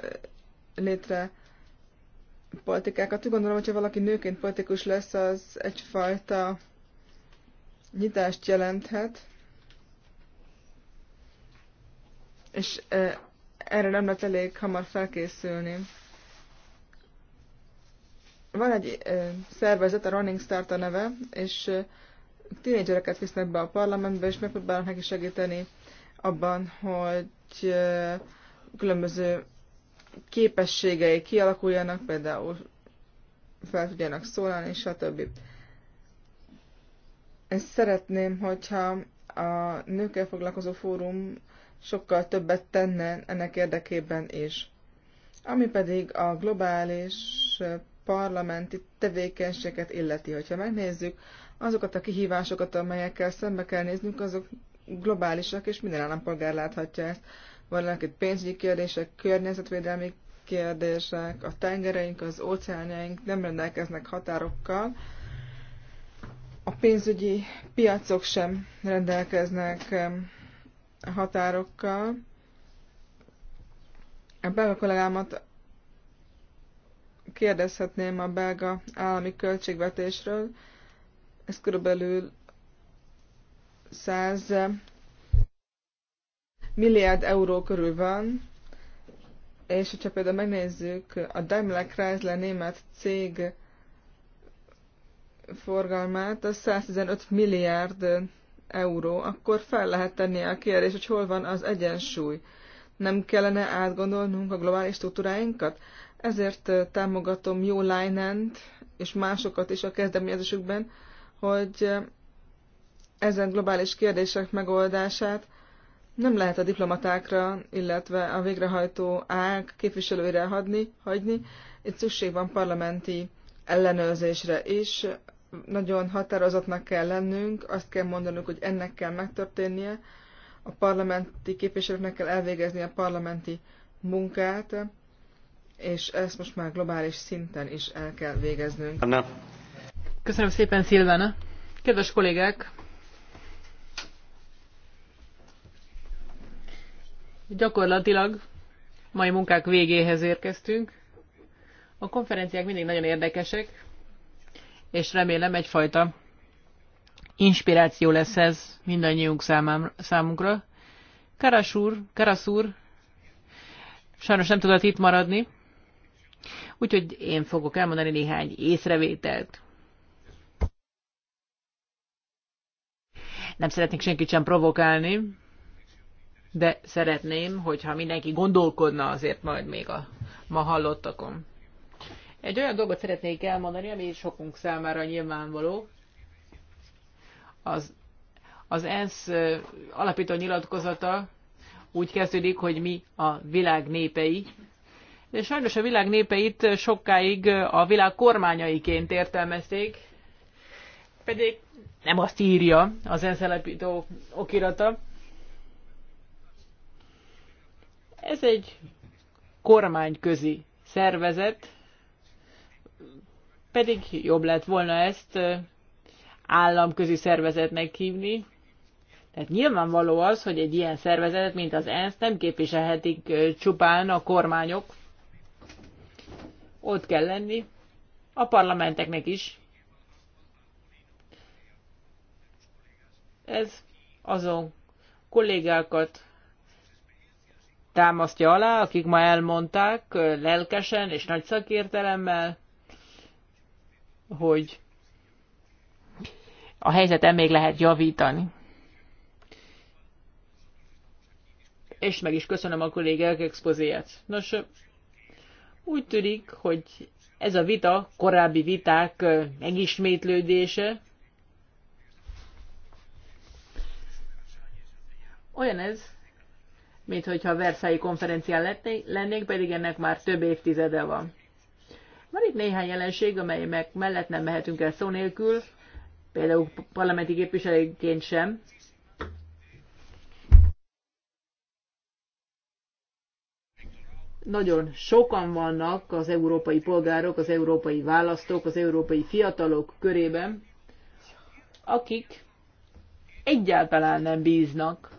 létre politikákat. Úgy gondolom, hogyha valaki nőként politikus lesz, az egyfajta nyitást jelenthet. És eh, erre nem lehet elég hamar felkészülni. Van egy szervezet, a Running Start a neve, és tínédzsereket visznek be a parlamentbe, és megpróbálnak neki segíteni abban, hogy különböző képességei kialakuljanak, például fel tudjanak szólalni, stb. Én szeretném, hogyha a nőkkel foglalkozó fórum sokkal többet tenne ennek érdekében is. Ami pedig a globális parlamenti tevékenységet illeti. Hogyha megnézzük azokat a kihívásokat, amelyekkel szembe kell néznünk, azok globálisak, és minden állampolgár láthatja ezt. Vannak itt pénzügyi kérdések, környezetvédelmi kérdések, a tengereink, az óceánjaink nem rendelkeznek határokkal, a pénzügyi piacok sem rendelkeznek határokkal. A belga kollégámat kérdezhetném a belga állami költségvetésről. Ez körülbelül 100 milliárd euró körül van, és hogyha például megnézzük a Daimler Chrysler német cég forgalmát, az 115 milliárd euró, akkor fel lehet tenni a kérdés, hogy hol van az egyensúly. Nem kellene átgondolnunk a globális struktúráinkat? Ezért támogatom Jó Leinent és másokat is a kezdeményezésükben, hogy ezen globális kérdések megoldását nem lehet a diplomatákra, illetve a végrehajtó ág képviselőire hadni, hagyni. Itt szükség van parlamenti ellenőrzésre is. Nagyon határozatnak kell lennünk, azt kell mondanunk, hogy ennek kell megtörténnie. A parlamenti képviselőknek kell elvégezni a parlamenti munkát, és ezt most már globális szinten is el kell végeznünk. Anna. Köszönöm szépen, Szilvána. Kedves kollégák, gyakorlatilag mai munkák végéhez érkeztünk. A konferenciák mindig nagyon érdekesek, és remélem egyfajta inspiráció lesz ez mindannyiunk számám, számunkra. Karasúr, Karasúr. sajnos nem tudott itt maradni, úgyhogy én fogok elmondani néhány észrevételt. Nem szeretnék senkit sem provokálni, de szeretném, hogyha mindenki gondolkodna azért majd még a ma hallottakon. Egy olyan dolgot szeretnék elmondani, ami sokunk számára nyilvánvaló. Az, az ENSZ alapító nyilatkozata úgy kezdődik, hogy mi a világ népei de sajnos a világ népeit sokáig a világ kormányaiként értelmezték, pedig nem azt írja az enszerepító okirata. Ez egy kormányközi szervezet, pedig jobb lett volna ezt államközi szervezetnek hívni. Tehát nyilvánvaló az, hogy egy ilyen szervezetet, mint az ENSZ, nem képviselhetik csupán a kormányok ott kell lenni, a parlamenteknek is. Ez azon kollégákat támasztja alá, akik ma elmondták lelkesen és nagy szakértelemmel, hogy a helyzeten még lehet javítani. És meg is köszönöm a kollégák expozéját. Nos, úgy tűnik, hogy ez a vita korábbi viták megismétlődése. Olyan ez, mint hogyha a Versailles konferencián lennék pedig ennek már több évtizede van. Van itt néhány jelenség, amely meg mellett nem mehetünk el szó nélkül, például parlamenti képviselőként sem. nagyon sokan vannak az európai polgárok, az európai választók, az európai fiatalok körében, akik egyáltalán nem bíznak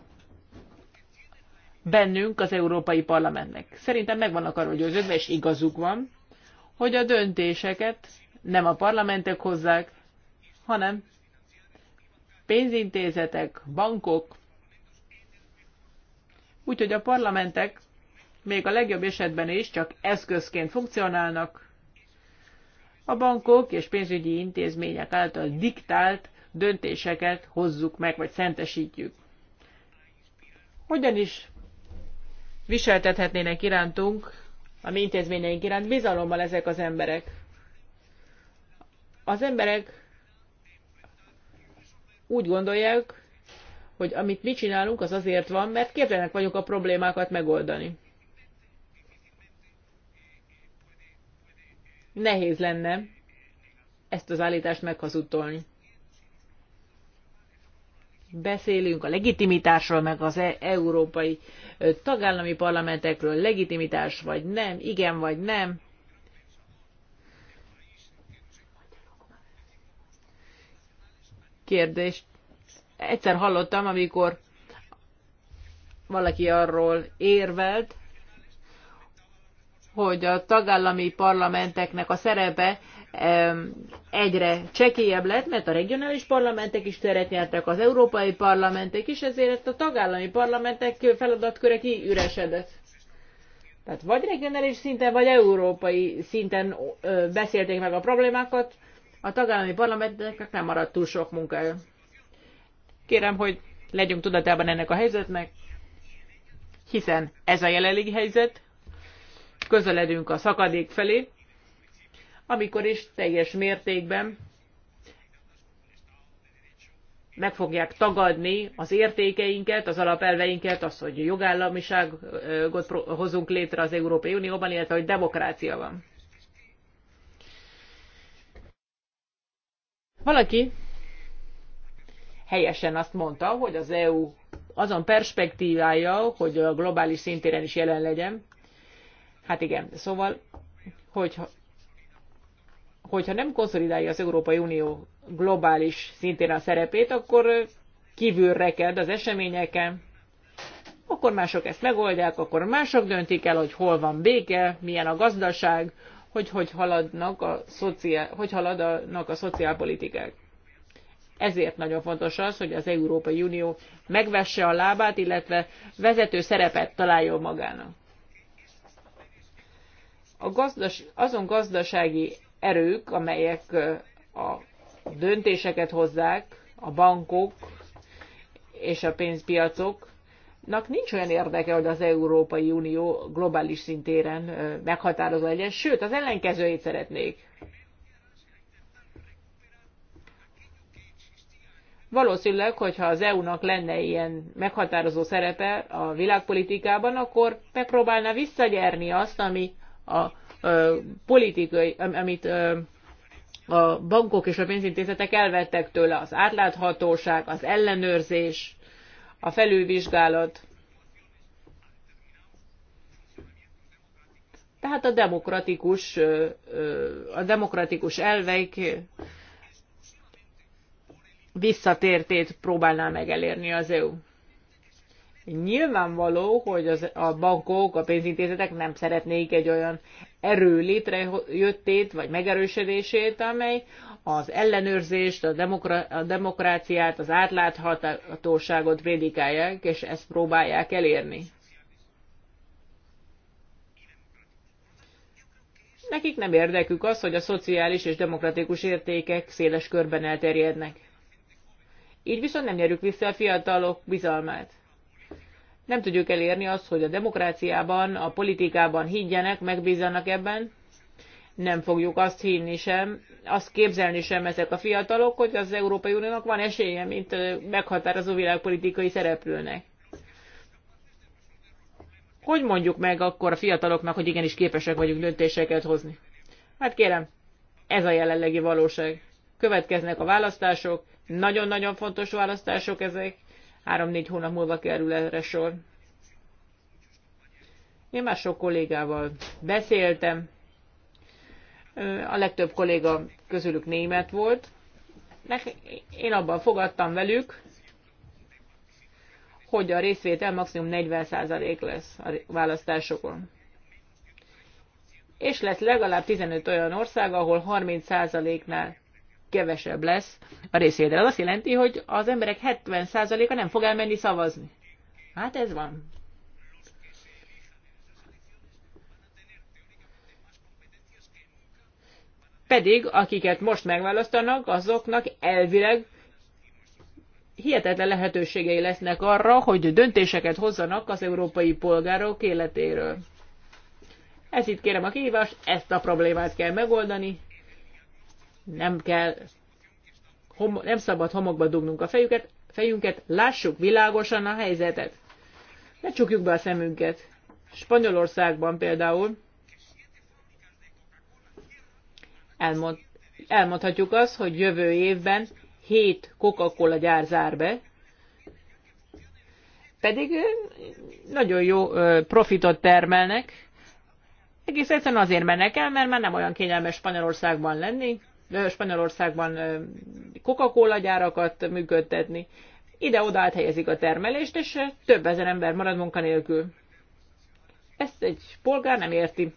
bennünk az Európai Parlamentnek. Szerintem meg vannak arról győződve, és igazuk van, hogy a döntéseket nem a parlamentek hozzák, hanem pénzintézetek, bankok, úgyhogy a parlamentek még a legjobb esetben is csak eszközként funkcionálnak. A bankok és pénzügyi intézmények által diktált döntéseket hozzuk meg, vagy szentesítjük. Hogyan is viseltethetnének irántunk, a mi intézményeink iránt bizalommal ezek az emberek? Az emberek úgy gondolják, hogy amit mi csinálunk, az azért van, mert képtelenek vagyunk a problémákat megoldani. nehéz lenne ezt az állítást meghazudtolni. Beszélünk a legitimitásról, meg az e európai tagállami parlamentekről, legitimitás vagy nem, igen vagy nem. Kérdést. Egyszer hallottam, amikor valaki arról érvelt, hogy a tagállami parlamenteknek a szerepe egyre csekélyebb lett, mert a regionális parlamentek is teret nyertek, az európai parlamentek is, ezért a tagállami parlamentek feladatköre kiüresedett. Tehát vagy regionális szinten, vagy európai szinten beszélték meg a problémákat, a tagállami parlamenteknek nem maradt túl sok munkája. Kérem, hogy legyünk tudatában ennek a helyzetnek, hiszen ez a jelenlegi helyzet, közeledünk a szakadék felé, amikor is teljes mértékben meg fogják tagadni az értékeinket, az alapelveinket, az, hogy jogállamiságot hozunk létre az Európai Unióban, illetve hogy demokrácia van. Valaki helyesen azt mondta, hogy az EU azon perspektívája, hogy a globális szintéren is jelen legyen, Hát igen, szóval, hogyha, hogyha nem konszolidálja az Európai Unió globális szintén a szerepét, akkor kívül reked az eseményeken, akkor mások ezt megoldják, akkor mások döntik el, hogy hol van béke, milyen a gazdaság, hogy hogy haladnak a, szociál, hogy haladnak a szociálpolitikák. Ezért nagyon fontos az, hogy az Európai Unió megvesse a lábát, illetve vezető szerepet találjon magának a gazdas, azon gazdasági erők, amelyek a döntéseket hozzák, a bankok és a pénzpiacoknak nincs olyan érdeke, hogy az Európai Unió globális szintéren meghatározó legyen, sőt, az ellenkezőjét szeretnék. Valószínűleg, hogyha az EU-nak lenne ilyen meghatározó szerepe a világpolitikában, akkor megpróbálná visszagyerni azt, ami a politikai, amit a bankok és a pénzintézetek elvettek tőle, az átláthatóság, az ellenőrzés, a felülvizsgálat. Tehát a demokratikus, a demokratikus elveik visszatértét próbálná meg elérni az EU. Nyilvánvaló, hogy az, a bankok, a pénzintézetek nem szeretnék egy olyan erő létrejöttét, vagy megerősödését, amely az ellenőrzést, a, demokra- a demokráciát, az átláthatóságot védikálják, és ezt próbálják elérni. Nekik nem érdekük az, hogy a szociális és demokratikus értékek széles körben elterjednek. Így viszont nem nyerjük vissza a fiatalok bizalmát nem tudjuk elérni azt, hogy a demokráciában, a politikában higgyenek, megbízzanak ebben. Nem fogjuk azt hinni sem, azt képzelni sem ezek a fiatalok, hogy az Európai Uniónak van esélye, mint meghatározó világpolitikai szereplőnek. Hogy mondjuk meg akkor a fiataloknak, hogy igenis képesek vagyunk döntéseket hozni? Hát kérem, ez a jelenlegi valóság. Következnek a választások, nagyon-nagyon fontos választások ezek, Három-négy hónap múlva kerül erre sor. Én már sok kollégával beszéltem, a legtöbb kolléga közülük német volt. Én abban fogadtam velük, hogy a részvétel maximum 40% lesz a választásokon. És lesz legalább 15 olyan ország, ahol 30%-nál kevesebb lesz a részvétel. az azt jelenti, hogy az emberek 70%-a nem fog elmenni szavazni. Hát ez van. Pedig, akiket most megválasztanak, azoknak elvileg hihetetlen lehetőségei lesznek arra, hogy döntéseket hozzanak az európai polgárok életéről. Ez itt kérem a kihívást, ezt a problémát kell megoldani, nem kell, hom, nem szabad homokba dugnunk a fejüket, fejünket, lássuk világosan a helyzetet. Ne csukjuk be a szemünket. Spanyolországban például elmond, elmondhatjuk azt, hogy jövő évben 7 Coca-Cola gyár zár be, pedig nagyon jó profitot termelnek, egész egyszerűen azért mennek el, mert már nem olyan kényelmes Spanyolországban lenni, Spanyolországban Coca-Cola gyárakat működtetni. Ide-oda áthelyezik a termelést, és több ezer ember marad munkanélkül. Ezt egy polgár nem érti.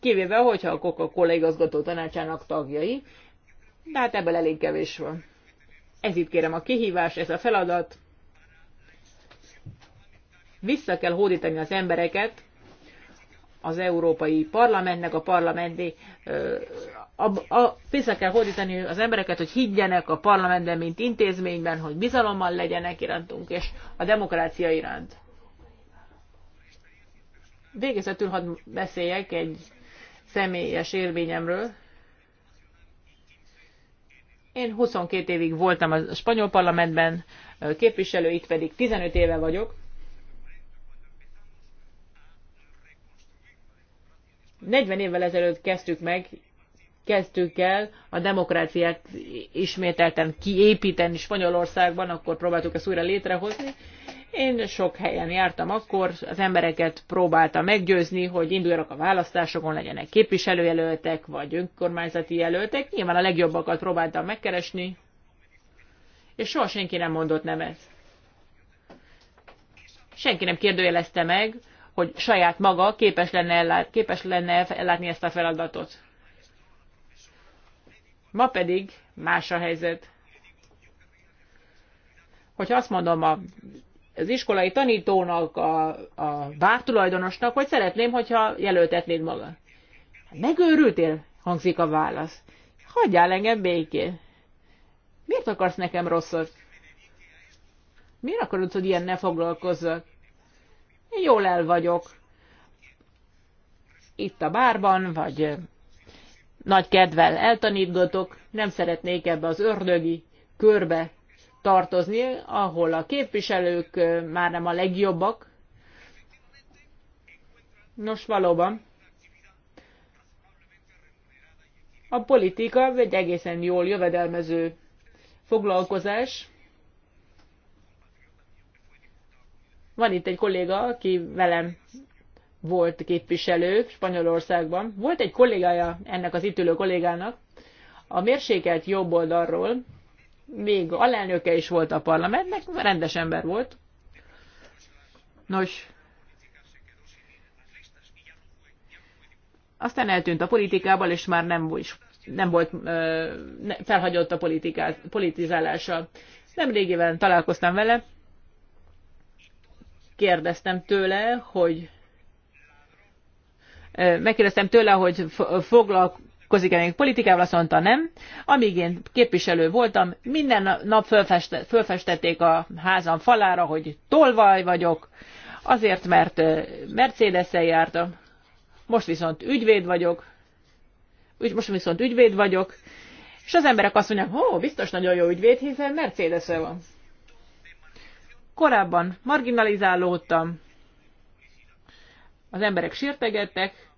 Kivéve, hogyha a Coca-Cola igazgató tanácsának tagjai, de hát ebből elég kevés van. Ez itt kérem a kihívás, ez a feladat. Vissza kell hódítani az embereket, az Európai Parlamentnek, a parlamenti, a, a, vissza kell hódítani az embereket, hogy higgyenek a parlamentben, mint intézményben, hogy bizalommal legyenek irántunk, és a demokrácia iránt. Végezetül hadd beszéljek egy személyes élményemről. Én 22 évig voltam a spanyol parlamentben képviselő, itt pedig 15 éve vagyok. 40 évvel ezelőtt kezdtük meg, kezdtük el a demokráciát ismételten kiépíteni Spanyolországban, akkor próbáltuk ezt újra létrehozni. Én sok helyen jártam akkor, az embereket próbáltam meggyőzni, hogy induljanak a választásokon, legyenek képviselőjelöltek, vagy önkormányzati jelöltek. Nyilván a legjobbakat próbáltam megkeresni, és soha senki nem mondott nem ezt. Senki nem kérdőjelezte meg, hogy saját maga képes lenne, ellát, képes lenne ellátni ezt a feladatot. Ma pedig más a helyzet. Hogyha azt mondom a, az iskolai tanítónak, a, a bártulajdonosnak, hogy szeretném, hogyha jelöltetnéd maga, Megőrültél? hangzik a válasz. Hagyjál engem békén. Miért akarsz nekem rosszat? Miért akarod, hogy ilyennel foglalkozzak? Én jól el vagyok. Itt a bárban, vagy nagy kedvel eltanítgatok, nem szeretnék ebbe az ördögi körbe tartozni, ahol a képviselők már nem a legjobbak. Nos, valóban. A politika egy egészen jól jövedelmező foglalkozás, Van itt egy kolléga, aki velem volt képviselő Spanyolországban. Volt egy kollégája ennek az itt ülő kollégának, a mérsékelt jobb oldalról, még alelnöke is volt a parlamentnek, rendes ember volt. Nos, aztán eltűnt a politikából, és már nem, nem volt felhagyott a politizálása. Nem régiben találkoztam vele, kérdeztem tőle, hogy megkérdeztem tőle, hogy foglalkozik-e még politikával, azt mondta nem. Amíg én képviselő voltam, minden nap fölfestették a házam falára, hogy tolvaj vagyok, azért, mert mercedes jártam. Most viszont ügyvéd vagyok, most viszont ügyvéd vagyok, és az emberek azt mondják, ó, biztos nagyon jó ügyvéd, hiszen mercedes van. Korábban marginalizálódtam, az emberek sírtegettek,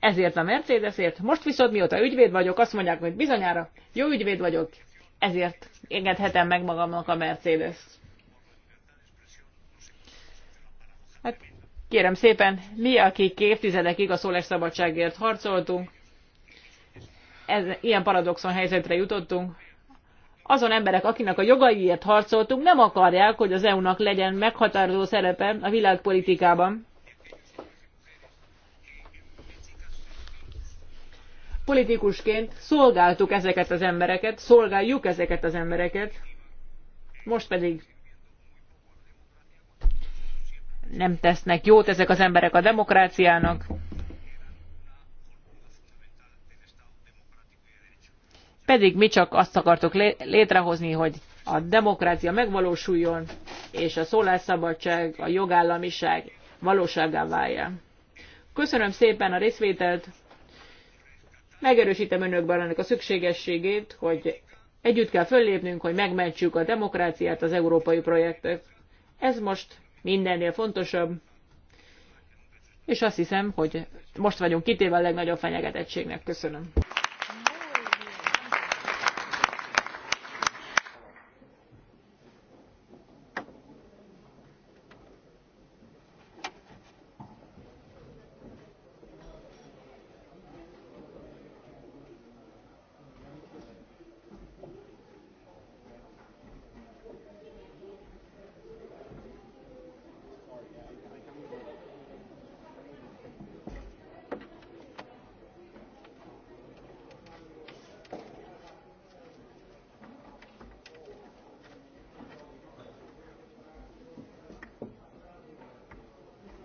ezért a Mercedesért, most viszont mióta ügyvéd vagyok, azt mondják, hogy bizonyára jó ügyvéd vagyok, ezért engedhetem meg magamnak a mercedes -t. Hát kérem szépen, mi, akik évtizedekig a szólásszabadságért harcoltunk, ez, ilyen paradoxon helyzetre jutottunk, azon emberek, akinek a jogaiért harcoltunk, nem akarják, hogy az EU-nak legyen meghatározó szerepe a világpolitikában. Politikusként szolgáltuk ezeket az embereket, szolgáljuk ezeket az embereket, most pedig nem tesznek jót ezek az emberek a demokráciának. pedig mi csak azt akartok létrehozni, hogy a demokrácia megvalósuljon, és a szólásszabadság, a jogállamiság valóságá váljon. Köszönöm szépen a részvételt, megerősítem önökben ennek a szükségességét, hogy együtt kell föllépnünk, hogy megmentsük a demokráciát, az európai projektet. Ez most mindennél fontosabb, és azt hiszem, hogy most vagyunk kitéve a legnagyobb fenyegetettségnek. Köszönöm.